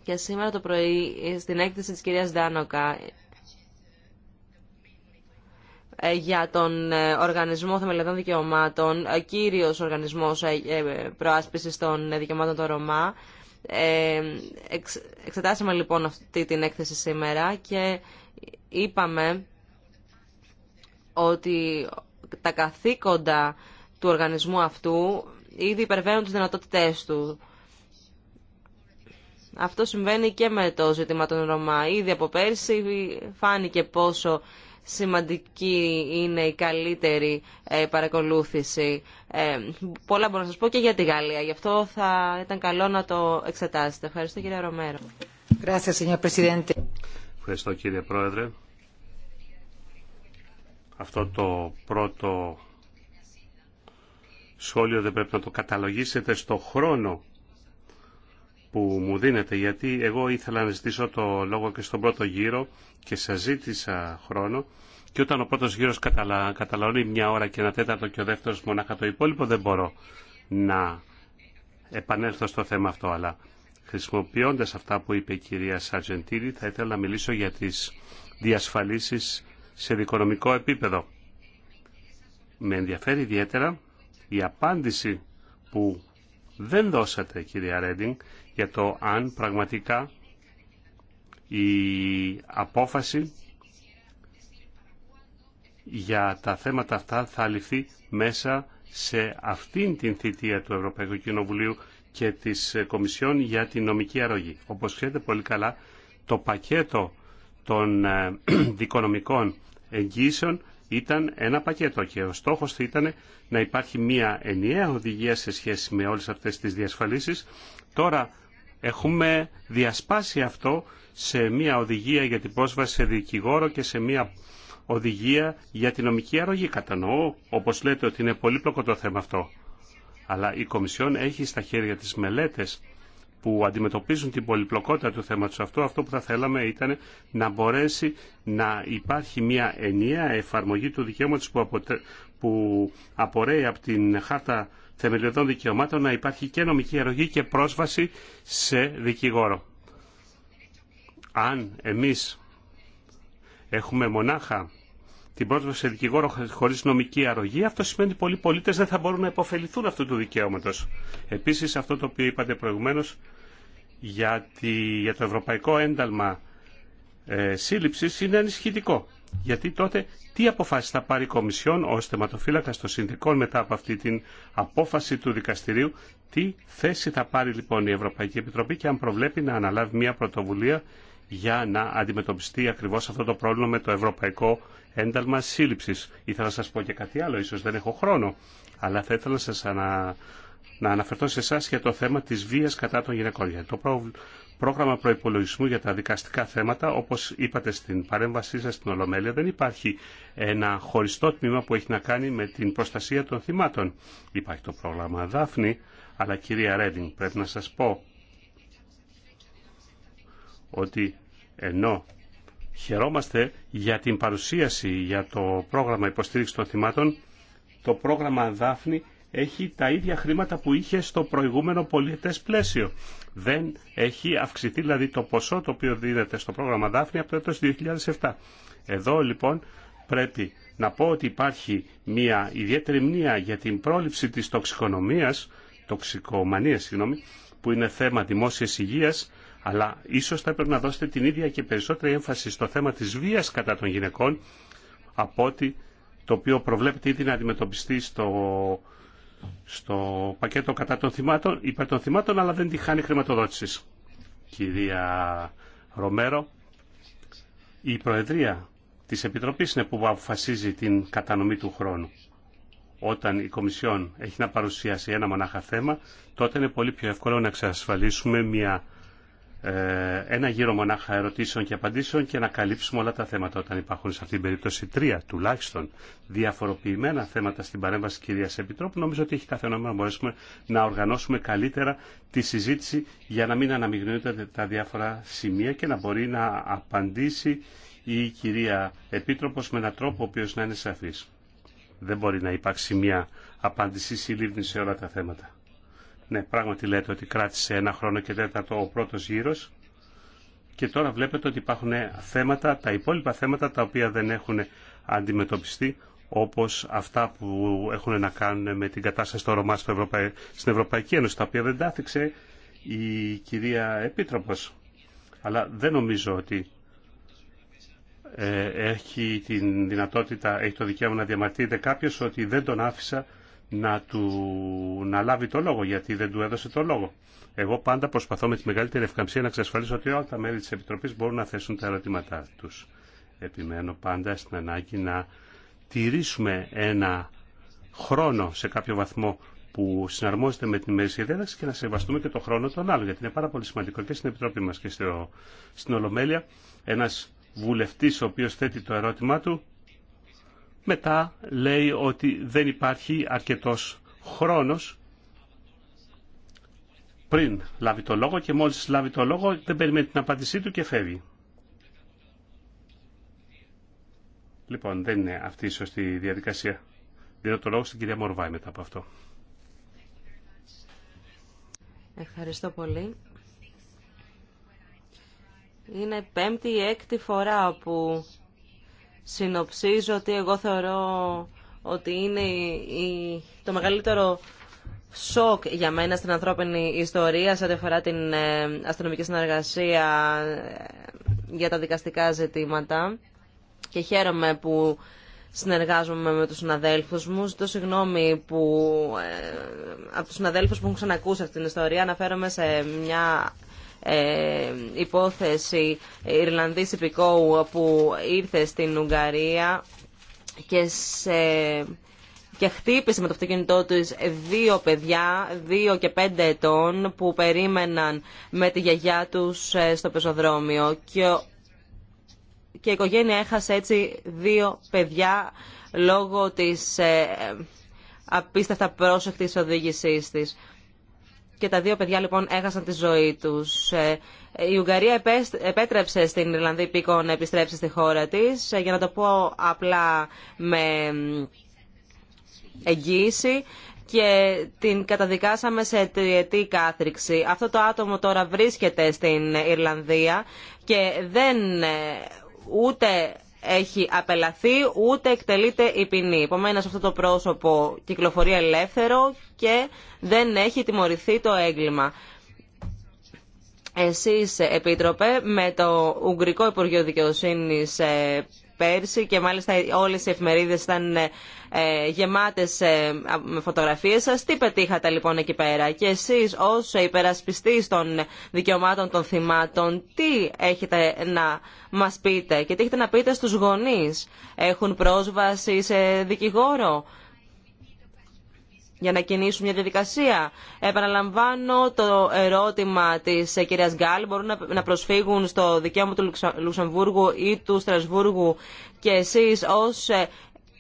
Και σήμερα το πρωί στην έκθεση της κυρίας Δάνοκα... Ε, για τον ε, Οργανισμό Θεμελιωδών Δικαιωμάτων, ε, κύριος οργανισμός προάσπισης των δικαιωμάτων των Ρωμά. εξετάσαμε λοιπόν αυτή την έκθεση σήμερα και είπαμε ότι τα καθήκοντα του οργανισμού αυτού ήδη υπερβαίνουν τις δυνατότητές του. Αυτό συμβαίνει και με το ζήτημα των Ρωμά. Ήδη από πέρσι φάνηκε πόσο σημαντική είναι η καλύτερη ε, παρακολούθηση. Ε, πολλά μπορώ να σας πω και για τη Γαλλία. Γι' αυτό θα ήταν καλό να το εξετάσετε. Ευχαριστώ κύριε Ρομέρο. Ευχαριστώ κύριε Πρόεδρε. Αυτό το πρώτο σχόλιο δεν πρέπει να το καταλογίσετε στο χρόνο που μου δίνετε γιατί εγώ ήθελα να ζητήσω το λόγο και στον πρώτο γύρο και σας ζήτησα χρόνο και όταν ο πρώτος γύρος καταλα... καταλαβαίνει μια ώρα και ένα τέταρτο και ο δεύτερος μονάχα το υπόλοιπο δεν μπορώ να επανέλθω στο θέμα αυτό αλλά χρησιμοποιώντας αυτά που είπε η κυρία Σαρτζεντίνη... θα ήθελα να μιλήσω για τις διασφαλίσεις σε δικονομικό επίπεδο. Με ενδιαφέρει ιδιαίτερα η απάντηση που δεν δώσατε κυρία Ρέντινγκ για το αν πραγματικά η απόφαση για τα θέματα αυτά θα ληφθεί μέσα σε αυτήν την θητεία του Ευρωπαϊκού Κοινοβουλίου και της Κομισιόν για την νομική αρρωγή. Όπως ξέρετε πολύ καλά, το πακέτο των ε, δικονομικών εγγύσεων ήταν ένα πακέτο και ο στόχος του ήταν να υπάρχει μια ενιαία οδηγία σε σχέση με όλες αυτές τις διασφαλίσεις. Τώρα Έχουμε διασπάσει αυτό σε μια οδηγία για την πρόσβαση σε δικηγόρο και σε μια οδηγία για την νομική αρρωγή. Κατανοώ, όπως λέτε, ότι είναι πολύπλοκο το θέμα αυτό. Αλλά η Κομισιόν έχει στα χέρια της μελέτες που αντιμετωπίζουν την πολυπλοκότητα του θέματος αυτού, αυτό που θα θέλαμε ήταν να μπορέσει να υπάρχει μια ενιαία εφαρμογή του δικαίωματος που, που απορρέει από την Χάρτα θεμελιωδών δικαιωμάτων να υπάρχει και νομική αρρωγή και πρόσβαση σε δικηγόρο. Αν εμείς έχουμε μονάχα την πρόσβαση σε δικηγόρο χωρίς νομική αρρωγή, αυτό σημαίνει ότι πολλοί πολίτες δεν θα μπορούν να υποφεληθούν αυτού του δικαιώματος. Επίσης αυτό το οποίο είπατε προηγουμένως για, για το ευρωπαϊκό ένταλμα ε, σύλληψης είναι ανισχυτικό. Γιατί τότε τι αποφάσει θα πάρει η Κομισιόν ω θεματοφύλακα των συνδικών μετά από αυτή την απόφαση του δικαστηρίου, τι θέση θα πάρει λοιπόν η Ευρωπαϊκή Επιτροπή και αν προβλέπει να αναλάβει μια πρωτοβουλία για να αντιμετωπιστεί ακριβώ αυτό το πρόβλημα με το ευρωπαϊκό ένταλμα σύλληψη. Ήθελα να σα πω και κάτι άλλο, ίσω δεν έχω χρόνο, αλλά θα ήθελα να αναφερθώ σε εσά για το θέμα τη βία κατά των γυναικών. το, πρόγραμμα προπολογισμού για τα δικαστικά θέματα, όπω είπατε στην παρέμβασή σα στην Ολομέλεια, δεν υπάρχει ένα χωριστό τμήμα που έχει να κάνει με την προστασία των θυμάτων. Υπάρχει το πρόγραμμα Δάφνη, αλλά κυρία Ρέντινγκ, πρέπει να σα πω ότι ενώ χαιρόμαστε για την παρουσίαση για το πρόγραμμα υποστήριξη των θυμάτων, το πρόγραμμα Δάφνη έχει τα ίδια χρήματα που είχε στο προηγούμενο πολίτε πλαίσιο. Δεν έχει αυξηθεί δηλαδή το ποσό το οποίο δίδεται στο πρόγραμμα Δάφνη από το έτος 2007. Εδώ λοιπόν πρέπει να πω ότι υπάρχει μια ιδιαίτερη μνήμα για την πρόληψη της τοξικονομίας, τοξικομανίας συγγνώμη, που είναι θέμα δημόσιας υγείας, αλλά ίσως θα έπρεπε να δώσετε την ίδια και περισσότερη έμφαση στο θέμα της βίας κατά των γυναικών από ότι το οποίο προβλέπεται ήδη να αντιμετωπιστεί στο στο πακέτο κατά των θυμάτων, υπέρ των θυμάτων, αλλά δεν τη χάνει χρηματοδότηση. Κυρία Ρομέρο, η Προεδρία της Επιτροπής είναι που αποφασίζει την κατανομή του χρόνου. Όταν η Κομισιόν έχει να παρουσιάσει ένα μονάχα θέμα, τότε είναι πολύ πιο εύκολο να εξασφαλίσουμε μια ε, ένα γύρο μονάχα ερωτήσεων και απαντήσεων και να καλύψουμε όλα τα θέματα όταν υπάρχουν σε αυτήν την περίπτωση τρία τουλάχιστον διαφοροποιημένα θέματα στην παρέμβαση κυρία κυρίας Επιτρόπου νομίζω ότι έχει κάθε νόημα να μπορέσουμε να οργανώσουμε καλύτερα τη συζήτηση για να μην αναμειγνύονται τα διάφορα σημεία και να μπορεί να απαντήσει η κυρία Επίτροπος με έναν τρόπο ο οποίος να είναι σαφής. Δεν μπορεί να υπάρξει μια απάντηση συλλήβνη σε όλα τα θέματα. Ναι, πράγματι λέτε ότι κράτησε ένα χρόνο και τέταρτο ο πρώτος γύρος και τώρα βλέπετε ότι υπάρχουν θέματα, τα υπόλοιπα θέματα τα οποία δεν έχουν αντιμετωπιστεί όπως αυτά που έχουν να κάνουν με την κατάσταση των Ρωμάς στην Ευρωπαϊκή Ένωση, τα οποία δεν τάθηξε η κυρία Επίτροπος. Αλλά δεν νομίζω ότι ε, έχει την δυνατότητα, έχει το δικαίωμα να διαμαρτύρεται κάποιος ότι δεν τον άφησα να, του, να λάβει το λόγο γιατί δεν του έδωσε το λόγο. Εγώ πάντα προσπαθώ με τη μεγαλύτερη ευκαμψία να εξασφαλίσω ότι όλα τα μέλη της Επιτροπής μπορούν να θέσουν τα ερωτήματά τους. Επιμένω πάντα στην ανάγκη να τηρήσουμε ένα χρόνο σε κάποιο βαθμό που συναρμόζεται με την μέση διάταξη και να σεβαστούμε και το χρόνο των άλλων. Γιατί είναι πάρα πολύ σημαντικό και στην Επιτροπή μα και στην Ολομέλεια ένα βουλευτή ο οποίο θέτει το ερώτημά του μετά λέει ότι δεν υπάρχει αρκετός χρόνος πριν λάβει το λόγο και μόλις λάβει το λόγο δεν περιμένει την απάντησή του και φεύγει. Λοιπόν, δεν είναι αυτή η σωστή διαδικασία. Δίνω το λόγο στην κυρία Μορβάη μετά από αυτό. Ευχαριστώ πολύ. Είναι πέμπτη ή έκτη φορά που συνοψίζω ότι εγώ θεωρώ ότι είναι η, το μεγαλύτερο σοκ για μένα στην ανθρώπινη ιστορία σε ό,τι αφορά την ε, αστυνομική συνεργασία ε, για τα δικαστικά ζητήματα και χαίρομαι που συνεργάζομαι με τους συναδέλφους μου. Ζητώ συγγνώμη που ε, από τους συναδέλφους που έχουν ξανακούσει αυτή την ιστορία αναφέρομαι σε μια ε, υπόθεση Ιρλανδής υπηκόου που ήρθε στην Ουγγαρία και, και χτύπησε με το αυτοκίνητό της δύο παιδιά, δύο και πέντε ετών που περίμεναν με τη γιαγιά τους ε, στο πεζοδρόμιο και, και η οικογένεια έχασε έτσι δύο παιδιά λόγω της ε, απίστευτα πρόσεχτης οδήγησής της και τα δύο παιδιά λοιπόν έχασαν τη ζωή τους. Ε, η Ουγγαρία επέτρεψε στην Ιρλανδία Πίκο να επιστρέψει στη χώρα της, ε, για να το πω απλά με εγγύηση και την καταδικάσαμε σε τριετή κάθριξη. Αυτό το άτομο τώρα βρίσκεται στην Ιρλανδία και δεν ε, ούτε έχει απελαθεί ούτε εκτελείται η ποινή. Επομένω αυτό το πρόσωπο κυκλοφορεί ελεύθερο και δεν έχει τιμωρηθεί το έγκλημα. Εσείς, Επίτροπε, με το Ουγγρικό Υπουργείο Δικαιοσύνης ε, πέρσι και μάλιστα όλες οι εφημερίδες ήταν ε, γεμάτες ε, με φωτογραφίες σας. Τι πετύχατε λοιπόν εκεί πέρα και εσείς ως υπερασπιστής των δικαιωμάτων των θυμάτων τι έχετε να μας πείτε και τι έχετε να πείτε στους γονείς. Έχουν πρόσβαση σε δικηγόρο για να κινήσουν μια διαδικασία. Επαναλαμβάνω το ερώτημα της ε, κυρία Γκάλ. Μπορούν να προσφύγουν στο δικαίωμα του Λουξεμβούργου ή του Στρασβούργου και εσείς ως ε,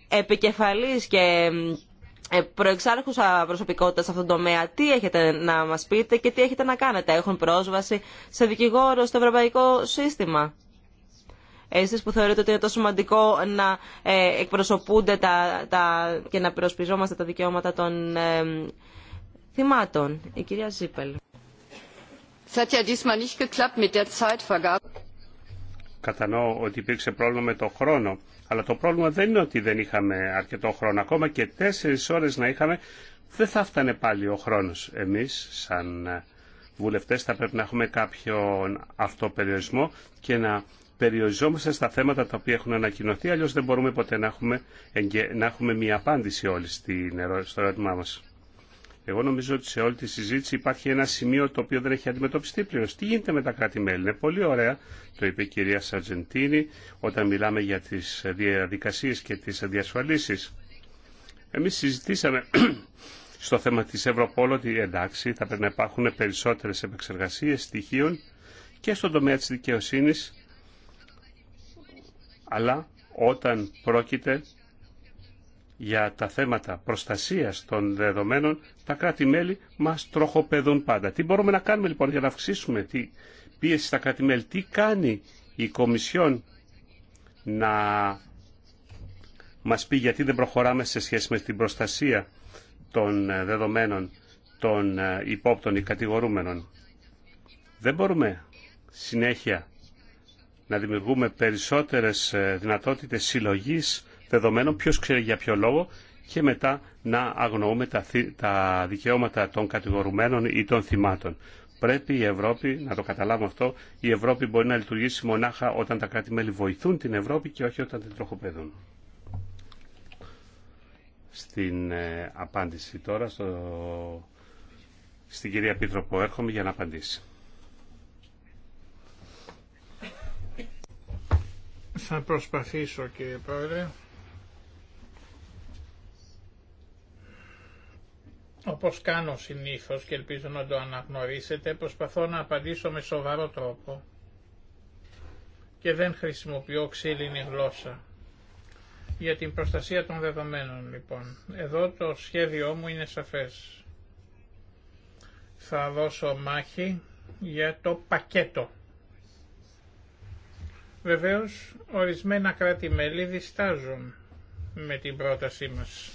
επικεφαλής και ε, προεξάρχουσα προσωπικότητα σε αυτόν τον τομέα. Τι έχετε να μας πείτε και τι έχετε να κάνετε. Έχουν πρόσβαση σε δικηγόρο στο ευρωπαϊκό σύστημα εσείς που θεωρείτε ότι είναι τόσο σημαντικό να ε, εκπροσωπούνται τα, τα, και να προσπιζόμαστε τα δικαιώματα των ε, θυμάτων. Η κυρία Ζίπελ. Κατανοώ ότι υπήρξε πρόβλημα με το χρόνο, αλλά το πρόβλημα δεν είναι ότι δεν είχαμε αρκετό χρόνο. Ακόμα και τέσσερις ώρες να είχαμε, δεν θα φτάνε πάλι ο χρόνος. Εμείς, σαν ε, βουλευτές, θα πρέπει να έχουμε κάποιον αυτοπεριορισμό και να περιοριζόμαστε στα θέματα τα οποία έχουν ανακοινωθεί, αλλιώ δεν μπορούμε ποτέ να έχουμε, να έχουμε μια απάντηση όλοι στην στο ερώτημά μα. Εγώ νομίζω ότι σε όλη τη συζήτηση υπάρχει ένα σημείο το οποίο δεν έχει αντιμετωπιστεί πλήρω. Τι γίνεται με τα κράτη-μέλη. Είναι πολύ ωραία, το είπε η κυρία Σαρτζεντίνη, όταν μιλάμε για τι διαδικασίε και τι διασφαλίσει. Εμεί συζητήσαμε στο θέμα τη Ευρωπόλ ότι εντάξει, θα πρέπει να υπάρχουν περισσότερε επεξεργασίε στοιχείων και στον τομέα τη δικαιοσύνη αλλά όταν πρόκειται για τα θέματα προστασίας των δεδομένων, τα κράτη-μέλη μας τροχοπεδούν πάντα. Τι μπορούμε να κάνουμε λοιπόν για να αυξήσουμε τη πίεση στα κράτη-μέλη. Τι κάνει η Κομισιόν να μας πει γιατί δεν προχωράμε σε σχέση με την προστασία των δεδομένων των ε, υπόπτων ή κατηγορούμενων. Δεν μπορούμε συνέχεια να δημιουργούμε περισσότερες ε, δυνατότητες συλλογής δεδομένων, ποιος ξέρει για ποιο λόγο, και μετά να αγνοούμε τα, τα δικαιώματα των κατηγορουμένων ή των θυμάτων. Πρέπει η Ευρώπη, να το καταλάβουμε αυτό, η Ευρώπη μπορεί να λειτουργήσει μονάχα όταν τα κράτη-μέλη βοηθούν την Ευρώπη και όχι όταν την τροχοπέδουν. Στην ε, απάντηση τώρα στο... στην κυρία Πίτροπο έρχομαι για να απαντήσει. Θα προσπαθήσω κύριε Πρόεδρε. Όπως κάνω συνήθως και ελπίζω να το αναγνωρίσετε, προσπαθώ να απαντήσω με σοβαρό τρόπο και δεν χρησιμοποιώ ξύλινη γλώσσα. Για την προστασία των δεδομένων λοιπόν. Εδώ το σχέδιό μου είναι σαφές. Θα δώσω μάχη για το πακέτο Βεβαίως, ορισμένα κράτη-μέλη διστάζουν με την πρότασή μας.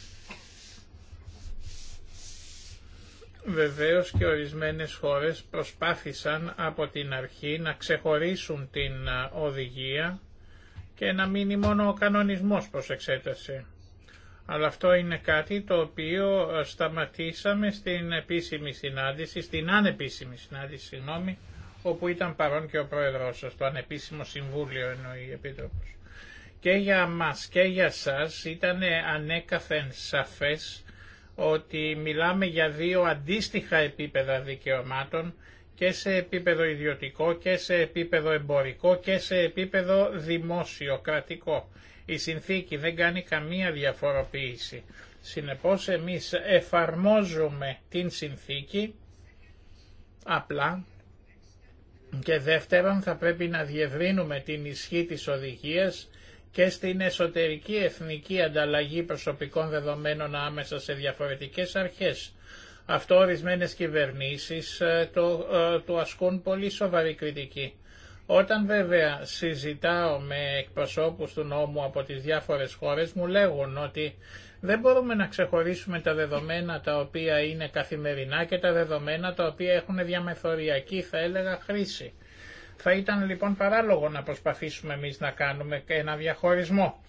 Βεβαίως και ορισμένες χώρες προσπάθησαν από την αρχή να ξεχωρίσουν την οδηγία και να μείνει μόνο ο κανονισμός προς εξέταση. Αλλά αυτό είναι κάτι το οποίο σταματήσαμε στην επίσημη συνάντηση, στην ανεπίσημη συνάντηση, συγγνώμη, όπου ήταν παρόν και ο πρόεδρός σας, το ανεπίσημο συμβούλιο εννοεί η Επίτροπος. Και για μας και για σας ήταν ανέκαθεν σαφές ότι μιλάμε για δύο αντίστοιχα επίπεδα δικαιωμάτων και σε επίπεδο ιδιωτικό και σε επίπεδο εμπορικό και σε επίπεδο δημόσιο-κρατικό. Η συνθήκη δεν κάνει καμία διαφοροποίηση. Συνεπώς εμείς εφαρμόζουμε την συνθήκη απλά και δεύτερον θα πρέπει να διευρύνουμε την ισχύ της οδηγίας και στην εσωτερική εθνική ανταλλαγή προσωπικών δεδομένων άμεσα σε διαφορετικές αρχές. Αυτό ορισμένες κυβερνήσεις ε, του ε, το ασκούν πολύ σοβαρή κριτική. Όταν βέβαια συζητάω με εκπροσώπους του νόμου από τις διάφορες χώρες μου λέγουν ότι δεν μπορούμε να ξεχωρίσουμε τα δεδομένα τα οποία είναι καθημερινά και τα δεδομένα τα οποία έχουν διαμεθοριακή θα έλεγα χρήση. Θα ήταν λοιπόν παράλογο να προσπαθήσουμε εμείς να κάνουμε ένα διαχωρισμό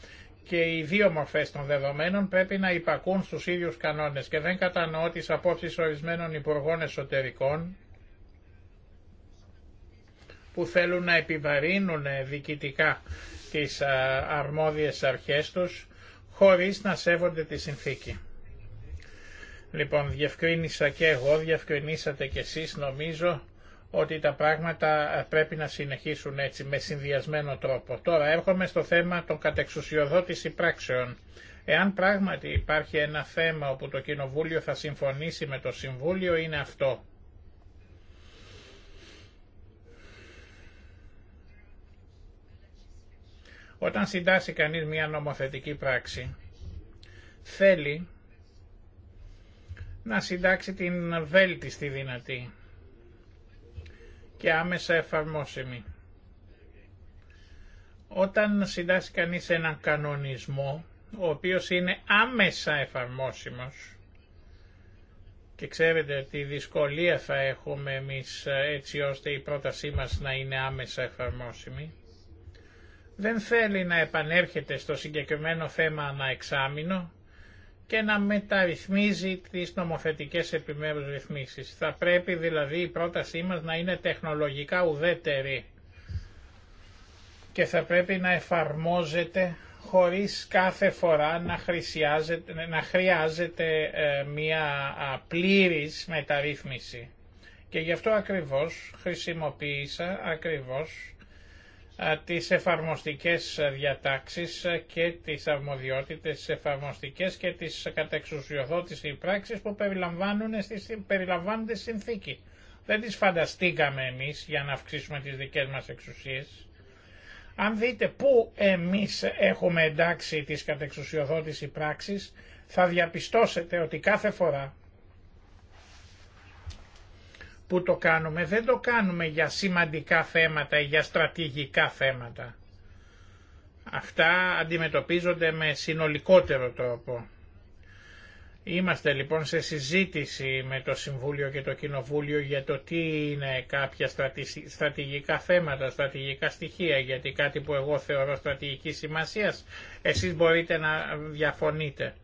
και οι δύο μορφές των δεδομένων πρέπει να υπακούν στους ίδιους κανόνες και δεν κατανοώ τις απόψεις ορισμένων υπουργών εσωτερικών που θέλουν να επιβαρύνουν διοικητικά τις αρμόδιες αρχές τους χωρίς να σέβονται τη συνθήκη. Λοιπόν, διευκρίνησα και εγώ, διευκρινήσατε και εσείς νομίζω ότι τα πράγματα πρέπει να συνεχίσουν έτσι με συνδυασμένο τρόπο. Τώρα έρχομαι στο θέμα των κατεξουσιοδότηση πράξεων. Εάν πράγματι υπάρχει ένα θέμα όπου το Κοινοβούλιο θα συμφωνήσει με το Συμβούλιο είναι αυτό. Όταν συντάσσει κανείς μια νομοθετική πράξη, θέλει να συντάξει την βέλτιστη δυνατή και άμεσα εφαρμόσιμη. Όταν συντάσσει κανείς έναν κανονισμό, ο οποίος είναι άμεσα εφαρμόσιμος, και ξέρετε ότι δυσκολία θα έχουμε εμείς ε, έτσι ώστε η πρότασή μας να είναι άμεσα εφαρμόσιμη, δεν θέλει να επανέρχεται στο συγκεκριμένο θέμα αναεξάμεινο και να μεταρρυθμίζει τις νομοθετικές επιμέρους ρυθμίσεις. Θα πρέπει δηλαδή η πρότασή μας να είναι τεχνολογικά ουδέτερη και θα πρέπει να εφαρμόζεται χωρίς κάθε φορά να, να χρειάζεται ε, μία πλήρης μεταρρύθμιση. Και γι' αυτό ακριβώς χρησιμοποίησα ακριβώς τις εφαρμοστικές διατάξεις και τις αρμοδιότητες τις εφαρμοστικές και τις οι πράξεις που περιλαμβάνουν στις, περιλαμβάνονται στη συνθήκη. Δεν τις φανταστήκαμε εμείς για να αυξήσουμε τις δικές μας εξουσίες. Αν δείτε πού εμείς έχουμε εντάξει τις κατεξουσιοδότηση πράξεις, θα διαπιστώσετε ότι κάθε φορά που το κάνουμε δεν το κάνουμε για σημαντικά θέματα ή για στρατηγικά θέματα. Αυτά αντιμετωπίζονται με συνολικότερο τρόπο. Είμαστε λοιπόν σε συζήτηση με το Συμβούλιο και το Κοινοβούλιο για το τι είναι κάποια στρατηγικά θέματα, στρατηγικά στοιχεία, γιατί κάτι που εγώ θεωρώ στρατηγική σημασίας, εσείς μπορείτε να διαφωνείτε.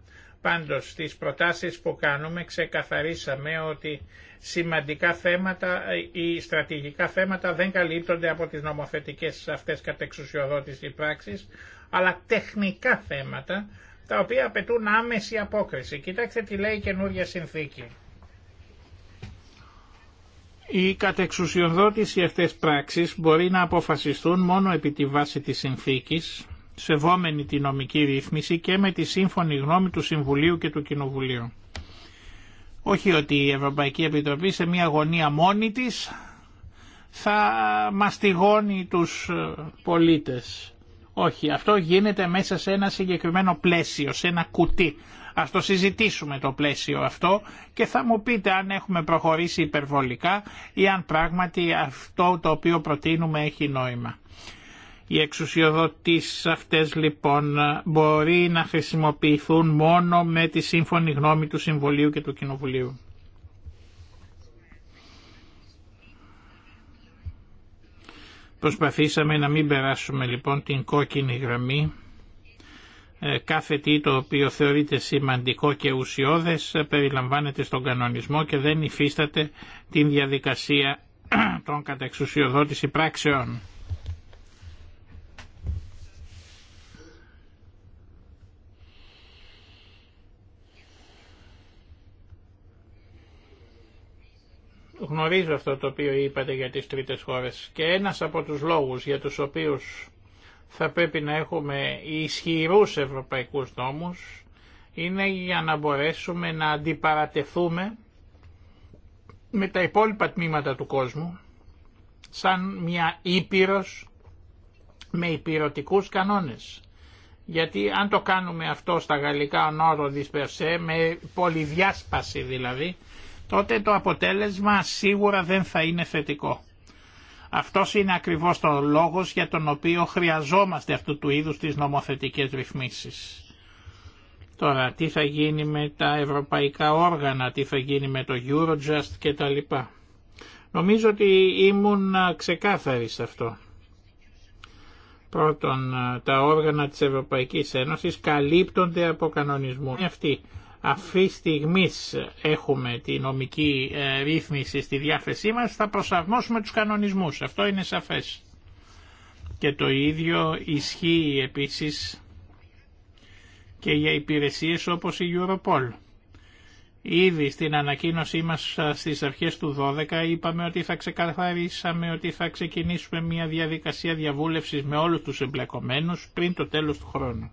Πάντως στις προτάσεις που κάνουμε ξεκαθαρίσαμε ότι σημαντικά θέματα ή ε, στρατηγικά θέματα δεν καλύπτονται από τις νομοθετικές αυτές κατεξουσιοδότηση πράξεις, αλλά τεχνικά θέματα τα οποία απαιτούν άμεση απόκριση. Κοιτάξτε τι λέει η καινούργια συνθήκη. Οι κατεξουσιοδότηση αυτές πράξεις μπορεί να αποφασιστούν μόνο επί τη βάση της συνθήκης, σεβόμενη τη νομική ρύθμιση και με τη σύμφωνη γνώμη του Συμβουλίου και του Κοινοβουλίου. Όχι ότι η Ευρωπαϊκή Επιτροπή σε μια γωνία μόνη της θα μαστιγώνει τους ε, πολίτες. Όχι, αυτό γίνεται μέσα σε ένα συγκεκριμένο πλαίσιο, σε ένα κουτί. Ας το συζητήσουμε το πλαίσιο αυτό και θα μου πείτε αν έχουμε προχωρήσει υπερβολικά ή αν πράγματι αυτό το οποίο προτείνουμε έχει νόημα. Οι εξουσιοδοτήσεις αυτές λοιπόν μπορεί να χρησιμοποιηθούν μόνο με τη σύμφωνη γνώμη του Συμβουλίου και του Κοινοβουλίου. Προσπαθήσαμε να μην περάσουμε λοιπόν την κόκκινη γραμμή. Ε, κάθε τι το οποίο θεωρείται σημαντικό και ουσιώδες ε, περιλαμβάνεται στον κανονισμό και δεν υφίσταται την διαδικασία των κατεξουσιοδότηση πράξεων. Γνωρίζω αυτό το οποίο είπατε για τις τρίτες χώρες και ένας από τους λόγους για τους οποίους θα πρέπει να έχουμε ισχυρούς ευρωπαϊκούς νόμους είναι για να μπορέσουμε να αντιπαρατεθούμε με τα υπόλοιπα τμήματα του κόσμου σαν μια ήπειρος με υπηρετικούς κανόνες. Γιατί αν το κάνουμε αυτό στα γαλλικά ονόρο δισπερσέ, με πολυδιάσπαση δηλαδή, τότε το αποτέλεσμα σίγουρα δεν θα είναι θετικό. Αυτό είναι ακριβώς το λόγος για τον οποίο χρειαζόμαστε αυτού του είδους τις νομοθετικές ρυθμίσεις. Τώρα, τι θα γίνει με τα ευρωπαϊκά όργανα, τι θα γίνει με το Eurojust κτλ. Νομίζω ότι ήμουν ξεκάθαρη σε αυτό. Πρώτον, τα όργανα της Ευρωπαϊκής Ένωσης καλύπτονται από κανονισμούς. Αυτή αυτή στιγμή έχουμε τη νομική ε, ρύθμιση στη διάθεσή μας, θα προσαρμόσουμε τους κανονισμούς. Αυτό είναι σαφές. Και το ίδιο ισχύει επίσης και για υπηρεσίες όπως η Europol. Ήδη στην ανακοίνωσή μας ε, στις αρχές του 12 είπαμε ότι θα ξεκαθαρίσαμε ότι θα ξεκινήσουμε μια διαδικασία διαβούλευσης με όλους τους εμπλεκομένους πριν το τέλος του χρόνου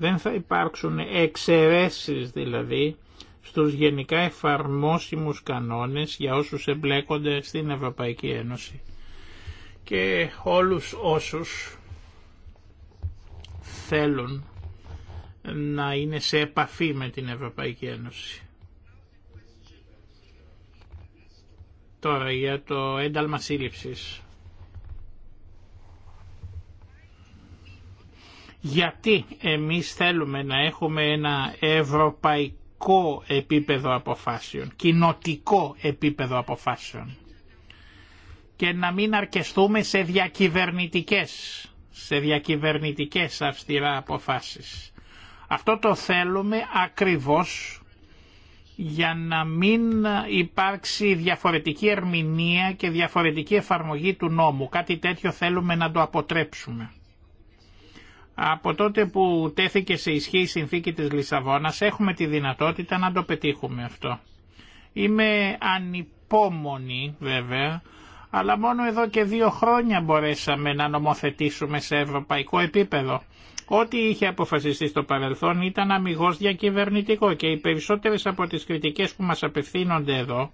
δεν θα υπάρξουν εξαιρέσεις δηλαδή στους γενικά εφαρμόσιμους κανόνες για όσους εμπλέκονται στην Ευρωπαϊκή Ένωση και όλους όσους θέλουν να είναι σε επαφή με την Ευρωπαϊκή Ένωση. Τώρα για το ένταλμα σύλληψης. γιατί εμείς θέλουμε να έχουμε ένα ευρωπαϊκό επίπεδο αποφάσεων, κοινοτικό επίπεδο αποφάσεων και να μην αρκεστούμε σε διακυβερνητικές, σε διακυβερνητικές αυστηρά αποφάσεις. Αυτό το θέλουμε ακριβώς για να μην υπάρξει διαφορετική ερμηνεία και διαφορετική εφαρμογή του νόμου. Κάτι τέτοιο θέλουμε να το αποτρέψουμε. Από τότε που τέθηκε σε ισχύ η συνθήκη της Λισαβόνας έχουμε τη δυνατότητα να το πετύχουμε αυτό. Είμαι ανυπόμονη βέβαια, αλλά μόνο εδώ και δύο χρόνια μπορέσαμε να νομοθετήσουμε σε ευρωπαϊκό επίπεδο. Ό,τι είχε αποφασιστεί στο παρελθόν ήταν αμυγός διακυβερνητικό και οι περισσότερες από τις κριτικές που μας απευθύνονται εδώ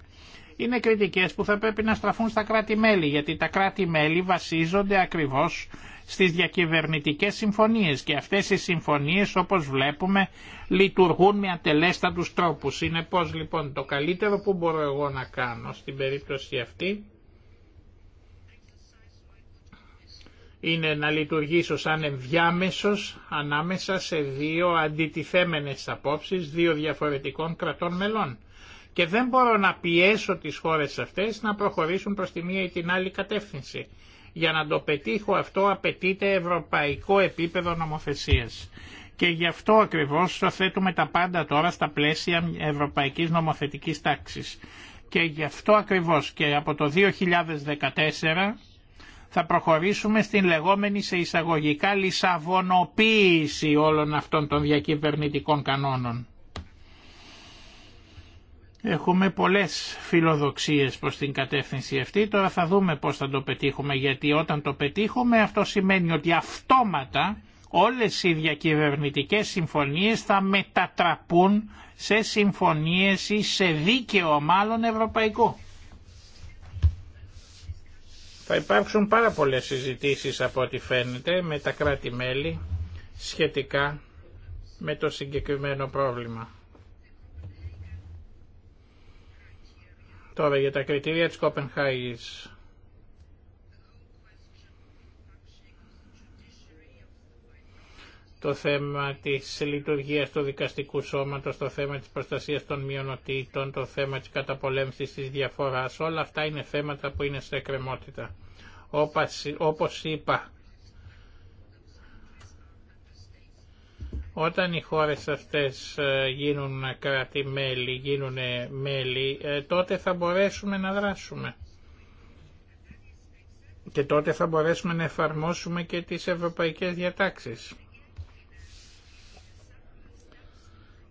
είναι κριτικές που θα πρέπει να στραφούν στα κράτη-μέλη, γιατί τα κράτη-μέλη βασίζονται ακριβώς στις διακυβερνητικές συμφωνίες και αυτές οι συμφωνίες όπως βλέπουμε λειτουργούν με ατελέστατους τρόπους. Είναι πως λοιπόν το καλύτερο που μπορώ εγώ να κάνω στην περίπτωση αυτή είναι να λειτουργήσω σαν ενδιάμεσος ανάμεσα σε δύο αντιτιθέμενες απόψεις δύο διαφορετικών κρατών μελών. Και δεν μπορώ να πιέσω τις χώρες αυτές να προχωρήσουν προς τη μία ή την άλλη κατεύθυνση. Για να το πετύχω αυτό απαιτείται ευρωπαϊκό επίπεδο νομοθεσίας. Και γι' αυτό ακριβώς θέτουμε τα πάντα τώρα στα πλαίσια ευρωπαϊκής νομοθετικής τάξης. Και γι' αυτό ακριβώς και από το 2014 θα προχωρήσουμε στην λεγόμενη σε εισαγωγικά λισαβονοποίηση όλων αυτών των διακυβερνητικών κανόνων. Έχουμε πολλές φιλοδοξίες προς την κατεύθυνση αυτή, τώρα θα δούμε πώς θα το πετύχουμε, γιατί όταν το πετύχουμε αυτό σημαίνει ότι αυτόματα όλες οι διακυβερνητικές συμφωνίες θα μετατραπούν σε συμφωνίες ή σε δίκαιο μάλλον ευρωπαϊκό. Θα υπάρξουν πάρα πολλές συζητήσεις από ό,τι φαίνεται με τα κράτη-μέλη σχετικά με το συγκεκριμένο πρόβλημα. Τώρα για τα κριτήρια της Κοπενχάγης. το θέμα της λειτουργίας του δικαστικού σώματος, το θέμα της προστασίας των μειονοτήτων, το θέμα της καταπολέμησης της διαφοράς, όλα αυτά είναι θέματα που είναι σε κρεμότητα. Όπως είπα Όταν οι χώρες αυτές ε, γίνουν κράτη-μέλη, γίνουν μέλη, ε, τότε θα μπορέσουμε να δράσουμε. Και τότε θα μπορέσουμε να εφαρμόσουμε και τις ευρωπαϊκές διατάξεις.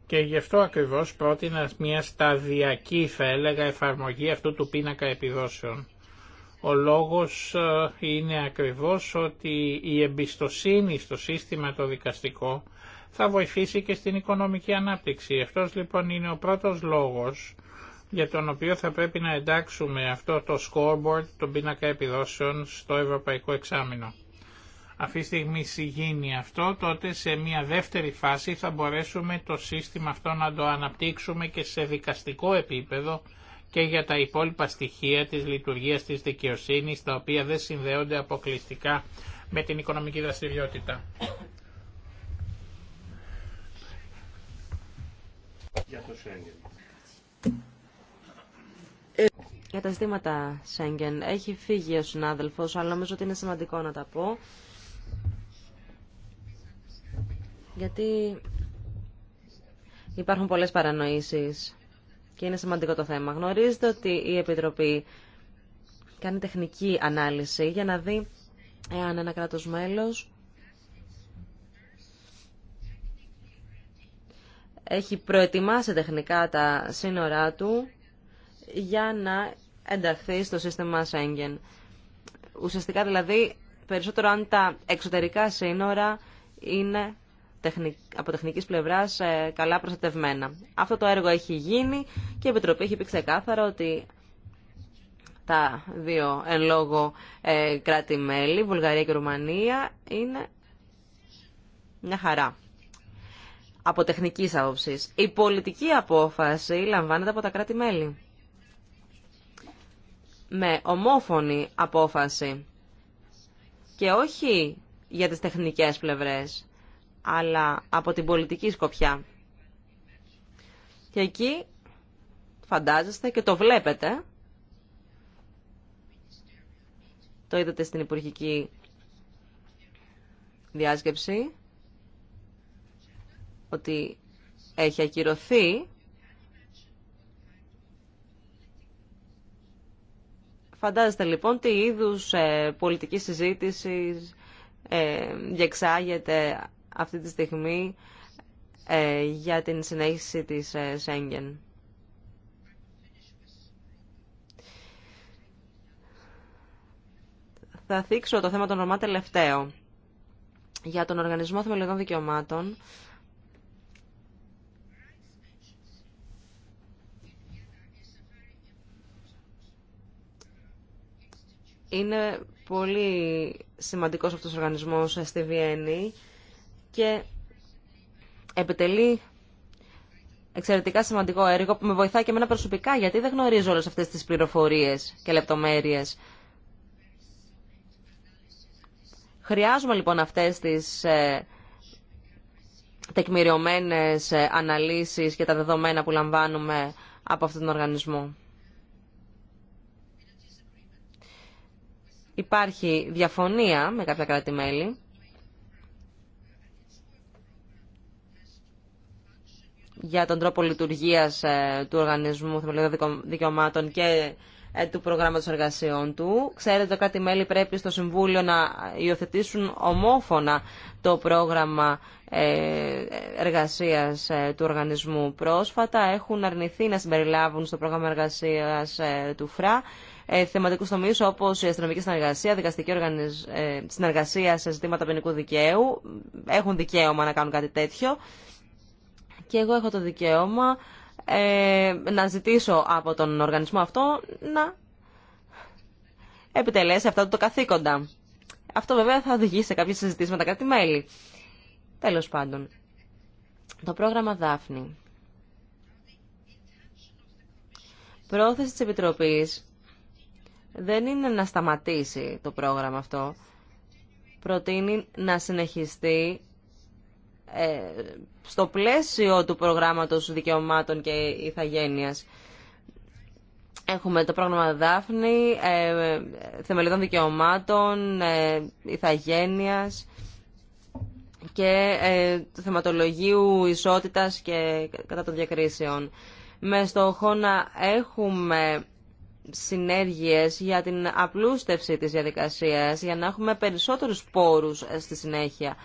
Και γι' αυτό ακριβώς πρότεινα μια σταδιακή, θα έλεγα, εφαρμογή αυτού του πίνακα επιδόσεων. Ο λόγος ε, είναι ακριβώς ότι η εμπιστοσύνη στο σύστημα το δικαστικό θα βοηθήσει και στην οικονομική ανάπτυξη. Αυτός λοιπόν είναι ο πρώτος λόγος για τον οποίο θα πρέπει να εντάξουμε αυτό το scoreboard, τον πίνακα επιδόσεων, στο ευρωπαϊκό εξάμεινο. Αυτή τη στιγμή συγγίνει αυτό, τότε σε μια δεύτερη φάση θα μπορέσουμε το σύστημα αυτό να το αναπτύξουμε και σε δικαστικό επίπεδο και για τα υπόλοιπα στοιχεία της λειτουργίας της δικαιοσύνης, τα οποία δεν συνδέονται αποκλειστικά με την οικονομική δραστηριότητα. για το τα ζητήματα Σέγγεν. Έχει φύγει ο συνάδελφος, αλλά νομίζω ότι είναι σημαντικό να τα πω. Γιατί υπάρχουν πολλές παρανοήσεις και είναι σημαντικό το θέμα. Γνωρίζετε ότι η Επιτροπή κάνει τεχνική ανάλυση για να δει εάν ένα κράτος μέλος έχει προετοιμάσει τεχνικά τα σύνορά του για να ενταχθεί στο σύστημα Σέγγεν. Ουσιαστικά δηλαδή περισσότερο αν τα εξωτερικά σύνορα είναι από τεχνική πλευρά ε, καλά προστατευμένα. Αυτό το έργο έχει γίνει και η Επιτροπή έχει πει ξεκάθαρα ότι τα δύο εν λόγω ε, κράτη-μέλη, Βουλγαρία και Ρουμανία, είναι μια χαρά από τεχνικής άποψης. Η πολιτική απόφαση λαμβάνεται από τα κράτη-μέλη. Με ομόφωνη απόφαση. Και όχι για τις τεχνικές πλευρές, αλλά από την πολιτική σκοπιά. Και εκεί φαντάζεστε και το βλέπετε. Το είδατε στην υπουργική διάσκεψη ότι έχει ακυρωθεί, Φαντάζεστε λοιπόν τι είδους ε, πολιτική συζήτηση ε, διεξάγεται αυτή τη στιγμή ε, για την συνέχιση της ε, Σέγγεν. Θα θίξω το θέμα των Ρωμά τελευταίο. Για τον Οργανισμό Θεμελιωδών Δικαιωμάτων Είναι πολύ σημαντικός αυτός ο οργανισμός στη Βιέννη και επιτελεί εξαιρετικά σημαντικό έργο που με βοηθάει και εμένα προσωπικά γιατί δεν γνωρίζω όλες αυτές τις πληροφορίες και λεπτομέρειες. Χρειάζομαι λοιπόν αυτές τις ε, τεκμηριωμένες ε, αναλύσεις και τα δεδομένα που λαμβάνουμε από αυτόν τον οργανισμό. υπάρχει διαφωνία με κάποια κράτη-μέλη για τον τρόπο λειτουργίας ε, του Οργανισμού Θεμελιωδών Δικαιωμάτων και ε, του προγράμματος εργασιών του. Ξέρετε ότι κάτι μέλη πρέπει στο Συμβούλιο να υιοθετήσουν ομόφωνα το πρόγραμμα ε, εργασίας του οργανισμού πρόσφατα. Έχουν αρνηθεί να συμπεριλάβουν στο πρόγραμμα εργασίας του ΦΡΑ ε, θεματικού τομεί όπω η αστυνομική συνεργασία, δικαστική ε, συνεργασία σε ζητήματα ποινικού δικαίου. Έχουν δικαίωμα να κάνουν κάτι τέτοιο. Και εγώ έχω το δικαίωμα ε, να ζητήσω από τον οργανισμό αυτό να επιτελέσει αυτά το καθήκοντα. Αυτό βέβαια θα οδηγήσει σε κάποιες συζητήσεις με τα κράτη-μέλη. Τέλος πάντων, το πρόγραμμα Δάφνη. Πρόθεση της Επιτροπής δεν είναι να σταματήσει το πρόγραμμα αυτό. Προτείνει να συνεχιστεί ε, στο πλαίσιο του προγράμματος δικαιωμάτων και ηθαγένειας. Έχουμε το πρόγραμμα Δάφνη, ε, θεμελιωδών δικαιωμάτων, ε, ηθαγένειας και ε, του θεματολογίου ισότητας και κατά των διακρίσεων. Με στόχο να έχουμε συνέργειες για την απλούστευση της διαδικασίας, για να έχουμε περισσότερους πόρους ε, στη συνέχεια.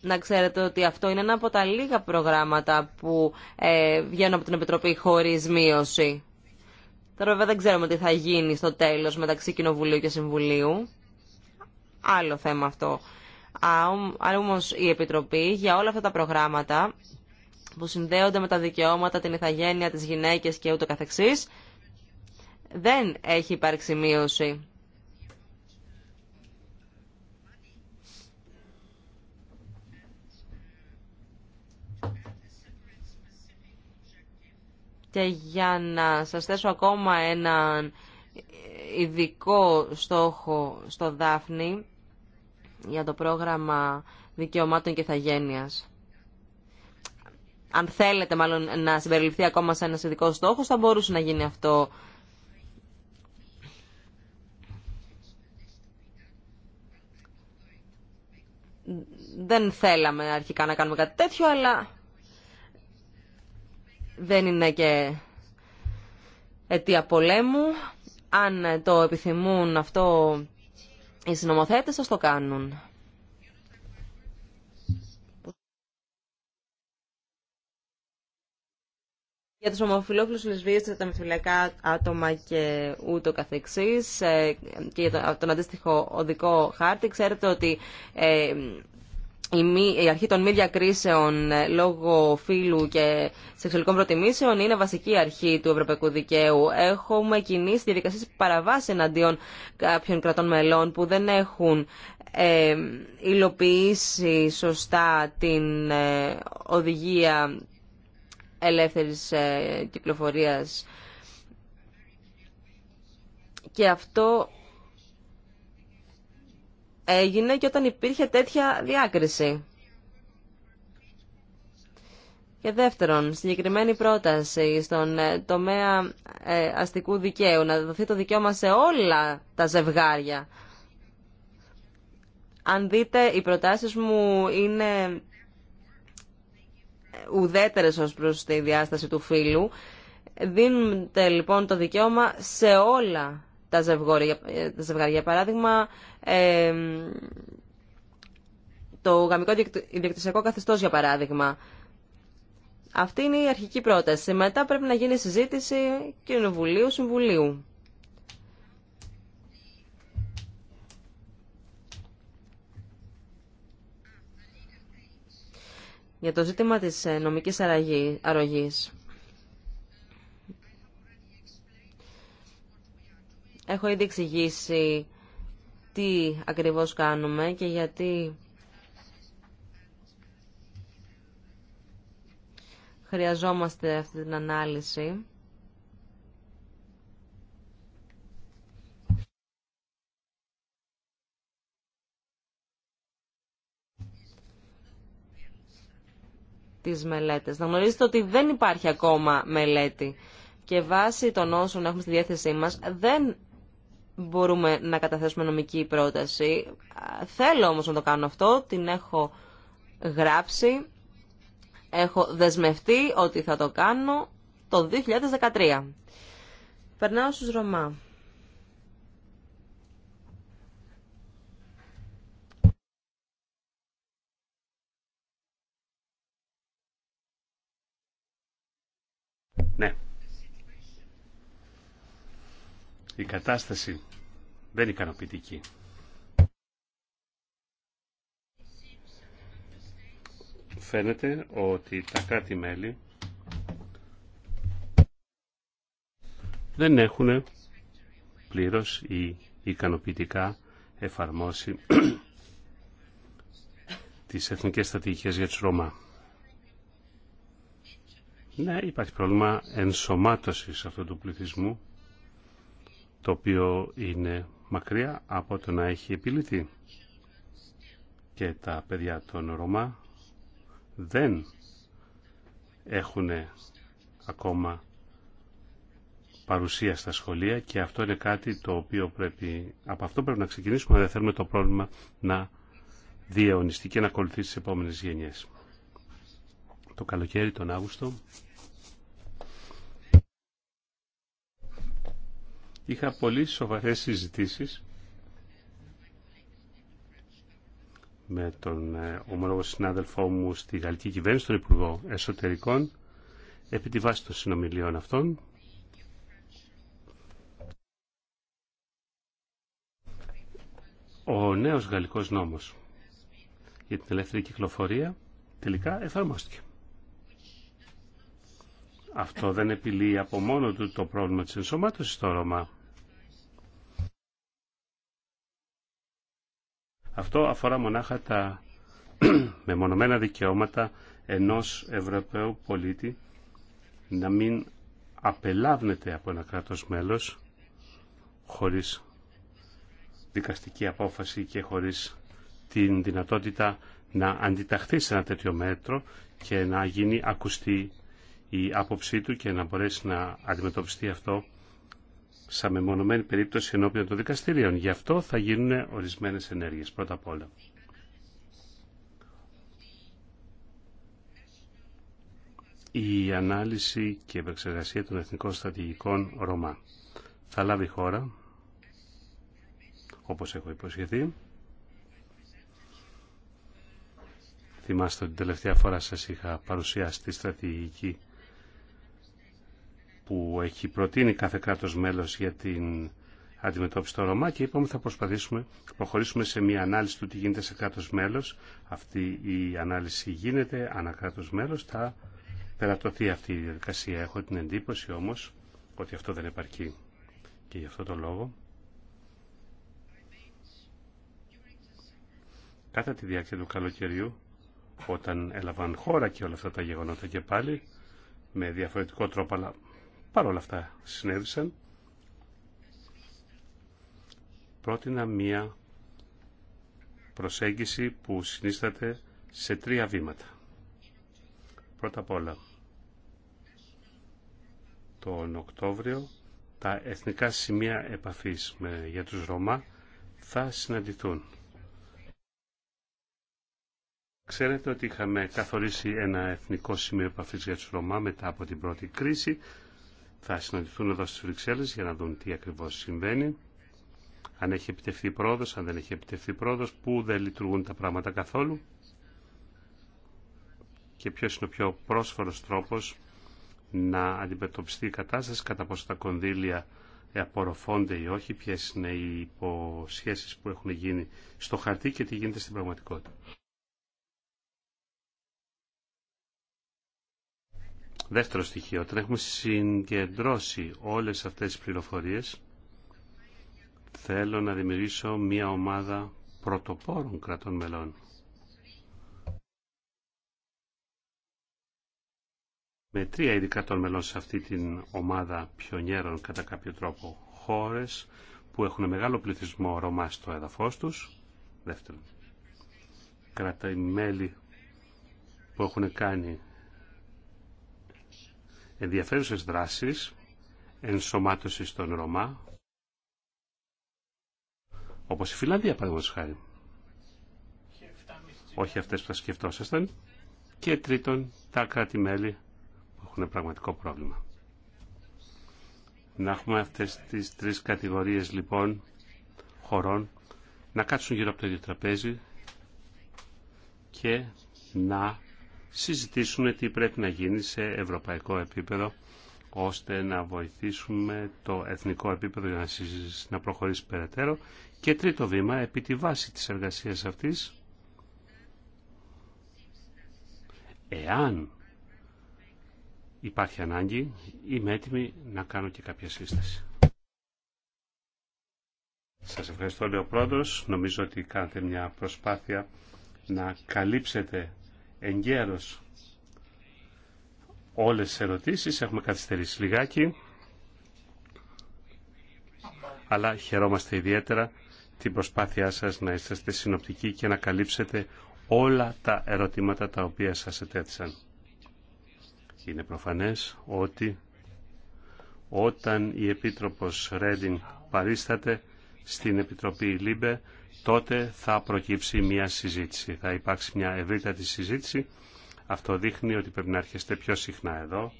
Να ξέρετε ότι αυτό είναι ένα από τα λίγα προγράμματα που ε, βγαίνουν από την Επιτροπή χωρίς μείωση. Τώρα βέβαια δεν ξέρουμε τι θα γίνει στο τέλος μεταξύ Κοινοβουλίου και Συμβουλίου. Άλλο θέμα αυτό. Άρα όμως η Επιτροπή για όλα αυτά τα προγράμματα που συνδέονται με τα δικαιώματα, την ηθαγένεια, τις γυναίκες και ούτω καθεξής, δεν έχει υπάρξει μείωση. Και για να σας θέσω ακόμα έναν ειδικό στόχο στο Δάφνη για το πρόγραμμα δικαιωμάτων και θαγένειας αν θέλετε μάλλον να συμπεριληφθεί ακόμα σε ένας ειδικό στόχος, θα μπορούσε να γίνει αυτό. Δεν θέλαμε αρχικά να κάνουμε κάτι τέτοιο, αλλά δεν είναι και αιτία πολέμου. Αν το επιθυμούν αυτό οι συνομοθέτες, θα το κάνουν. για τους ομοφυλόφιλους λεσβείες, τα μεθυλιακά άτομα και ούτω καθεξής ε, και για τον αντίστοιχο οδικό χάρτη. Ξέρετε ότι ε, η αρχή των μη διακρίσεων ε, λόγω φύλου και σεξουαλικών προτιμήσεων είναι βασική αρχή του ευρωπαϊκού δικαίου. Έχουμε κινήσει διαδικασίες παραβάση εναντίον κάποιων κρατών μελών που δεν έχουν υλοποιήσει σωστά την οδηγία ελεύθερης ε, κυκλοφορίας. Και αυτό έγινε και όταν υπήρχε τέτοια διάκριση. Και δεύτερον, συγκεκριμένη πρόταση στον ε, τομέα ε, αστικού δικαίου, να δοθεί το δικαίωμα σε όλα τα ζευγάρια. Αν δείτε, οι προτάσεις μου είναι ουδέτερε ως προ τη διάσταση του φύλου. Δίνεται λοιπόν το δικαίωμα σε όλα τα ζευγάρια. Ε, τα ζευγάρια. Για παράδειγμα, το γαμικό ιδιοκτησιακό καθεστώ, για παράδειγμα. Αυτή είναι η αρχική πρόταση. Μετά πρέπει να γίνει συζήτηση Κοινοβουλίου-Συμβουλίου. Για το ζήτημα της ε, νομικής αρρωγής. Έχω ήδη εξηγήσει τι ακριβώς κάνουμε και γιατί χρειαζόμαστε αυτή την ανάλυση. τις μελέτες. Να γνωρίζετε ότι δεν υπάρχει ακόμα μελέτη και βάσει των όσων έχουμε στη διάθεσή μας δεν μπορούμε να καταθέσουμε νομική πρόταση. Θέλω όμως να το κάνω αυτό, την έχω γράψει, έχω δεσμευτεί ότι θα το κάνω το 2013. Περνάω στους Ρωμά. Ναι. Η κατάσταση δεν είναι ικανοποιητική. Φαίνεται ότι τα κράτη-μέλη δεν έχουν πλήρως ή ικανοποιητικά εφαρμόσει τις εθνικές στρατηγικές για τους Ρωμά. Ναι, υπάρχει πρόβλημα ενσωμάτωσης αυτού του πληθυσμού, το οποίο είναι μακριά από το να έχει επιληθεί. Και τα παιδιά των Ρωμά δεν έχουν ακόμα παρουσία στα σχολεία και αυτό είναι κάτι το οποίο πρέπει, από αυτό πρέπει να ξεκινήσουμε να δεν θέλουμε το πρόβλημα να διαιωνιστεί και να ακολουθεί τις επόμενες γενιές το καλοκαίρι, τον Αύγουστο, είχα πολύ σοβαρές συζητήσεις με τον ε, ομολόγο συνάδελφό μου στη Γαλλική Κυβέρνηση, τον Υπουργό Εσωτερικών, επί τη βάση των συνομιλίων αυτών. Ο νέος γαλλικός νόμος για την ελεύθερη κυκλοφορία τελικά εφαρμόστηκε. Αυτό δεν επιλύει από μόνο του το πρόβλημα της ενσωμάτωσης στο Ρωμά. Αυτό αφορά μονάχα τα μεμονωμένα δικαιώματα ενός Ευρωπαίου πολίτη να μην απελάβνεται από ένα κράτος μέλος χωρίς δικαστική απόφαση και χωρίς την δυνατότητα να αντιταχθεί σε ένα τέτοιο μέτρο και να γίνει ακουστή η άποψή του και να μπορέσει να αντιμετωπιστεί αυτό σαν μεμονωμένη περίπτωση ενώπιον των δικαστηρίων. Γι' αυτό θα γίνουν ορισμένες ενέργειες πρώτα απ' όλα. Η ανάλυση και επεξεργασία των εθνικών στρατηγικών Ρωμά θα λάβει χώρα, όπως έχω υποσχεθεί. Θυμάστε ότι την τελευταία φορά σας είχα παρουσιάσει τη στρατηγική που έχει προτείνει κάθε κράτος μέλος για την αντιμετώπιση των Ρωμά και είπαμε θα προσπαθήσουμε να προχωρήσουμε σε μια ανάλυση του τι γίνεται σε κράτος μέλος. Αυτή η ανάλυση γίνεται ανά κράτος μέλος, θα περατωθεί αυτή η διαδικασία. Έχω την εντύπωση όμως ότι αυτό δεν επαρκεί και γι' αυτό το λόγο. Κατά τη διάρκεια του καλοκαιριού, όταν έλαβαν χώρα και όλα αυτά τα γεγονότα και πάλι, με διαφορετικό τρόπο αλλά Παρ' όλα αυτά συνέβησαν. Πρότεινα μία προσέγγιση που συνίσταται σε τρία βήματα. Πρώτα απ' όλα, τον Οκτώβριο τα εθνικά σημεία επαφής με, για τους Ρωμά θα συναντηθούν. Ξέρετε ότι είχαμε καθορίσει ένα εθνικό σημείο επαφής για τους Ρωμά μετά από την πρώτη κρίση θα συναντηθούν εδώ στις Βρυξέλλες για να δουν τι ακριβώς συμβαίνει, αν έχει επιτευχθεί πρόοδος, αν δεν έχει επιτευχθεί πρόοδος, πού δεν λειτουργούν τα πράγματα καθόλου και ποιος είναι ο πιο πρόσφορος τρόπος να αντιμετωπιστεί η κατάσταση, κατά πόσο τα κονδύλια απορροφώνται ή όχι, ποιες είναι οι υποσχέσεις που έχουν γίνει στο χαρτί και τι γίνεται στην πραγματικότητα. Δεύτερο στοιχείο, όταν έχουμε συγκεντρώσει όλες αυτές τις πληροφορίες, θέλω να δημιουργήσω μια ομάδα πρωτοπόρων κρατών μελών. Με τρία ειδικά των μελών σε αυτή την ομάδα πιονιέρων κατά κάποιο τρόπο χώρες που έχουν μεγάλο πληθυσμό Ρωμά στο έδαφος τους. Δεύτερον, κρατάει μέλη που έχουν κάνει ενδιαφέρουσες δράσεις ενσωμάτωσης των Ρωμά, όπως η Φιλανδία, παραδείγματος χάρη. Όχι αυτές που θα σκεφτόσασταν. Και τρίτον, τα κράτη-μέλη που έχουν πραγματικό πρόβλημα. Να έχουμε αυτές τις τρεις κατηγορίες λοιπόν χωρών να κάτσουν γύρω από το ίδιο τραπέζι και να συζητήσουν τι πρέπει να γίνει σε ευρωπαϊκό επίπεδο ώστε να βοηθήσουμε το εθνικό επίπεδο για να προχωρήσει περαιτέρω. Και τρίτο βήμα, επί τη βάση της εργασίας αυτής, εάν υπάρχει ανάγκη, είμαι έτοιμη να κάνω και κάποια σύσταση. Σας ευχαριστώ, λέει Νομίζω ότι κάνετε μια προσπάθεια να καλύψετε εγκαίρως όλες τις ερωτήσεις. Έχουμε καθυστερήσει λιγάκι. Αλλά χαιρόμαστε ιδιαίτερα την προσπάθειά σας να είστε συνοπτικοί και να καλύψετε όλα τα ερωτήματα τα οποία σας ετέθησαν. Είναι προφανές ότι όταν η Επίτροπος Ρέντιν παρίσταται στην Επιτροπή Λίμπε τότε θα προκύψει μια συζήτηση. Θα υπάρξει μια ευρύτατη συζήτηση. Αυτό δείχνει ότι πρέπει να έρχεστε πιο συχνά εδώ.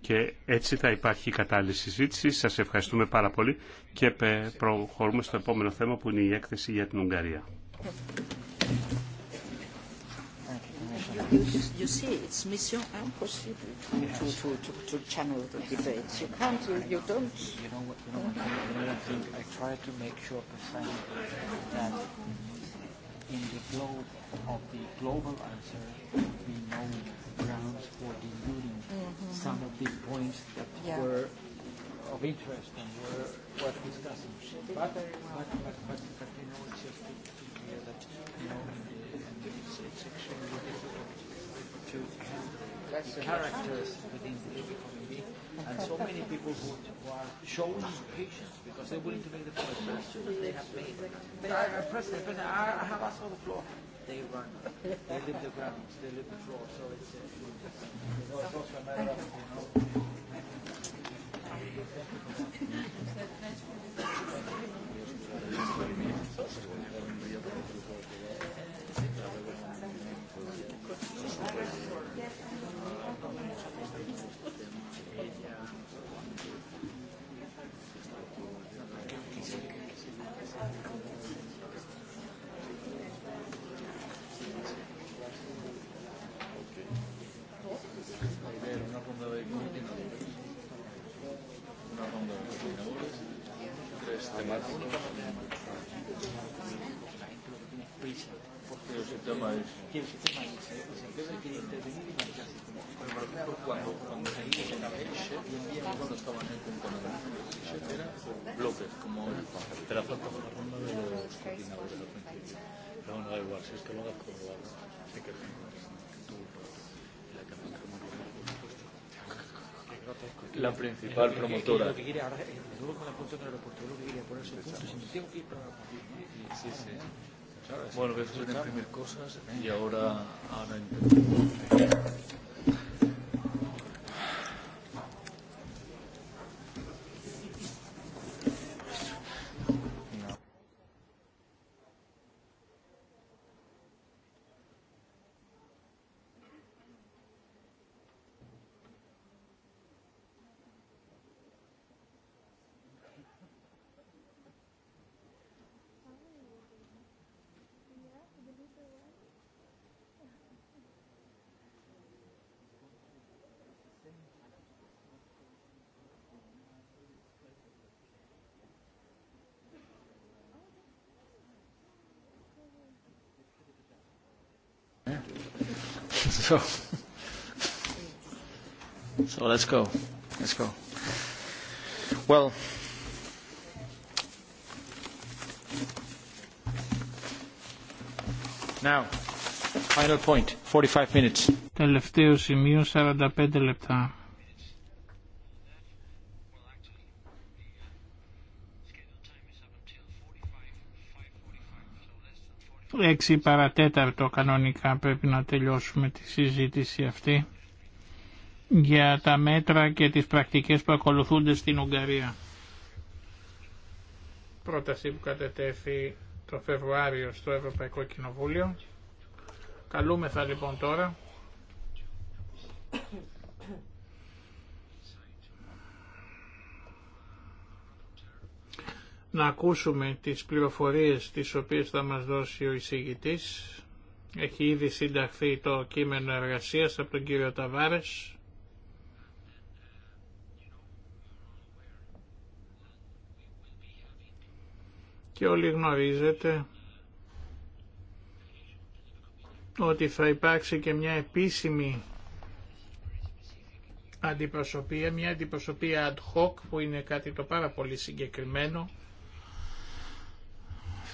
Και έτσι θα υπάρχει κατάλληλη συζήτηση. Σας ευχαριστούμε πάρα πολύ και προχωρούμε στο επόμενο θέμα που είναι η έκθεση για την Ουγγαρία. You see, it's mission impossible to channel the debate. You can't, you don't. You know what I think? I try to make sure that in the globe of the global answer, we know grounds for deluding some of the points that were of interest and were worth discussing. But, but, but, but, but, you know, it's just to, clear that, you know, characters within the Labour community and so many people who, are showing patience because they're willing to make the first as soon as they have made, but I, President, President, I, have asked on the floor. They run. They live the ground. They live the floor. So it's, uh, it's a matter of, you know. Thank you. principal promotora. Bueno, voy a hacer cosas y ahora, ahora So, so let's go. Let's go. Well, now, final point, 45 minutes. Τελευταίο σημείο 45 λεπτά. 6 παρατέταρτο κανονικά πρέπει να τελειώσουμε τη συζήτηση αυτή για τα μέτρα και τις πρακτικές που ακολουθούνται στην Ουγγαρία. Πρόταση που κατετέθη το Φεβρουάριο στο Ευρωπαϊκό Κοινοβούλιο. Καλούμεθα λοιπόν τώρα να ακούσουμε τις πληροφορίες τις οποίες θα μας δώσει ο εισηγητής. Έχει ήδη συνταχθεί το κείμενο εργασίας από τον κύριο Ταβάρες. Και όλοι γνωρίζετε ότι θα υπάρξει και μια επίσημη αντιπροσωπεία, μια αντιπροσωπεία ad hoc που είναι κάτι το πάρα πολύ συγκεκριμένο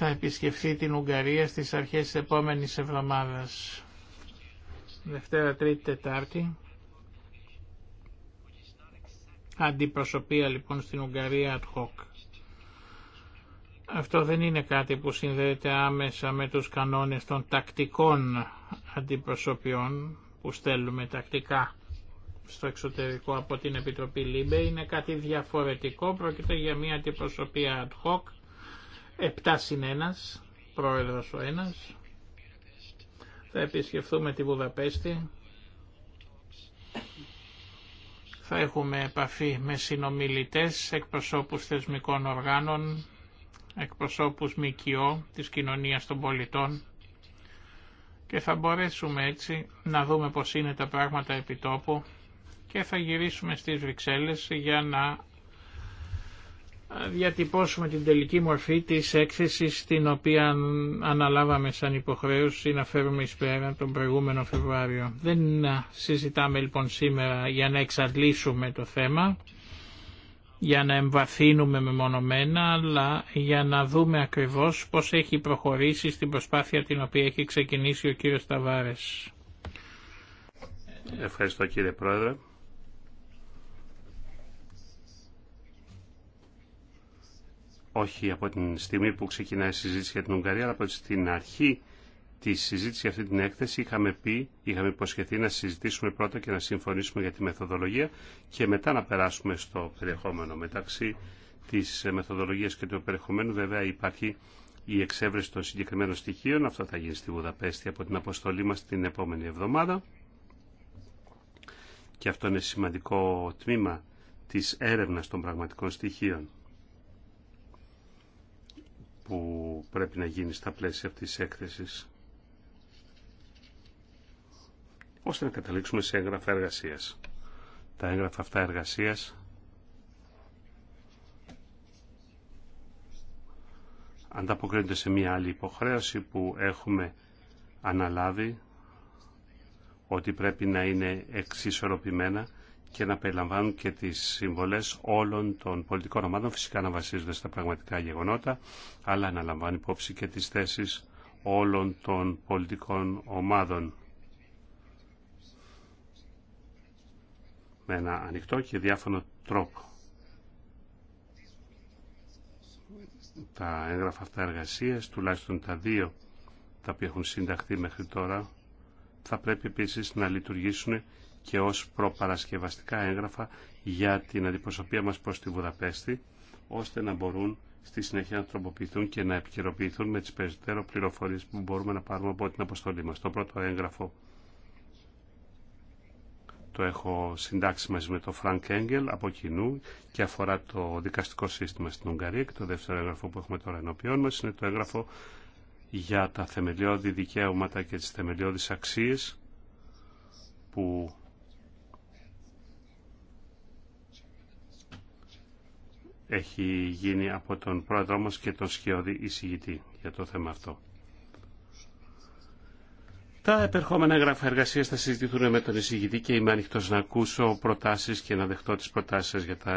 θα επισκεφθεί την Ουγγαρία στις αρχές της επόμενης εβδομάδας. Δευτέρα, Τρίτη, Τετάρτη. Αντιπροσωπεία λοιπόν στην Ουγγαρία ad hoc. Αυτό δεν είναι κάτι που συνδέεται άμεσα με τους κανόνες των τακτικών αντιπροσωπιών που στέλνουμε τακτικά στο εξωτερικό από την Επιτροπή ΛΥΜΠΕ. Είναι κάτι διαφορετικό, πρόκειται για μια αντιπροσωπεία ad hoc επτά συν ένας, πρόεδρος ο ένας. Θα επισκεφθούμε τη Βουδαπέστη. Θα έχουμε επαφή με συνομιλητές, εκπροσώπους θεσμικών οργάνων, εκπροσώπους ΜΚΟ της κοινωνίας των πολιτών και θα μπορέσουμε έτσι να δούμε πώς είναι τα πράγματα επιτόπου και θα γυρίσουμε στις Βρυξέλλες για να διατυπώσουμε την τελική μορφή της έκθεσης την οποία αναλάβαμε σαν υποχρέωση να φέρουμε εις πέρα τον προηγούμενο Φεβρουάριο. Δεν συζητάμε λοιπόν σήμερα για να εξαντλήσουμε το θέμα, για να εμβαθύνουμε μεμονωμένα, αλλά για να δούμε ακριβώς πώς έχει προχωρήσει στην προσπάθεια την οποία έχει ξεκινήσει ο κύριος Ταβάρες. Ευχαριστώ κύριε Πρόεδρε. όχι από την στιγμή που ξεκινάει η συζήτηση για την Ουγγαρία, αλλά από την αρχή τη συζήτηση για αυτή την έκθεση είχαμε πει, είχαμε υποσχεθεί να συζητήσουμε πρώτα και να συμφωνήσουμε για τη μεθοδολογία και μετά να περάσουμε στο περιεχόμενο. Μεταξύ τη μεθοδολογία και του περιεχομένου, βέβαια, υπάρχει η εξέβρεση των συγκεκριμένων στοιχείων. Αυτό θα γίνει στη Βουδαπέστη από την αποστολή μα την επόμενη εβδομάδα. Και αυτό είναι σημαντικό τμήμα της έρευνας των πραγματικών στοιχείων που πρέπει να γίνει στα πλαίσια αυτής της έκθεσης ώστε να καταλήξουμε σε έγγραφα εργασίας. Τα έγγραφα αυτά εργασίας ανταποκρίνονται σε μία άλλη υποχρέωση που έχουμε αναλάβει ότι πρέπει να είναι εξισορροπημένα και να περιλαμβάνουν και τις συμβολές όλων των πολιτικών ομάδων, φυσικά να βασίζονται στα πραγματικά γεγονότα, αλλά να λαμβάνουν υπόψη και τις θέσεις όλων των πολιτικών ομάδων. Με ένα ανοιχτό και διάφορο τρόπο. Τα έγγραφα αυτά εργασία, τουλάχιστον τα δύο τα οποία έχουν συνταχθεί μέχρι τώρα, θα πρέπει επίσης να λειτουργήσουν και ως προπαρασκευαστικά έγγραφα για την αντιπροσωπεία μας προς τη Βουδαπέστη, ώστε να μπορούν στη συνέχεια να τροποποιηθούν και να επικαιροποιηθούν με τις περισσότερο πληροφορίες που μπορούμε να πάρουμε από την αποστολή μας. Το πρώτο έγγραφο το έχω συντάξει μαζί με τον Φρανκ Έγγελ από κοινού και αφορά το δικαστικό σύστημα στην Ουγγαρία και το δεύτερο έγγραφο που έχουμε τώρα ενώπιόν μας είναι το έγγραφο για τα θεμελιώδη δικαίωματα και τις θεμελιώδεις αξίες που έχει γίνει από τον πρόεδρό μας και τον σκιώδη εισηγητή για το θέμα αυτό. Τα επερχόμενα έγγραφα εργασία θα συζητηθούν με τον εισηγητή και είμαι ανοιχτό να ακούσω προτάσει και να δεχτώ τι προτάσει για τα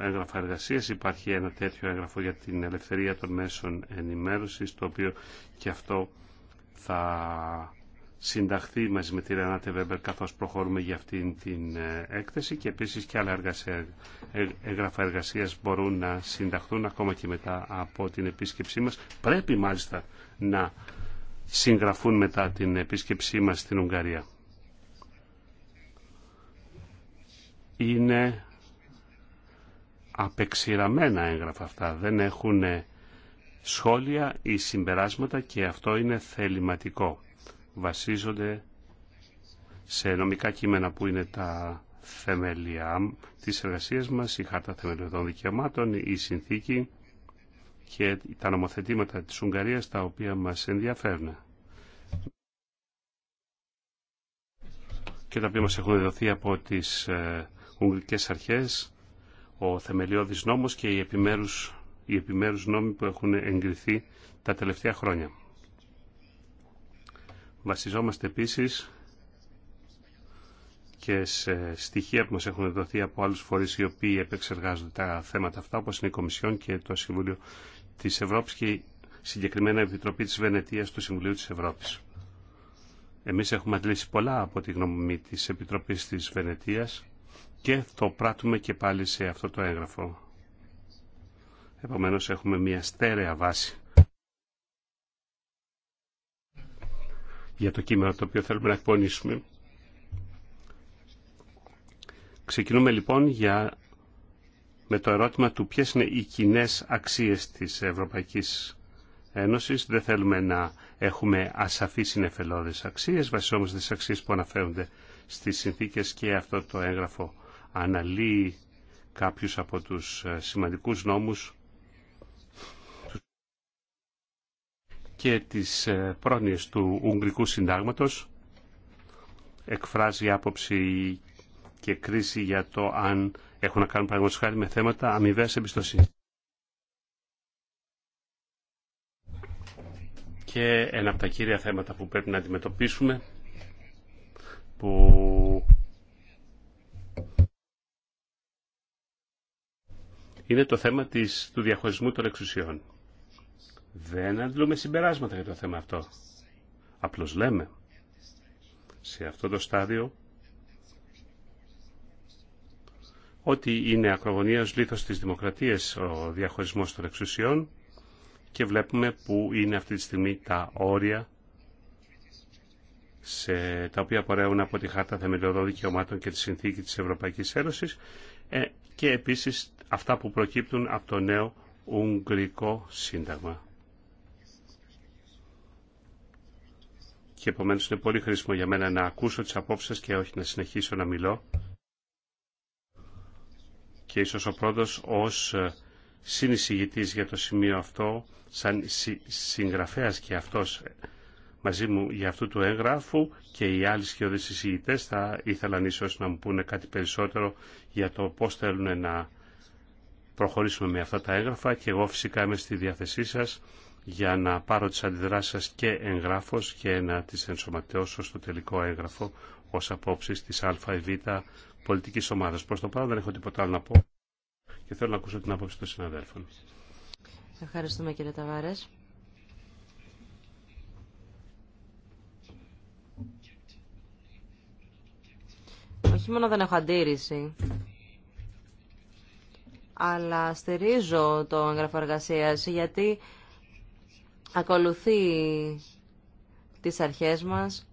έγγραφα εργασία. Υπάρχει ένα τέτοιο έγγραφο για την ελευθερία των μέσων ενημέρωση, το οποίο και αυτό θα συνταχθεί μαζί με τη Ρενάτε Βέμπερ καθώς προχωρούμε για αυτήν την ε, έκθεση και επίσης και άλλα ε, έγγραφα εργασίας μπορούν να συνταχθούν ακόμα και μετά από την επίσκεψή μας. Πρέπει μάλιστα να συγγραφούν μετά την επίσκεψή μας στην Ουγγαρία. Είναι απεξηραμένα έγγραφα αυτά, δεν έχουν σχόλια ή συμπεράσματα και αυτό είναι θεληματικό βασίζονται σε νομικά κείμενα που είναι τα θεμελιά της εργασίας μας, η Χάρτα Θεμελιωδών Δικαιωμάτων, η Συνθήκη και τα νομοθετήματα της Ουγγαρίας τα οποία μας ενδιαφέρουν. Και τα οποία μας έχουν δοθεί από τις ε, Ουγγρικές Αρχές, ο Θεμελιώδης Νόμος και οι επιμέρους, οι επιμέρους νόμοι που έχουν εγκριθεί τα τελευταία χρόνια. Βασιζόμαστε επίσης και σε στοιχεία που μας έχουν δοθεί από άλλους φορείς οι οποίοι επεξεργάζονται τα θέματα αυτά, όπως είναι η Κομισιόν και το Συμβούλιο της Ευρώπης και συγκεκριμένα η Επιτροπή της Βενετίας του Συμβουλίου της Ευρώπης. Εμείς έχουμε αντλήσει πολλά από τη γνώμη της Επιτροπής της Βενετίας και το πράττουμε και πάλι σε αυτό το έγγραφο. Επομένως έχουμε μια στέρεα βάση για το κείμενο το οποίο θέλουμε να εκπονήσουμε. Ξεκινούμε λοιπόν για, με το ερώτημα του ποιες είναι οι κοινέ αξίες της Ευρωπαϊκής Ένωσης. Δεν θέλουμε να έχουμε ασαφείς συνεφελώδες αξίες, βασιζόμαστε στις αξίες που αναφέρονται στις συνθήκες και αυτό το έγγραφο αναλύει κάποιους από τους ε, σημαντικούς νόμους και τις ε, πρόνοιες του Ουγγρικού Συντάγματος. Εκφράζει άποψη και κρίση για το αν έχουν να κάνουν παραδείγματος με θέματα αμοιβέ εμπιστοσύνη. Και ένα από τα κύρια θέματα που πρέπει να αντιμετωπίσουμε που είναι το θέμα της, του διαχωρισμού των εξουσιών. Δεν αντλούμε συμπεράσματα για το θέμα αυτό. Απλώς λέμε σε αυτό το στάδιο ότι είναι ακρογωνίας λήθος της δημοκρατίας ο διαχωρισμός των εξουσιών και βλέπουμε που είναι αυτή τη στιγμή τα όρια σε, τα οποία πορεύουν από τη Χάρτα Θεμελιωδών Δικαιωμάτων και τη Συνθήκη της Ευρωπαϊκής Ένωσης ε, και επίσης αυτά που προκύπτουν από το νέο Ουγγρικό Σύνταγμα. και επομένως είναι πολύ χρήσιμο για μένα να ακούσω τις απόψεις και όχι να συνεχίσω να μιλώ. Και ίσως ο πρώτος ως ε, συνεισηγητής για το σημείο αυτό, σαν συγγραφέας και αυτός ε, μαζί μου για αυτού του έγγραφου και οι άλλοι σχεδόν συζητητές θα ήθελαν ίσως να μου πούνε κάτι περισσότερο για το πώς θέλουν να προχωρήσουμε με αυτά τα έγγραφα και εγώ φυσικά είμαι στη διάθεσή σας για να πάρω τις αντιδράσεις σας και εγγράφος και να τις ενσωματώσω στο τελικό έγγραφο ως απόψεις της ΑΕΒ πολιτικής ομάδας. Προς το παρόν δεν έχω τίποτα άλλο να πω και θέλω να ακούσω την άποψη των συναδέλφων. Ευχαριστούμε κύριε Ταβάρες. Όχι μόνο δεν έχω αντίρρηση, αλλά στηρίζω το έγγραφο εργασία γιατί ακολουθεί τις αρχές μας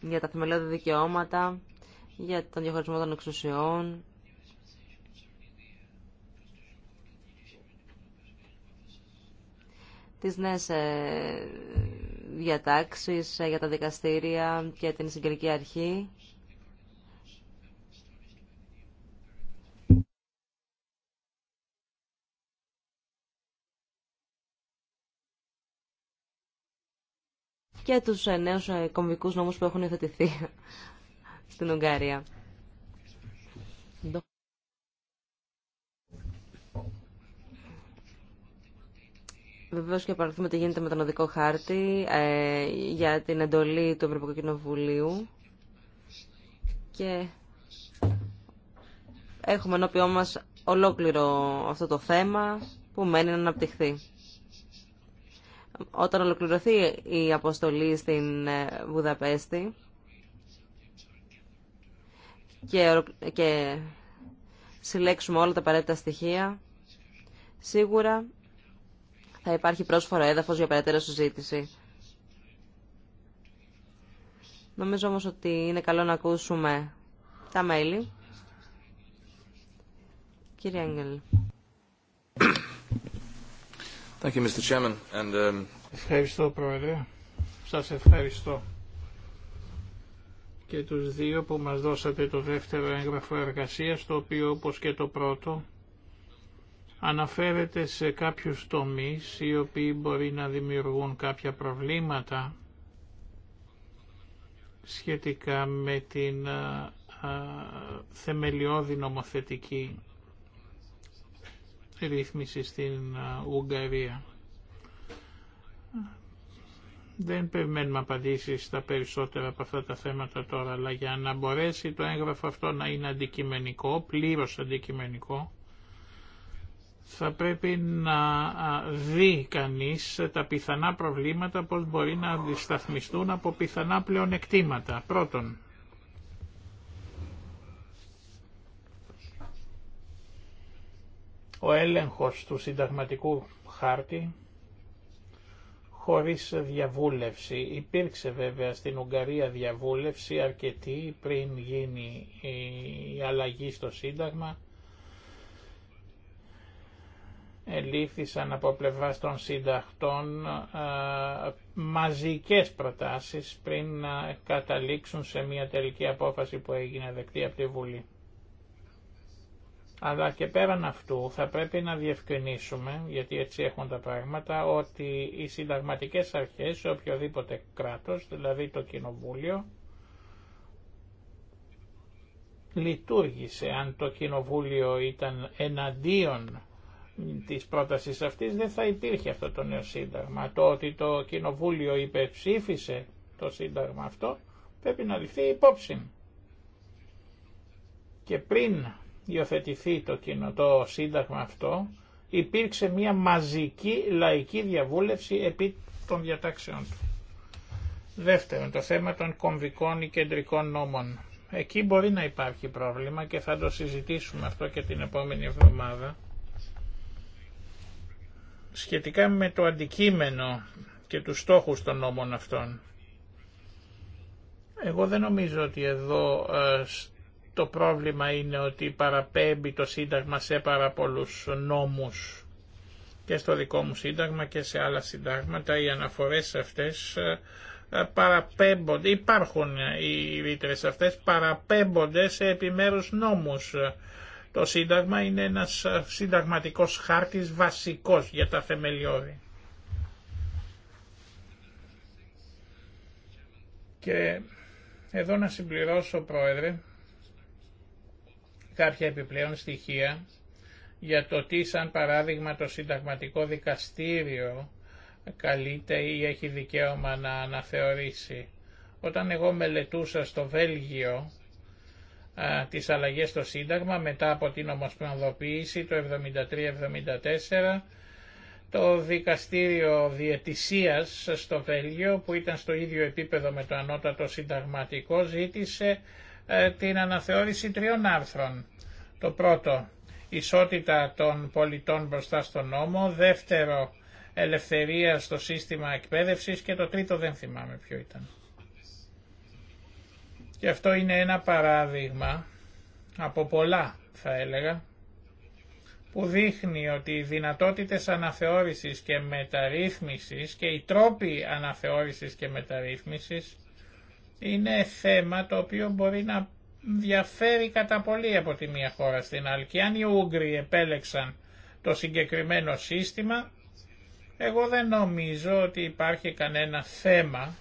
για τα θεμελιώδη δικαιώματα, για τον διαχωρισμό των εξουσιών, τις νέες ε, διατάξεις ε, για τα δικαστήρια και την συγκεκριτική αρχή. και τους νέους ε, κομβικούς νόμους που έχουν υιοθετηθεί στην Ουγγαρία. Βεβαίω και παρακολουθούμε τι γίνεται με τον οδικό χάρτη ε, για την εντολή του Ευρωπαϊκού Κοινοβουλίου. Και έχουμε ενώπιό μας ολόκληρο αυτό το θέμα που μένει να αναπτυχθεί όταν ολοκληρωθεί η αποστολή στην ε, Βουδαπέστη και, και συλλέξουμε όλα τα απαραίτητα στοιχεία, σίγουρα θα υπάρχει πρόσφορο έδαφος για περαιτέρω συζήτηση. Νομίζω όμως ότι είναι καλό να ακούσουμε τα μέλη. Κύριε Άγγελ. Um, ευχαριστώ, Πρόεδρε. Σας ευχαριστώ και τους δύο που μας δώσατε το δεύτερο έγγραφο εργασίας, το οποίο όπως και το πρώτο αναφέρεται σε κάποιους τομείς οι οποίοι μπορεί να δημιουργούν κάποια προβλήματα σχετικά με την θεμελιώδη νομοθετική ρύθμιση στην Ουγγαρία. Δεν περιμένουμε απαντήσεις στα περισσότερα από αυτά τα θέματα τώρα, αλλά για να μπορέσει το έγγραφο αυτό να είναι αντικειμενικό, πλήρως αντικειμενικό, θα πρέπει να δει κανείς τα πιθανά προβλήματα πώς μπορεί να αντισταθμιστούν από πιθανά πλεονεκτήματα. Πρώτον, ο έλεγχος του συνταγματικού χάρτη χωρίς διαβούλευση. Υπήρξε βέβαια στην Ουγγαρία διαβούλευση αρκετή πριν γίνει η αλλαγή στο Σύνταγμα. Ελήφθησαν από πλευρά των συνταχτών μαζικές προτάσεις πριν να καταλήξουν σε μια τελική απόφαση που έγινε δεκτή από τη Βουλή. Αλλά και πέραν αυτού θα πρέπει να διευκρινίσουμε, γιατί έτσι έχουν τα πράγματα, ότι οι συνταγματικές αρχές σε οποιοδήποτε κράτος, δηλαδή το Κοινοβούλιο, λειτουργήσε. Αν το Κοινοβούλιο ήταν εναντίον της πρότασης αυτής, δεν θα υπήρχε αυτό το νέο σύνταγμα. Το ότι το Κοινοβούλιο υπεψήφισε το σύνταγμα αυτό, πρέπει να ληφθεί υπόψη. Και πριν υιοθετηθεί το, κοινο, το σύνταγμα αυτό, υπήρξε μια μαζική λαϊκή διαβούλευση επί των διατάξεων του. Δεύτερον, το θέμα των κομβικών ή κεντρικών νόμων. Εκεί μπορεί να υπάρχει πρόβλημα και θα το συζητήσουμε αυτό και την επόμενη εβδομάδα. Σχετικά με το αντικείμενο και τους στόχους των νόμων αυτών. Εγώ δεν νομίζω ότι εδώ ε, το πρόβλημα είναι ότι παραπέμπει το Σύνταγμα σε πάρα πολλού νόμους και στο δικό μου Σύνταγμα και σε άλλα Συντάγματα οι αναφορές αυτές ε, παραπέμπονται, υπάρχουν οι ρήτρες αυτές, παραπέμπονται σε επιμέρους νόμους. Το Σύνταγμα είναι ένας συνταγματικός χάρτης βασικός για τα θεμελιώδη. Και εδώ να συμπληρώσω, Πρόεδρε, κάποια επιπλέον στοιχεία για το τι σαν παράδειγμα το συνταγματικό δικαστήριο καλείται ή έχει δικαίωμα να αναθεωρήσει. Όταν εγώ μελετούσα στο Βέλγιο α, τις αλλαγές στο Σύνταγμα μετά από την ομοσπονδοποίηση το 73-74, το δικαστήριο διαιτησίας στο Βέλγιο που ήταν στο ίδιο επίπεδο με το ανώτατο συνταγματικό ζήτησε ε, την αναθεώρηση τριών άρθρων. Το πρώτο, ισότητα των πολιτών μπροστά στον νόμο. Δεύτερο, ελευθερία στο σύστημα εκπαίδευσης. Και το τρίτο δεν θυμάμαι ποιο ήταν. Και αυτό είναι ένα παράδειγμα από πολλά θα έλεγα που δείχνει ότι οι δυνατότητες αναθεώρησης και μεταρρύθμισης και οι τρόποι αναθεώρησης και μεταρρύθμισης είναι θέμα το οποίο μπορεί να διαφέρει κατά πολύ από τη μία χώρα στην άλλη. Και αν οι Ούγγροι επέλεξαν το συγκεκριμένο σύστημα, εγώ δεν νομίζω ότι υπάρχει κανένα θέμα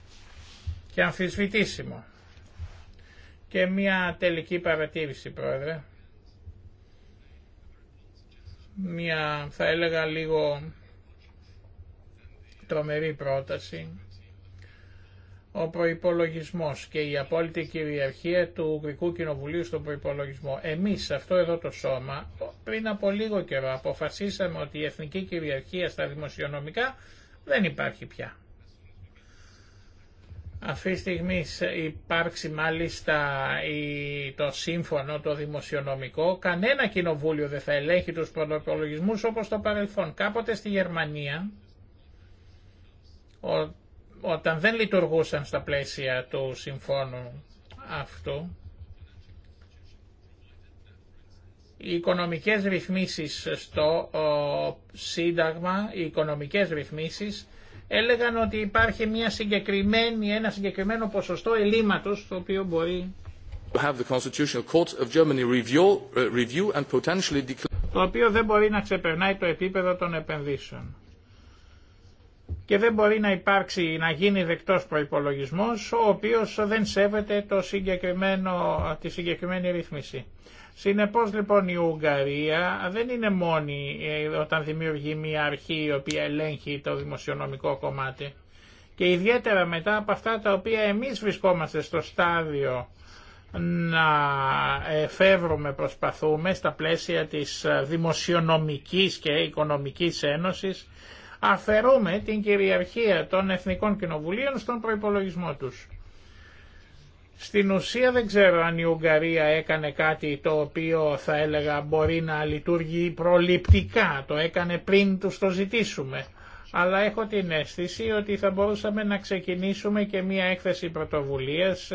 και αμφισβητήσιμο. Και μία τελική παρατήρηση, Πρόεδρε. Μία, θα έλεγα, λίγο τρομερή πρόταση ο προπολογισμό και η απόλυτη κυριαρχία του Ουγγρικού Κοινοβουλίου στον προϋπολογισμό. Εμείς, αυτό εδώ το σώμα, πριν από λίγο καιρό αποφασίσαμε ότι η εθνική κυριαρχία στα δημοσιονομικά δεν υπάρχει πια. Αυτή τη στιγμή υπάρξει μάλιστα το σύμφωνο, το δημοσιονομικό. Κανένα κοινοβούλιο δεν θα ελέγχει τους προπολογισμούς όπως το παρελθόν. Κάποτε στη Γερμανία, όταν δεν λειτουργούσαν στα πλαίσια του συμφώνου αυτού, οι οικονομικές ρυθμίσεις στο Σύνταγμα, οι οικονομικές ρυθμίσεις, έλεγαν ότι υπάρχει μια συγκεκριμένη, ένα συγκεκριμένο ποσοστό ελλείμματος το οποίο μπορεί το οποίο δεν μπορεί να ξεπερνάει το επίπεδο των επενδύσεων και δεν μπορεί να υπάρξει, να γίνει δεκτός προϋπολογισμός ο οποίος δεν σέβεται το συγκεκριμένο, τη συγκεκριμένη ρύθμιση. Συνεπώς λοιπόν η Ουγγαρία δεν είναι μόνη ε, όταν δημιουργεί μια αρχή η οποία ελέγχει το δημοσιονομικό κομμάτι και ιδιαίτερα μετά από αυτά τα οποία εμείς βρισκόμαστε στο στάδιο να εφεύρουμε, προσπαθούμε στα πλαίσια της ε, δημοσιονομικής και οικονομικής ένωσης αφαιρούμε την κυριαρχία των Εθνικών Κοινοβουλίων στον προϋπολογισμό τους. Στην ουσία δεν ξέρω αν η Ουγγαρία έκανε κάτι το οποίο θα έλεγα μπορεί να λειτουργεί προληπτικά, το έκανε πριν τους το ζητήσουμε. Αλλά έχω την αίσθηση ότι θα μπορούσαμε να ξεκινήσουμε και μία έκθεση πρωτοβουλίας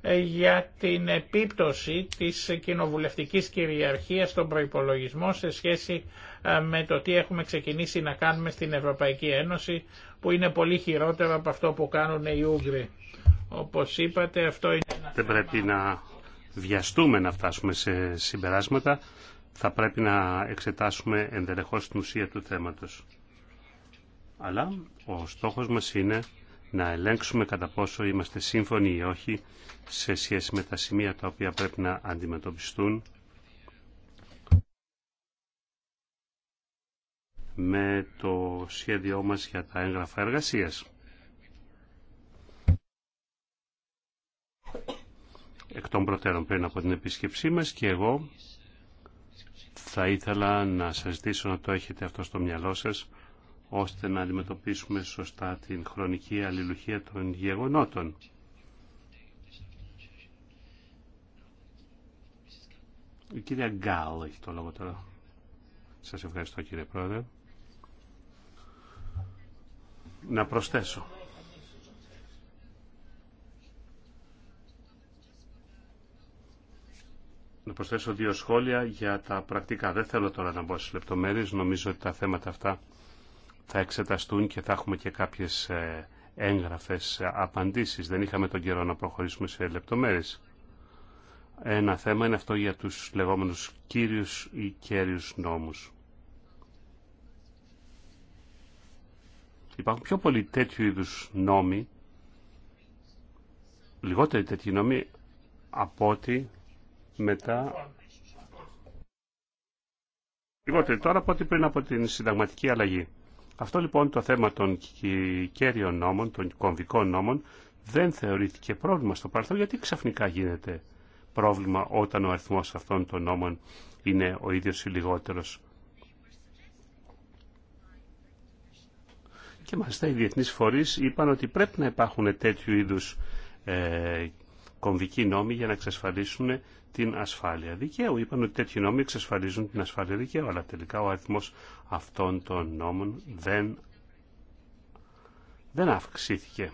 ε, για την επίπτωση της κοινοβουλευτικής κυριαρχίας στον προϋπολογισμό σε σχέση ε, με το τι έχουμε ξεκινήσει να κάνουμε στην Ευρωπαϊκή Ένωση που είναι πολύ χειρότερο από αυτό που κάνουν οι Ούγγροι. Όπως είπατε αυτό είναι... Δεν πρέπει να βιαστούμε να φτάσουμε σε συμπεράσματα. Θα πρέπει να εξετάσουμε ενδελεχώς την ουσία του θέματος. Αλλά ο στόχος μας είναι να ελέγξουμε κατά πόσο είμαστε σύμφωνοι ή όχι σε σχέση με τα σημεία τα οποία πρέπει να αντιμετωπιστούν με το σχέδιό μας για τα έγγραφα εργασίας. Εκ των προτέρων πριν από την επίσκεψή μας και εγώ θα ήθελα να σας ζητήσω να το έχετε αυτό στο μυαλό σας ώστε να αντιμετωπίσουμε σωστά την χρονική αλληλουχία των γεγονότων. Η κυρία Γκάλ έχει το λόγο τώρα. Σας ευχαριστώ κύριε Πρόεδρε να προσθέσω. Να προσθέσω δύο σχόλια για τα πρακτικά. Δεν θέλω τώρα να μπω στις λεπτομέρειες. Νομίζω ότι τα θέματα αυτά θα εξεταστούν και θα έχουμε και κάποιες ε, έγγραφες ε, απαντήσεις. Δεν είχαμε τον καιρό να προχωρήσουμε σε λεπτομέρειες. Ένα θέμα είναι αυτό για τους λεγόμενους κύριους ή κέριους νόμους. Υπάρχουν πιο πολλοί τέτοιου είδους νόμοι, λιγότεροι τέτοιοι νόμοι από ότι μετά... Λιγότεροι τώρα από ό,τι πριν από την συνταγματική αλλαγή. Αυτό λοιπόν το θέμα των κέριων νόμων, των κομβικών νόμων, δεν θεωρήθηκε πρόβλημα στο παρελθόν, γιατί ξαφνικά γίνεται πρόβλημα όταν ο αριθμός αυτών των νόμων είναι ο ίδιος ή λιγότερος και μάλιστα οι διεθνείς φορείς είπαν ότι πρέπει να υπάρχουν τέτοιου είδους ε, κομβικοί νόμοι για να εξασφαλίσουν την ασφάλεια δικαίου. Είπαν ότι τέτοιοι νόμοι εξασφαλίζουν την ασφάλεια δικαίου, αλλά τελικά ο αριθμός αυτών των νόμων δεν, δεν αυξήθηκε.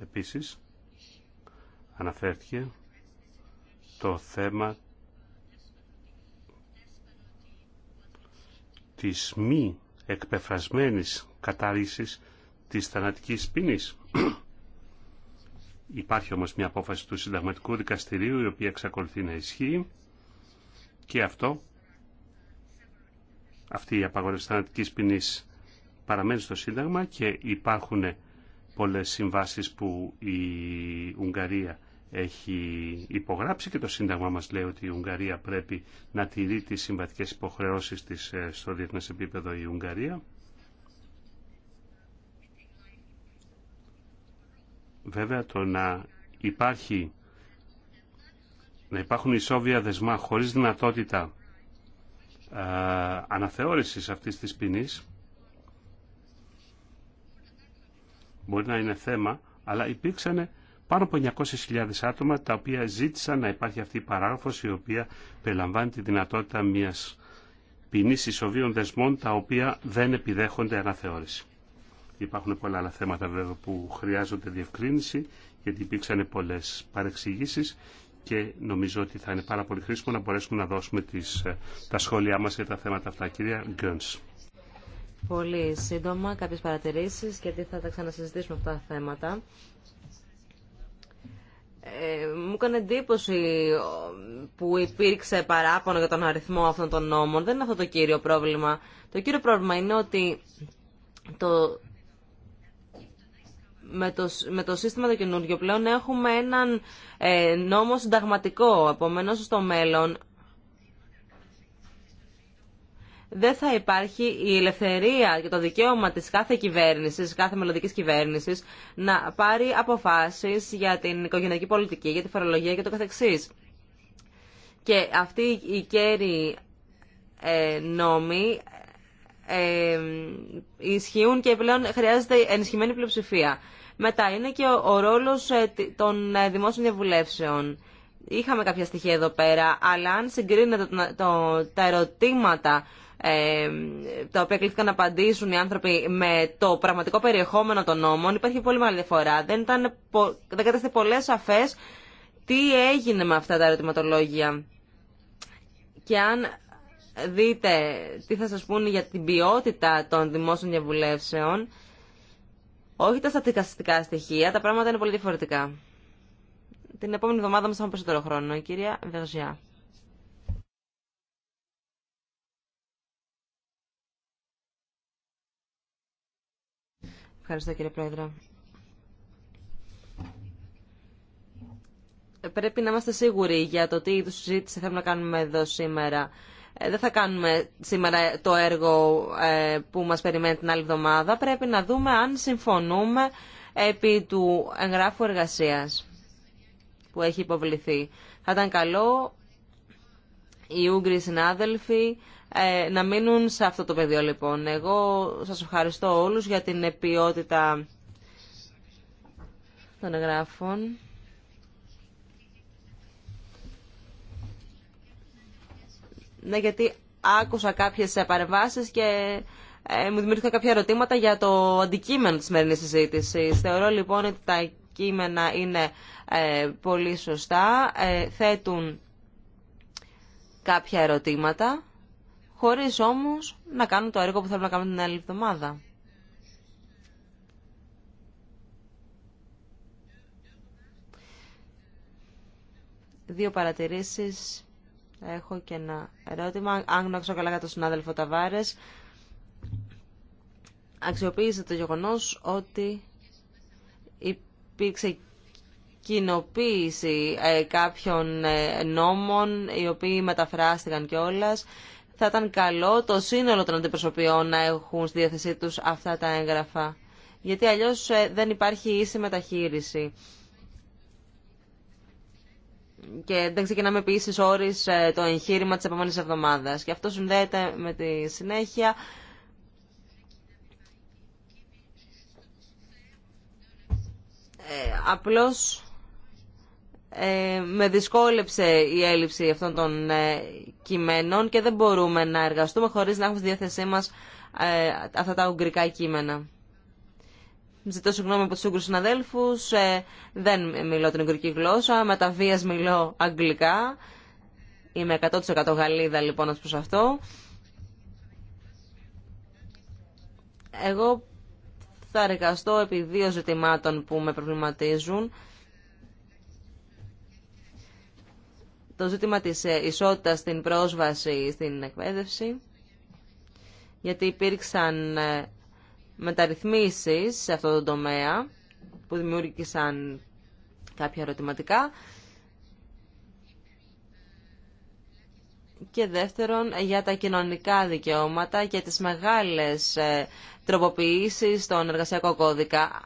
Επίσης, αναφέρθηκε το θέμα της μη εκπεφρασμένης κατάρρησης της θανατικής ποινής. Υπάρχει όμως μια απόφαση του Συνταγματικού Δικαστηρίου η οποία εξακολουθεί να ισχύει και αυτό, αυτή η απαγόρευση θανατικής ποινής παραμένει στο Σύνταγμα και υπάρχουν πολλές συμβάσεις που η Ουγγαρία έχει υπογράψει και το Σύνταγμα μας λέει ότι η Ουγγαρία πρέπει να τηρεί τις συμβατικές υποχρεώσεις της ε, στο διεθνές επίπεδο η Ουγγαρία. Βέβαια το να υπάρχει να υπάρχουν ισόβια δεσμά χωρίς δυνατότητα ε, αναθεώρησης αυτής της ποινή μπορεί να είναι θέμα, αλλά υπήρξανε πάνω από 900.000 άτομα τα οποία ζήτησαν να υπάρχει αυτή η παράγραφος η οποία περιλαμβάνει τη δυνατότητα μιας ποινή ισοβίων δεσμών τα οποία δεν επιδέχονται αναθεώρηση. Υπάρχουν πολλά άλλα θέματα βέβαια που χρειάζονται διευκρίνηση γιατί υπήρξαν πολλές παρεξηγήσεις και νομίζω ότι θα είναι πάρα πολύ χρήσιμο να μπορέσουμε να δώσουμε τις, ε, τα σχόλιά μας για τα θέματα αυτά. Κυρία Γκönς. Πολύ σύντομα κάποιες παρατηρήσεις γιατί θα τα ξανασυζητήσουμε αυτά τα θέματα. Ε, μου έκανε εντύπωση που υπήρξε παράπονο για τον αριθμό αυτών των νόμων. Δεν είναι αυτό το κύριο πρόβλημα. Το κύριο πρόβλημα είναι ότι το, με, το, με το σύστημα το καινούργιο πλέον έχουμε έναν ε, νόμο συνταγματικό. Επομένως, στο μέλλον δεν θα υπάρχει η ελευθερία και το δικαίωμα της κάθε κυβέρνησης, κάθε μελλοντική κυβέρνησης να πάρει αποφάσεις για την οικογενειακή πολιτική, για τη φορολογία και το καθεξής. Και αυτοί οι κέρι ε, νόμοι ε, ισχύουν και πλέον χρειάζεται ενισχυμένη πλειοψηφία. Μετά είναι και ο, ο ρόλος ε, των ε, δημόσιων διαβουλεύσεων. Είχαμε κάποια στοιχεία εδώ πέρα, αλλά αν συγκρίνετε τα ερωτήματα ε, τα οποία κλείθηκαν να απαντήσουν οι άνθρωποι με το πραγματικό περιεχόμενο των νόμων υπάρχει πολύ μεγάλη διαφορά. Δεν, ήταν, δεν κατέστη πολλέ σαφέ τι έγινε με αυτά τα ερωτηματολόγια. Και αν δείτε τι θα σας πούνε για την ποιότητα των δημόσιων διαβουλεύσεων, όχι τα στατικαστικά στοιχεία, τα πράγματα είναι πολύ διαφορετικά. Την επόμενη εβδομάδα μας θα έχουμε περισσότερο χρόνο. κυρία Βεργιά. Ευχαριστώ κύριε Πρόεδρε. Πρέπει να είμαστε σίγουροι για το τι είδου συζήτηση θέλουμε να κάνουμε εδώ σήμερα. Ε, δεν θα κάνουμε σήμερα το έργο ε, που μας περιμένει την άλλη εβδομάδα. Πρέπει να δούμε αν συμφωνούμε επί του εγγράφου εργασίας που έχει υποβληθεί. Θα ήταν καλό οι Ούγγροι συνάδελφοι ε, να μείνουν σε αυτό το πεδίο λοιπόν. Εγώ σας ευχαριστώ όλους για την ποιότητα των εγγράφων. Ναι, γιατί άκουσα κάποιες παρεμβάσεις και ε, μου δημιουργήθηκαν κάποια ερωτήματα για το αντικείμενο της σημερινής συζήτηση. Θεωρώ λοιπόν ότι τα κείμενα είναι ε, πολύ σωστά, θέτουν κάποια ερωτήματα χωρίς όμως να κάνουν το έργο που θέλουν να κάνουν την άλλη εβδομάδα. Δύο παρατηρήσεις. Έχω και ένα ερώτημα. Αν γνωρίζω καλά τον συνάδελφο Ταβάρες, αξιοποίησε το γεγονό ότι υπήρξε κοινοποίηση ε, κάποιων ε, νόμων οι οποίοι μεταφράστηκαν κιόλας θα ήταν καλό το σύνολο των αντιπροσωπιών να έχουν στη διάθεσή τους αυτά τα έγγραφα. Γιατί αλλιώς ε, δεν υπάρχει ίση μεταχείριση. Και δεν ξεκινάμε επίση όρει το εγχείρημα τη επόμενη εβδομάδα. Και αυτό συνδέεται με τη συνέχεια. Ε, απλώς ε, με δυσκόλεψε η έλλειψη αυτών των ε, κειμένων και δεν μπορούμε να εργαστούμε χωρίς να έχουμε στη διάθεσή μας ε, αυτά τα ουγγρικά κείμενα. Ζητώ συγγνώμη από τους Ούγγρους συναδέλφους, ε, δεν μιλώ την ουγγρική γλώσσα, με τα βίας μιλώ αγγλικά. Είμαι 100% Γαλλίδα λοιπόν ως προς αυτό. Εγώ θα εργαστώ επί δύο ζητημάτων που με προβληματίζουν. το ζήτημα της ε, ισότητας στην πρόσβαση στην εκπαίδευση, γιατί υπήρξαν ε, μεταρρυθμίσεις σε αυτό το τομέα που δημιούργησαν κάποια ερωτηματικά. Και δεύτερον, για τα κοινωνικά δικαιώματα και τις μεγάλες ε, τροποποιήσεις στον εργασιακό κώδικα.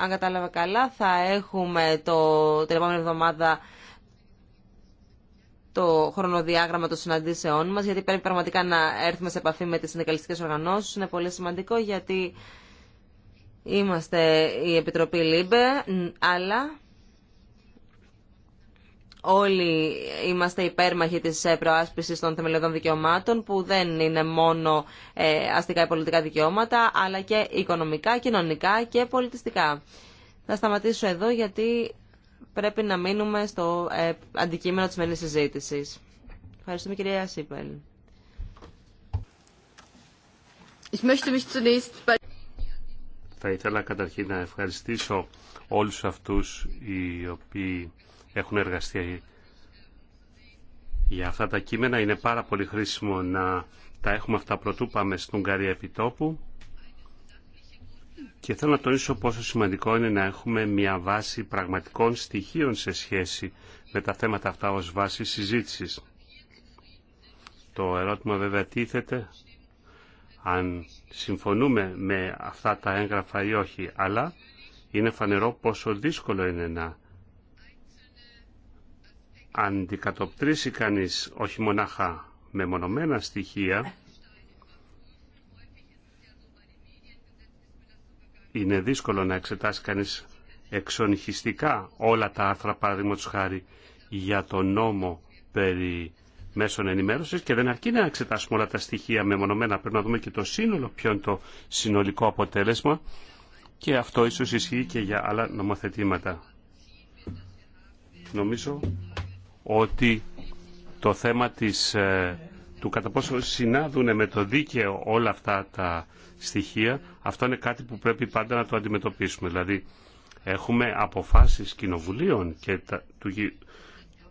Αν κατάλαβα καλά, θα έχουμε το, την επόμενη εβδομάδα το χρονοδιάγραμμα των συναντήσεών μα, γιατί πρέπει πραγματικά να έρθουμε σε επαφή με τι συνδικαλιστικές οργανώσεις. Είναι πολύ σημαντικό γιατί είμαστε η Επιτροπή ΛΥΜΠΕ, αλλά όλοι είμαστε υπέρμαχοι της ε, προάσπισης των θεμελιωδών δικαιωμάτων που δεν είναι μόνο ε, αστικά ή πολιτικά δικαιώματα αλλά και οικονομικά, κοινωνικά και πολιτιστικά. Θα σταματήσω εδώ γιατί πρέπει να μείνουμε στο ε, αντικείμενο της σημερινής συζήτησης. Ευχαριστούμε κυρία Σίπελ. Θα ήθελα καταρχήν να ευχαριστήσω όλους αυτούς οι οποίοι έχουν εργαστεί για αυτά τα κείμενα. Είναι πάρα πολύ χρήσιμο να τα έχουμε αυτά πρωτού πάμε στην Ουγγαρία επιτόπου. Και θέλω να τονίσω πόσο σημαντικό είναι να έχουμε μια βάση πραγματικών στοιχείων σε σχέση με τα θέματα αυτά ως βάση συζήτησης. Το ερώτημα βέβαια τίθεται αν συμφωνούμε με αυτά τα έγγραφα ή όχι, αλλά είναι φανερό πόσο δύσκολο είναι να αντικατοπτρίσει κανείς όχι μονάχα με μονομένα στοιχεία, είναι δύσκολο να εξετάσει κανείς εξονυχιστικά όλα τα άρθρα του χάρη για τον νόμο περί μέσων ενημέρωσης και δεν αρκεί να εξετάσουμε όλα τα στοιχεία μεμονωμένα, πρέπει να δούμε και το σύνολο, ποιο είναι το συνολικό αποτέλεσμα και αυτό ίσως ισχύει και για άλλα νομοθετήματα. Νομίζω ότι το θέμα της ε, του κατά πόσο συνάδουν με το δίκαιο όλα αυτά τα στοιχεία, αυτό είναι κάτι που πρέπει πάντα να το αντιμετωπίσουμε. Δηλαδή, έχουμε αποφάσεις κοινοβουλίων και τα, του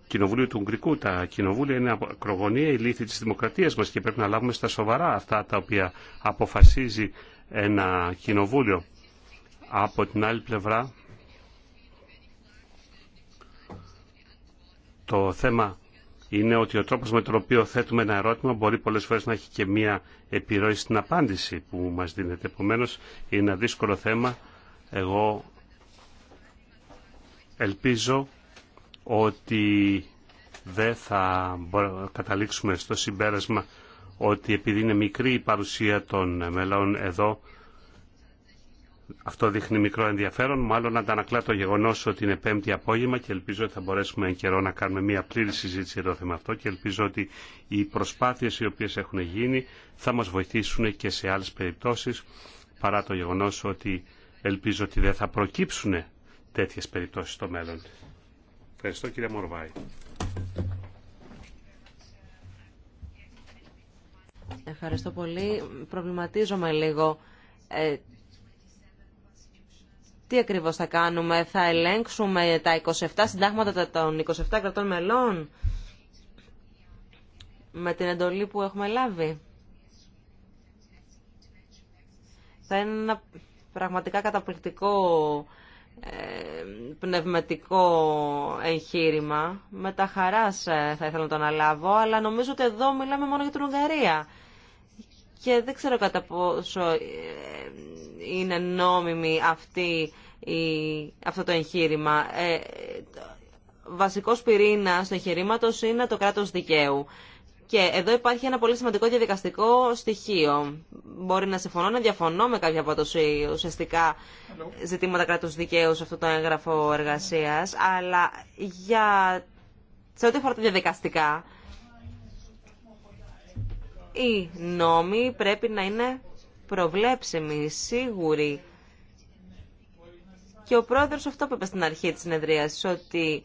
Κοινοβουλίου του Ουγγρικού. Τα κοινοβούλια είναι ακρογωνία η λύθη της δημοκρατίας μας και πρέπει να λάβουμε στα σοβαρά αυτά τα οποία αποφασίζει ένα κοινοβούλιο. Από την άλλη πλευρά, το θέμα είναι ότι ο τρόπος με τον οποίο θέτουμε ένα ερώτημα μπορεί πολλές φορές να έχει και μία επιρροή στην απάντηση που μας δίνεται. Επομένω, είναι ένα δύσκολο θέμα. Εγώ ελπίζω ότι δεν θα καταλήξουμε στο συμπέρασμα ότι επειδή είναι μικρή η παρουσία των μελών εδώ αυτό δείχνει μικρό ενδιαφέρον, μάλλον αντανακλά το γεγονό ότι είναι πέμπτη απόγευμα και ελπίζω ότι θα μπορέσουμε εν καιρό να κάνουμε μια πλήρη συζήτηση για θέμα αυτό και ελπίζω ότι οι προσπάθειε οι οποίε έχουν γίνει θα μα βοηθήσουν και σε άλλε περιπτώσει παρά το γεγονό ότι ελπίζω ότι δεν θα προκύψουν τέτοιε περιπτώσει στο μέλλον. Ευχαριστώ κύριε Μορβάη. Ευχαριστώ πολύ. Προβληματίζομαι λίγο ε, τι ακριβώς θα κάνουμε, θα ελέγξουμε τα 27 συντάγματα των 27 κρατών μελών με την εντολή που έχουμε λάβει. Θα είναι ένα πραγματικά καταπληκτικό ε, πνευματικό εγχείρημα. Με τα χαράς ε, θα ήθελα να το αναλάβω, αλλά νομίζω ότι εδώ μιλάμε μόνο για την Ουγγαρία και δεν ξέρω κατά πόσο ε, είναι νόμιμη αυτή η, αυτό το εγχείρημα. Ε, βασικός πυρήνας του εγχειρήματο είναι το κράτος δικαίου. Και εδώ υπάρχει ένα πολύ σημαντικό διαδικαστικό στοιχείο. Μπορεί να συμφωνώ, να διαφωνώ με κάποια από τους ουσιαστικά ζητήματα κράτους δικαίου σε αυτό το έγγραφο εργασίας, αλλά για... σε ό,τι αφορά τα διαδικαστικά, οι νόμοι πρέπει να είναι προβλέψιμοι, σίγουροι. Και ο πρόεδρος αυτό που είπε στην αρχή της συνεδρίας, ότι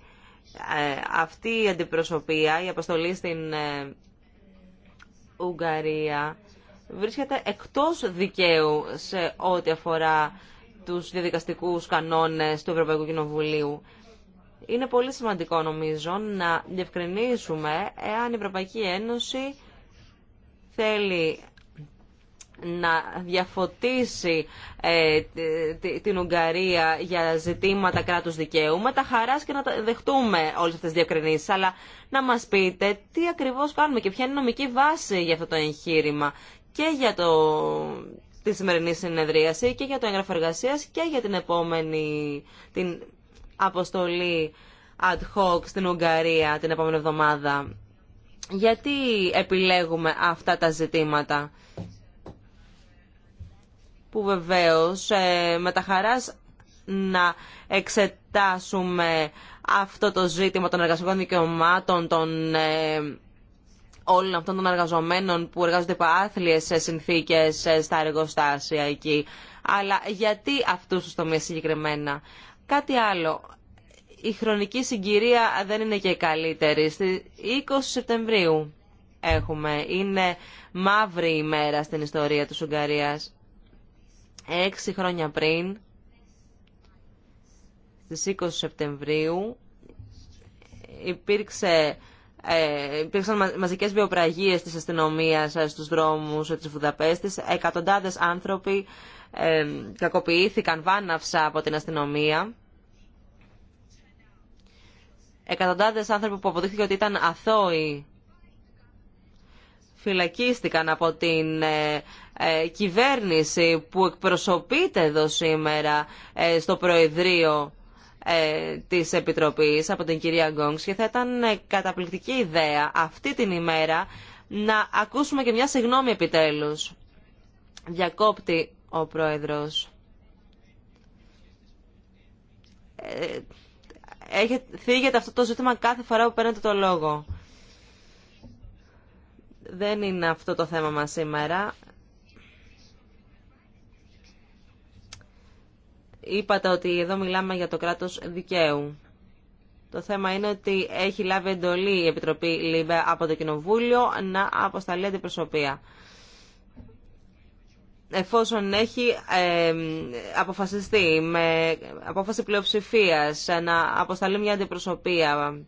ε, αυτή η αντιπροσωπεία, η αποστολή στην ε, Ουγγαρία, βρίσκεται εκτός δικαίου σε ό,τι αφορά τους διαδικαστικούς κανόνες του Ευρωπαϊκού Κοινοβουλίου. Είναι πολύ σημαντικό νομίζω να διευκρινίσουμε εάν η Ευρωπαϊκή Ένωση θέλει να διαφωτίσει ε, την Ουγγαρία για ζητήματα κράτους δικαίου, με τα χαράς και να δεχτούμε όλες αυτές τις διακρινήσεις. Αλλά να μας πείτε τι ακριβώς κάνουμε και ποια είναι η νομική βάση για αυτό το εγχείρημα και για το, τη σημερινή συνεδρίαση και για το έγγραφο εργασία και για την επόμενη την αποστολή ad hoc στην Ουγγαρία την επόμενη εβδομάδα. Γιατί επιλέγουμε αυτά τα ζητήματα που βεβαίως ε, με τα χαράς να εξετάσουμε αυτό το ζήτημα των εργασιακών δικαιωμάτων των ε, όλων αυτών των εργαζομένων που εργάζονται υπό άθλιες ε, συνθήκες στα εργοστάσια εκεί. Αλλά γιατί αυτούς τους τομείς συγκεκριμένα. Κάτι άλλο η χρονική συγκυρία δεν είναι και καλύτερη. Στι 20 Σεπτεμβρίου έχουμε. Είναι μαύρη ημέρα στην ιστορία της Ουγγαρίας. Έξι χρόνια πριν, στις 20 Σεπτεμβρίου, υπήρξε, ε, υπήρξαν μαζικές βιοπραγίες της αστυνομίας στους δρόμους της Βουδαπέστης. Εκατοντάδες άνθρωποι ε, κακοποιήθηκαν βάναυσα από την αστυνομία Εκατοντάδες άνθρωποι που αποδείχθηκε ότι ήταν αθώοι φυλακίστηκαν από την ε, ε, κυβέρνηση που εκπροσωπείται εδώ σήμερα ε, στο Προεδρείο της Επιτροπής από την κυρία Γκόγκς και θα ήταν καταπληκτική ιδέα αυτή την ημέρα να ακούσουμε και μια συγγνώμη επιτέλους. Διακόπτη ο Πρόεδρος έχετε, θίγεται αυτό το ζήτημα κάθε φορά που παίρνετε το λόγο. Δεν είναι αυτό το θέμα μας σήμερα. Είπατε ότι εδώ μιλάμε για το κράτος δικαίου. Το θέμα είναι ότι έχει λάβει εντολή η Επιτροπή ΛΥΜΠΕ από το Κοινοβούλιο να αποσταλεί αντιπροσωπεία εφόσον έχει αποφασιστεί με απόφαση πλειοψηφίας να αποσταλεί μια αντιπροσωπεία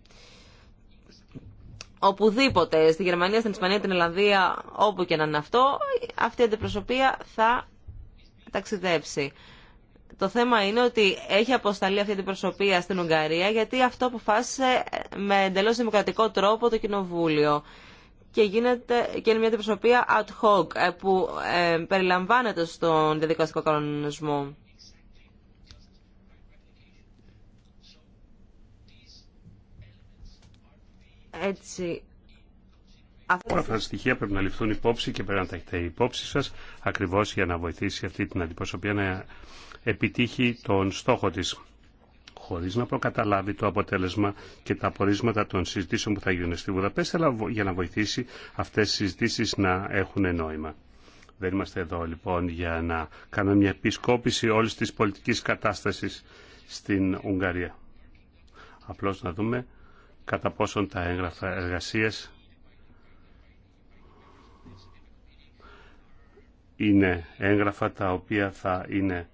οπουδήποτε, στη Γερμανία, στην Ισπανία, την Ελλανδία, όπου και να είναι αυτό, αυτή η αντιπροσωπεία θα ταξιδέψει. Το θέμα είναι ότι έχει αποσταλεί αυτή την προσωπία στην Ουγγαρία γιατί αυτό αποφάσισε με εντελώς δημοκρατικό τρόπο το Κοινοβούλιο και γίνεται και είναι μια αντιπροσωπεία ad hoc ε, που ε, περιλαμβάνεται στον διαδικαστικό κανονισμό. Έτσι. Όλα αυτά τα στοιχεία πρέπει να ληφθούν υπόψη και πρέπει να τα έχετε υπόψη σα ακριβώς για να βοηθήσει αυτή την αντιπροσωπεία να επιτύχει τον στόχο της χωρίς να προκαταλάβει το αποτέλεσμα και τα απορίσματα των συζητήσεων που θα γίνουν στη Βουδαπέστη, αλλά για να βοηθήσει αυτές τις συζητήσεις να έχουν νόημα. Δεν είμαστε εδώ λοιπόν για να κάνουμε μια επισκόπηση όλης της πολιτικής κατάστασης στην Ουγγαρία. Απλώς να δούμε κατά πόσον τα έγγραφα εργασίες είναι έγγραφα τα οποία θα είναι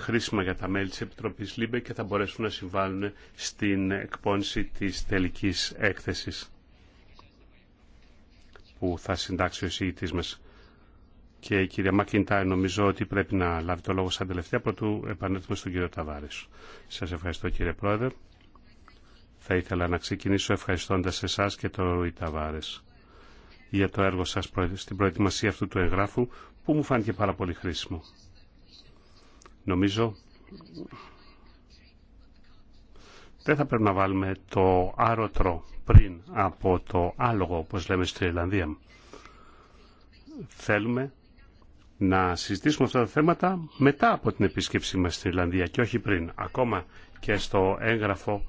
χρήσιμα για τα μέλη της Επιτροπής ΛΥΜΠΕ και θα μπορέσουν να συμβάλλουν στην εκπόνηση της τελικής έκθεσης που θα συντάξει ο εισηγητής μας. Και η κυρία νομίζω ότι πρέπει να λάβει το λόγο σαν τελευταία πρωτού επανέλθουμε στον κύριο Ταβάρη. Σας ευχαριστώ κύριε Πρόεδρε. Θα ήθελα να ξεκινήσω ευχαριστώντας εσά και το Ρουί Ταβάρη για το έργο σας στην προετοιμασία αυτού του εγγράφου που μου φάνηκε πάρα πολύ χρήσιμο. Νομίζω δεν θα πρέπει να βάλουμε το άρωτρο πριν από το άλογο, όπως λέμε στην Ιρλανδία. Θέλουμε να συζητήσουμε αυτά τα θέματα μετά από την επίσκεψή μας στην Ιρλανδία και όχι πριν. Ακόμα και στο έγγραφο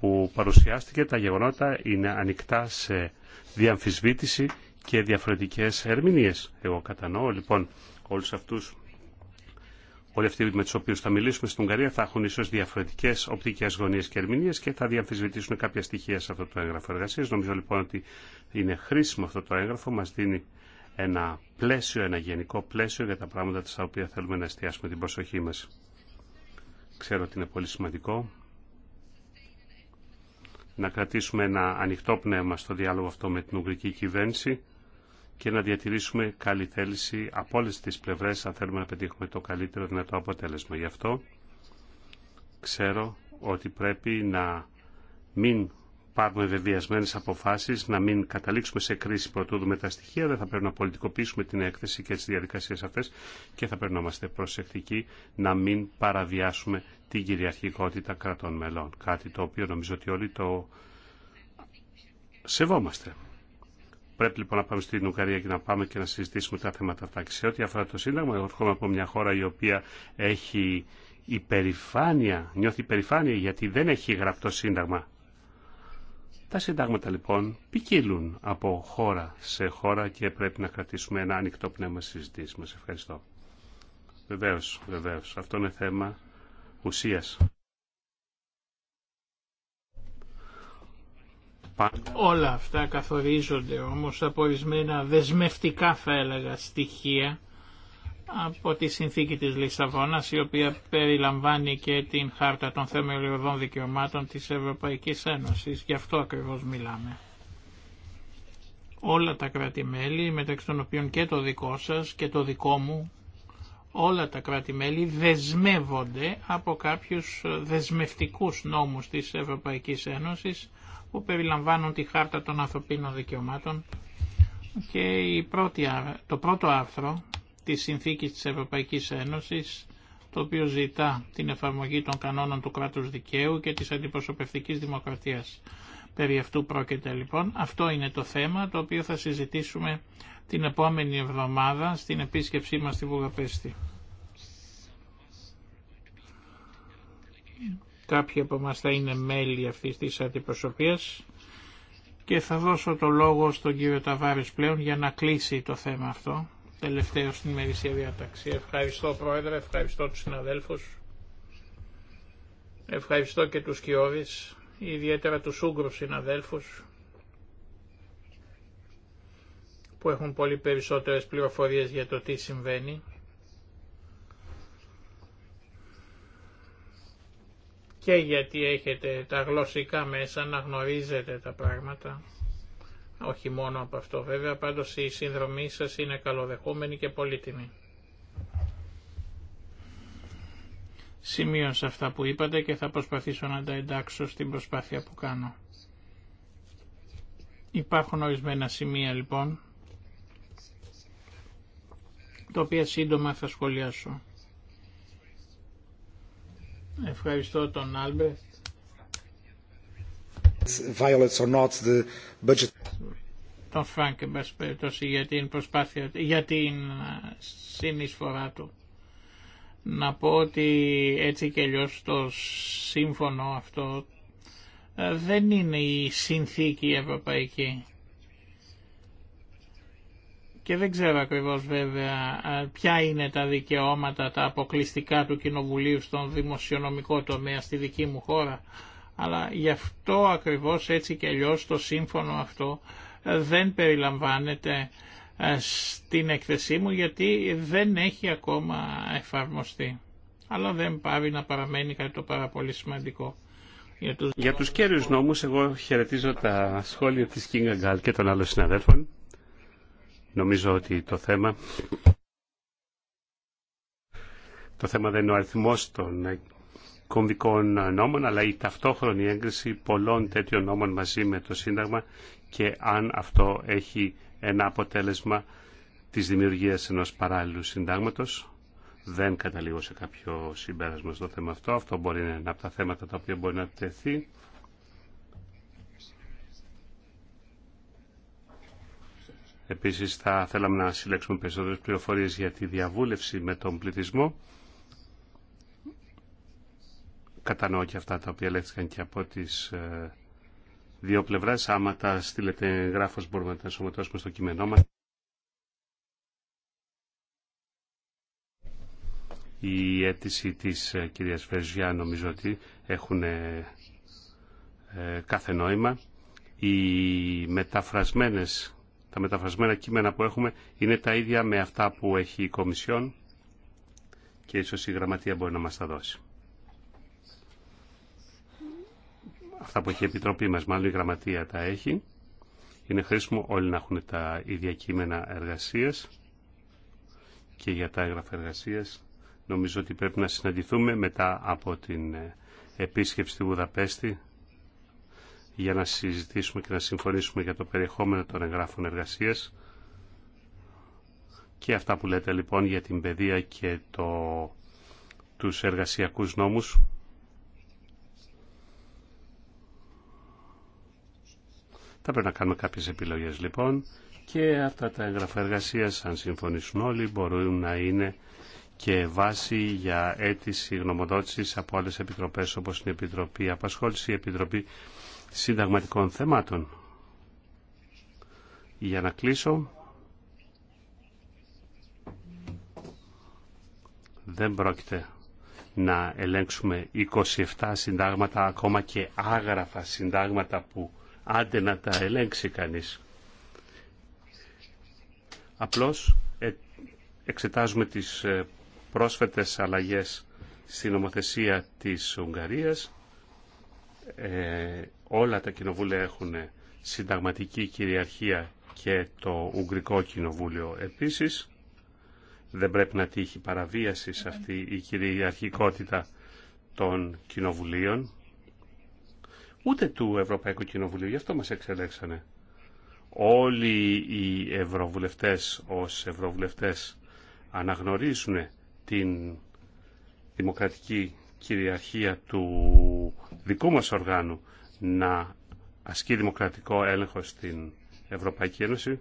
που παρουσιάστηκε τα γεγονότα είναι ανοιχτά σε διαμφισβήτηση και διαφορετικές ερμηνείες. Εγώ κατανοώ λοιπόν όλους αυτούς όλοι αυτοί με του οποίου θα μιλήσουμε στην Ουγγαρία θα έχουν ίσω διαφορετικέ οπτικέ γωνίε και ερμηνείε και θα διαμφισβητήσουν κάποια στοιχεία σε αυτό το έγγραφο εργασία. Νομίζω λοιπόν ότι είναι χρήσιμο αυτό το έγγραφο, μα δίνει ένα πλαίσιο, ένα γενικό πλαίσιο για τα πράγματα στα οποία θέλουμε να εστιάσουμε την προσοχή μα. Ξέρω ότι είναι πολύ σημαντικό να κρατήσουμε ένα ανοιχτό πνεύμα στο διάλογο αυτό με την Ουγγρική κυβέρνηση και να διατηρήσουμε καλή θέληση από όλες τις πλευρές αν θέλουμε να πετύχουμε το καλύτερο δυνατό αποτέλεσμα. Γι' αυτό ξέρω ότι πρέπει να μην πάρουμε βεβαιασμένε αποφάσει, να μην καταλήξουμε σε κρίση πρωτού δούμε τα στοιχεία, δεν θα πρέπει να πολιτικοποιήσουμε την έκθεση και τι διαδικασίε αυτέ και θα πρέπει να είμαστε προσεκτικοί να μην παραβιάσουμε την κυριαρχικότητα κρατών μελών. Κάτι το οποίο νομίζω ότι όλοι το σεβόμαστε. Πρέπει λοιπόν να πάμε στην Ουγγαρία και να πάμε και να συζητήσουμε τα θέματα αυτά. Και σε ό,τι αφορά το Σύνταγμα, εγώ έρχομαι από μια χώρα η οποία έχει υπερηφάνεια, νιώθει υπερηφάνεια γιατί δεν έχει γραπτό Σύνταγμα. Τα συντάγματα λοιπόν ποικίλουν από χώρα σε χώρα και πρέπει να κρατήσουμε ένα ανοιχτό πνεύμα συζητήσεις μας. Ευχαριστώ. Βεβαίως, βεβαίως. Αυτό είναι θέμα ουσίας. Όλα αυτά καθορίζονται όμως από ορισμένα δεσμευτικά θα έλεγα στοιχεία από τη συνθήκη της Λισαβόνας η οποία περιλαμβάνει και την χάρτα των θεμελιωδών δικαιωμάτων της Ευρωπαϊκής Ένωσης. Γι' αυτό ακριβώς μιλάμε. Όλα τα κράτη-μέλη, μεταξύ των οποίων και το δικό σας και το δικό μου, όλα τα κράτη-μέλη δεσμεύονται από κάποιους δεσμευτικούς νόμους της Ευρωπαϊκής Ένωσης που περιλαμβάνουν τη Χάρτα των Ανθρωπίνων Δικαιωμάτων και η πρώτη, το πρώτο άρθρο της Συνθήκης της Ευρωπαϊκής Ένωσης το οποίο ζητά την εφαρμογή των κανόνων του κράτους δικαίου και της αντιπροσωπευτικής δημοκρατίας. Περί αυτού πρόκειται λοιπόν. Αυτό είναι το θέμα το οποίο θα συζητήσουμε την επόμενη εβδομάδα στην επίσκεψή μας στη Βουγαπέστη. Κάποιοι από εμάς θα είναι μέλη αυτής της αντιπροσωπείας και θα δώσω το λόγο στον κύριο Ταβάρης πλέον για να κλείσει το θέμα αυτό τελευταίο στην ημερήσια διάταξη. Ευχαριστώ Πρόεδρε, ευχαριστώ τους συναδέλφους, ευχαριστώ και τους Κιώδης, ιδιαίτερα τους Ούγκρους συναδέλφους που έχουν πολύ περισσότερες πληροφορίες για το τι συμβαίνει. και γιατί έχετε τα γλωσσικά μέσα να γνωρίζετε τα πράγματα. Όχι μόνο από αυτό βέβαια, πάντως η συνδρομή σας είναι καλοδεχούμενη και πολύτιμη. Σημείωσα αυτά που είπατε και θα προσπαθήσω να τα εντάξω στην προσπάθεια που κάνω. Υπάρχουν ορισμένα σημεία λοιπόν, τα οποία σύντομα θα σχολιάσω. Ευχαριστώ τον Άλμπερτ. Τον Φρανκ, για την προσπάθεια, για την συνεισφορά του. Να πω ότι έτσι και αλλιώ το σύμφωνο αυτό ε, δεν είναι η συνθήκη ευρωπαϊκή και δεν ξέρω ακριβώς βέβαια ποια είναι τα δικαιώματα τα αποκλειστικά του Κοινοβουλίου στον δημοσιονομικό τομέα στη δική μου χώρα αλλά γι' αυτό ακριβώς έτσι και αλλιώ το σύμφωνο αυτό ε, δεν περιλαμβάνεται ε, στην εκθεσή μου γιατί δεν έχει ακόμα εφαρμοστεί αλλά δεν πάει να παραμένει κάτι το πάρα πολύ σημαντικό. Για τους, Για τους νόμους εγώ χαιρετίζω τα σχόλια της Κίνγκα Γκάλ και των άλλων συναδέλφων Νομίζω ότι το θέμα... Το θέμα δεν είναι ο αριθμός των ε, κομβικών ε, νόμων, αλλά η ταυτόχρονη έγκριση πολλών τέτοιων νόμων μαζί με το Σύνταγμα και αν αυτό έχει ένα αποτέλεσμα της δημιουργίας ενός παράλληλου συντάγματος. Δεν καταλήγω σε κάποιο συμπέρασμα στο θέμα αυτό. Αυτό μπορεί να είναι ένα από τα θέματα τα οποία μπορεί να τεθεί. Επίσης θα θέλαμε να συλλέξουμε περισσότερες πληροφορίες για τη διαβούλευση με τον πληθυσμό. Κατανοώ και αυτά τα οποία λέχθηκαν και από τις ε, δύο πλευράς. Άμα τα στείλετε γράφος μπορούμε να τα ενσωματώσουμε στο κείμενό μας. Η αίτηση της ε, κυρίας Βερζιά νομίζω ότι έχουν ε, κάθε νόημα. Οι μεταφρασμένες τα μεταφρασμένα κείμενα που έχουμε είναι τα ίδια με αυτά που έχει η Κομισιόν και ίσως η Γραμματεία μπορεί να μας τα δώσει. Αυτά που έχει η Επιτροπή μας, μάλλον η Γραμματεία τα έχει. Είναι χρήσιμο όλοι να έχουν τα ίδια κείμενα εργασίας και για τα έγγραφα εργασίας. Νομίζω ότι πρέπει να συναντηθούμε μετά από την επίσκεψη στη Βουδαπέστη για να συζητήσουμε και να συμφωνήσουμε για το περιεχόμενο των εγγράφων εργασίας και αυτά που λέτε λοιπόν για την παιδεία και το, τους εργασιακούς νόμους. Θα πρέπει να κάνουμε κάποιες επιλογές λοιπόν και αυτά τα έγγραφα εργασίας, αν συμφωνήσουν όλοι, μπορούν να είναι και βάση για αίτηση γνωμοδότησης από άλλες επιτροπές όπως την Επιτροπή Απασχόληση, η Επιτροπή συνταγματικών θεμάτων. Για να κλείσω, δεν πρόκειται να ελέγξουμε 27 συντάγματα, ακόμα και άγραφα συντάγματα που άντε να τα ελέγξει κανείς. Απλώς ε, εξετάζουμε τις ε, πρόσφατες αλλαγές στην νομοθεσία της Ουγγαρίας ε, όλα τα κοινοβούλια έχουν συνταγματική κυριαρχία και το Ουγγρικό Κοινοβούλιο επίσης. Δεν πρέπει να τύχει παραβίαση σε αυτή η κυριαρχικότητα των κοινοβουλίων, ούτε του Ευρωπαϊκού Κοινοβουλίου, γι' αυτό μας εξελέξανε. Όλοι οι ευρωβουλευτές ως ευρωβουλευτές αναγνωρίζουν την δημοκρατική κυριαρχία του δικού μας οργάνου να ασκεί δημοκρατικό έλεγχο στην Ευρωπαϊκή Ένωση.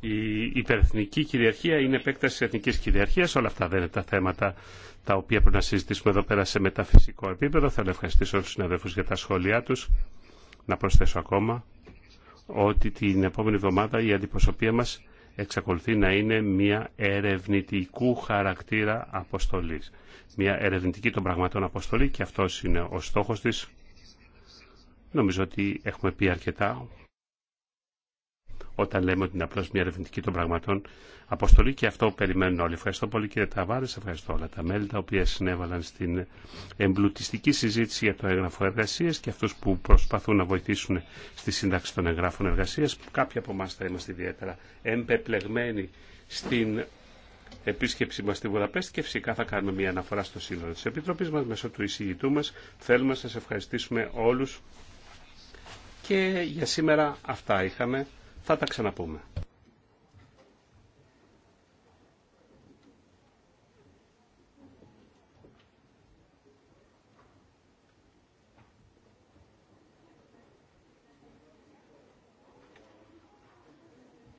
Η υπερεθνική κυριαρχία είναι επέκταση εθνικής κυριαρχίας. Όλα αυτά δεν είναι τα θέματα τα οποία πρέπει να συζητήσουμε εδώ πέρα σε μεταφυσικό επίπεδο. Θέλω να ευχαριστήσω τους συναδέλφους για τα σχόλιά τους. Να προσθέσω ακόμα ότι την επόμενη εβδομάδα η αντιπροσωπεία μας εξακολουθεί να είναι μια ερευνητικού χαρακτήρα αποστολής. Μια ερευνητική των πραγματών αποστολή και αυτός είναι ο στόχος της. Νομίζω ότι έχουμε πει αρκετά όταν λέμε ότι είναι απλώ μια ερευνητική των πραγματών αποστολή και αυτό περιμένουν όλοι. Ευχαριστώ πολύ κύριε Ταβάρε. ευχαριστώ όλα τα μέλη τα οποία συνέβαλαν στην εμπλουτιστική συζήτηση για το έγγραφο εργασία και αυτού που προσπαθούν να βοηθήσουν στη σύνταξη των εγγράφων εργασία. Κάποιοι από εμά θα είμαστε ιδιαίτερα εμπεπλεγμένοι στην επίσκεψή μα στη Βουδαπέστη και φυσικά θα κάνουμε μια αναφορά στο σύνολο τη Επιτροπή μα μέσω του εισηγητού μα. Θέλουμε να σα ευχαριστήσουμε όλου και για σήμερα αυτά είχαμε. Θα τα ξαναπούμε.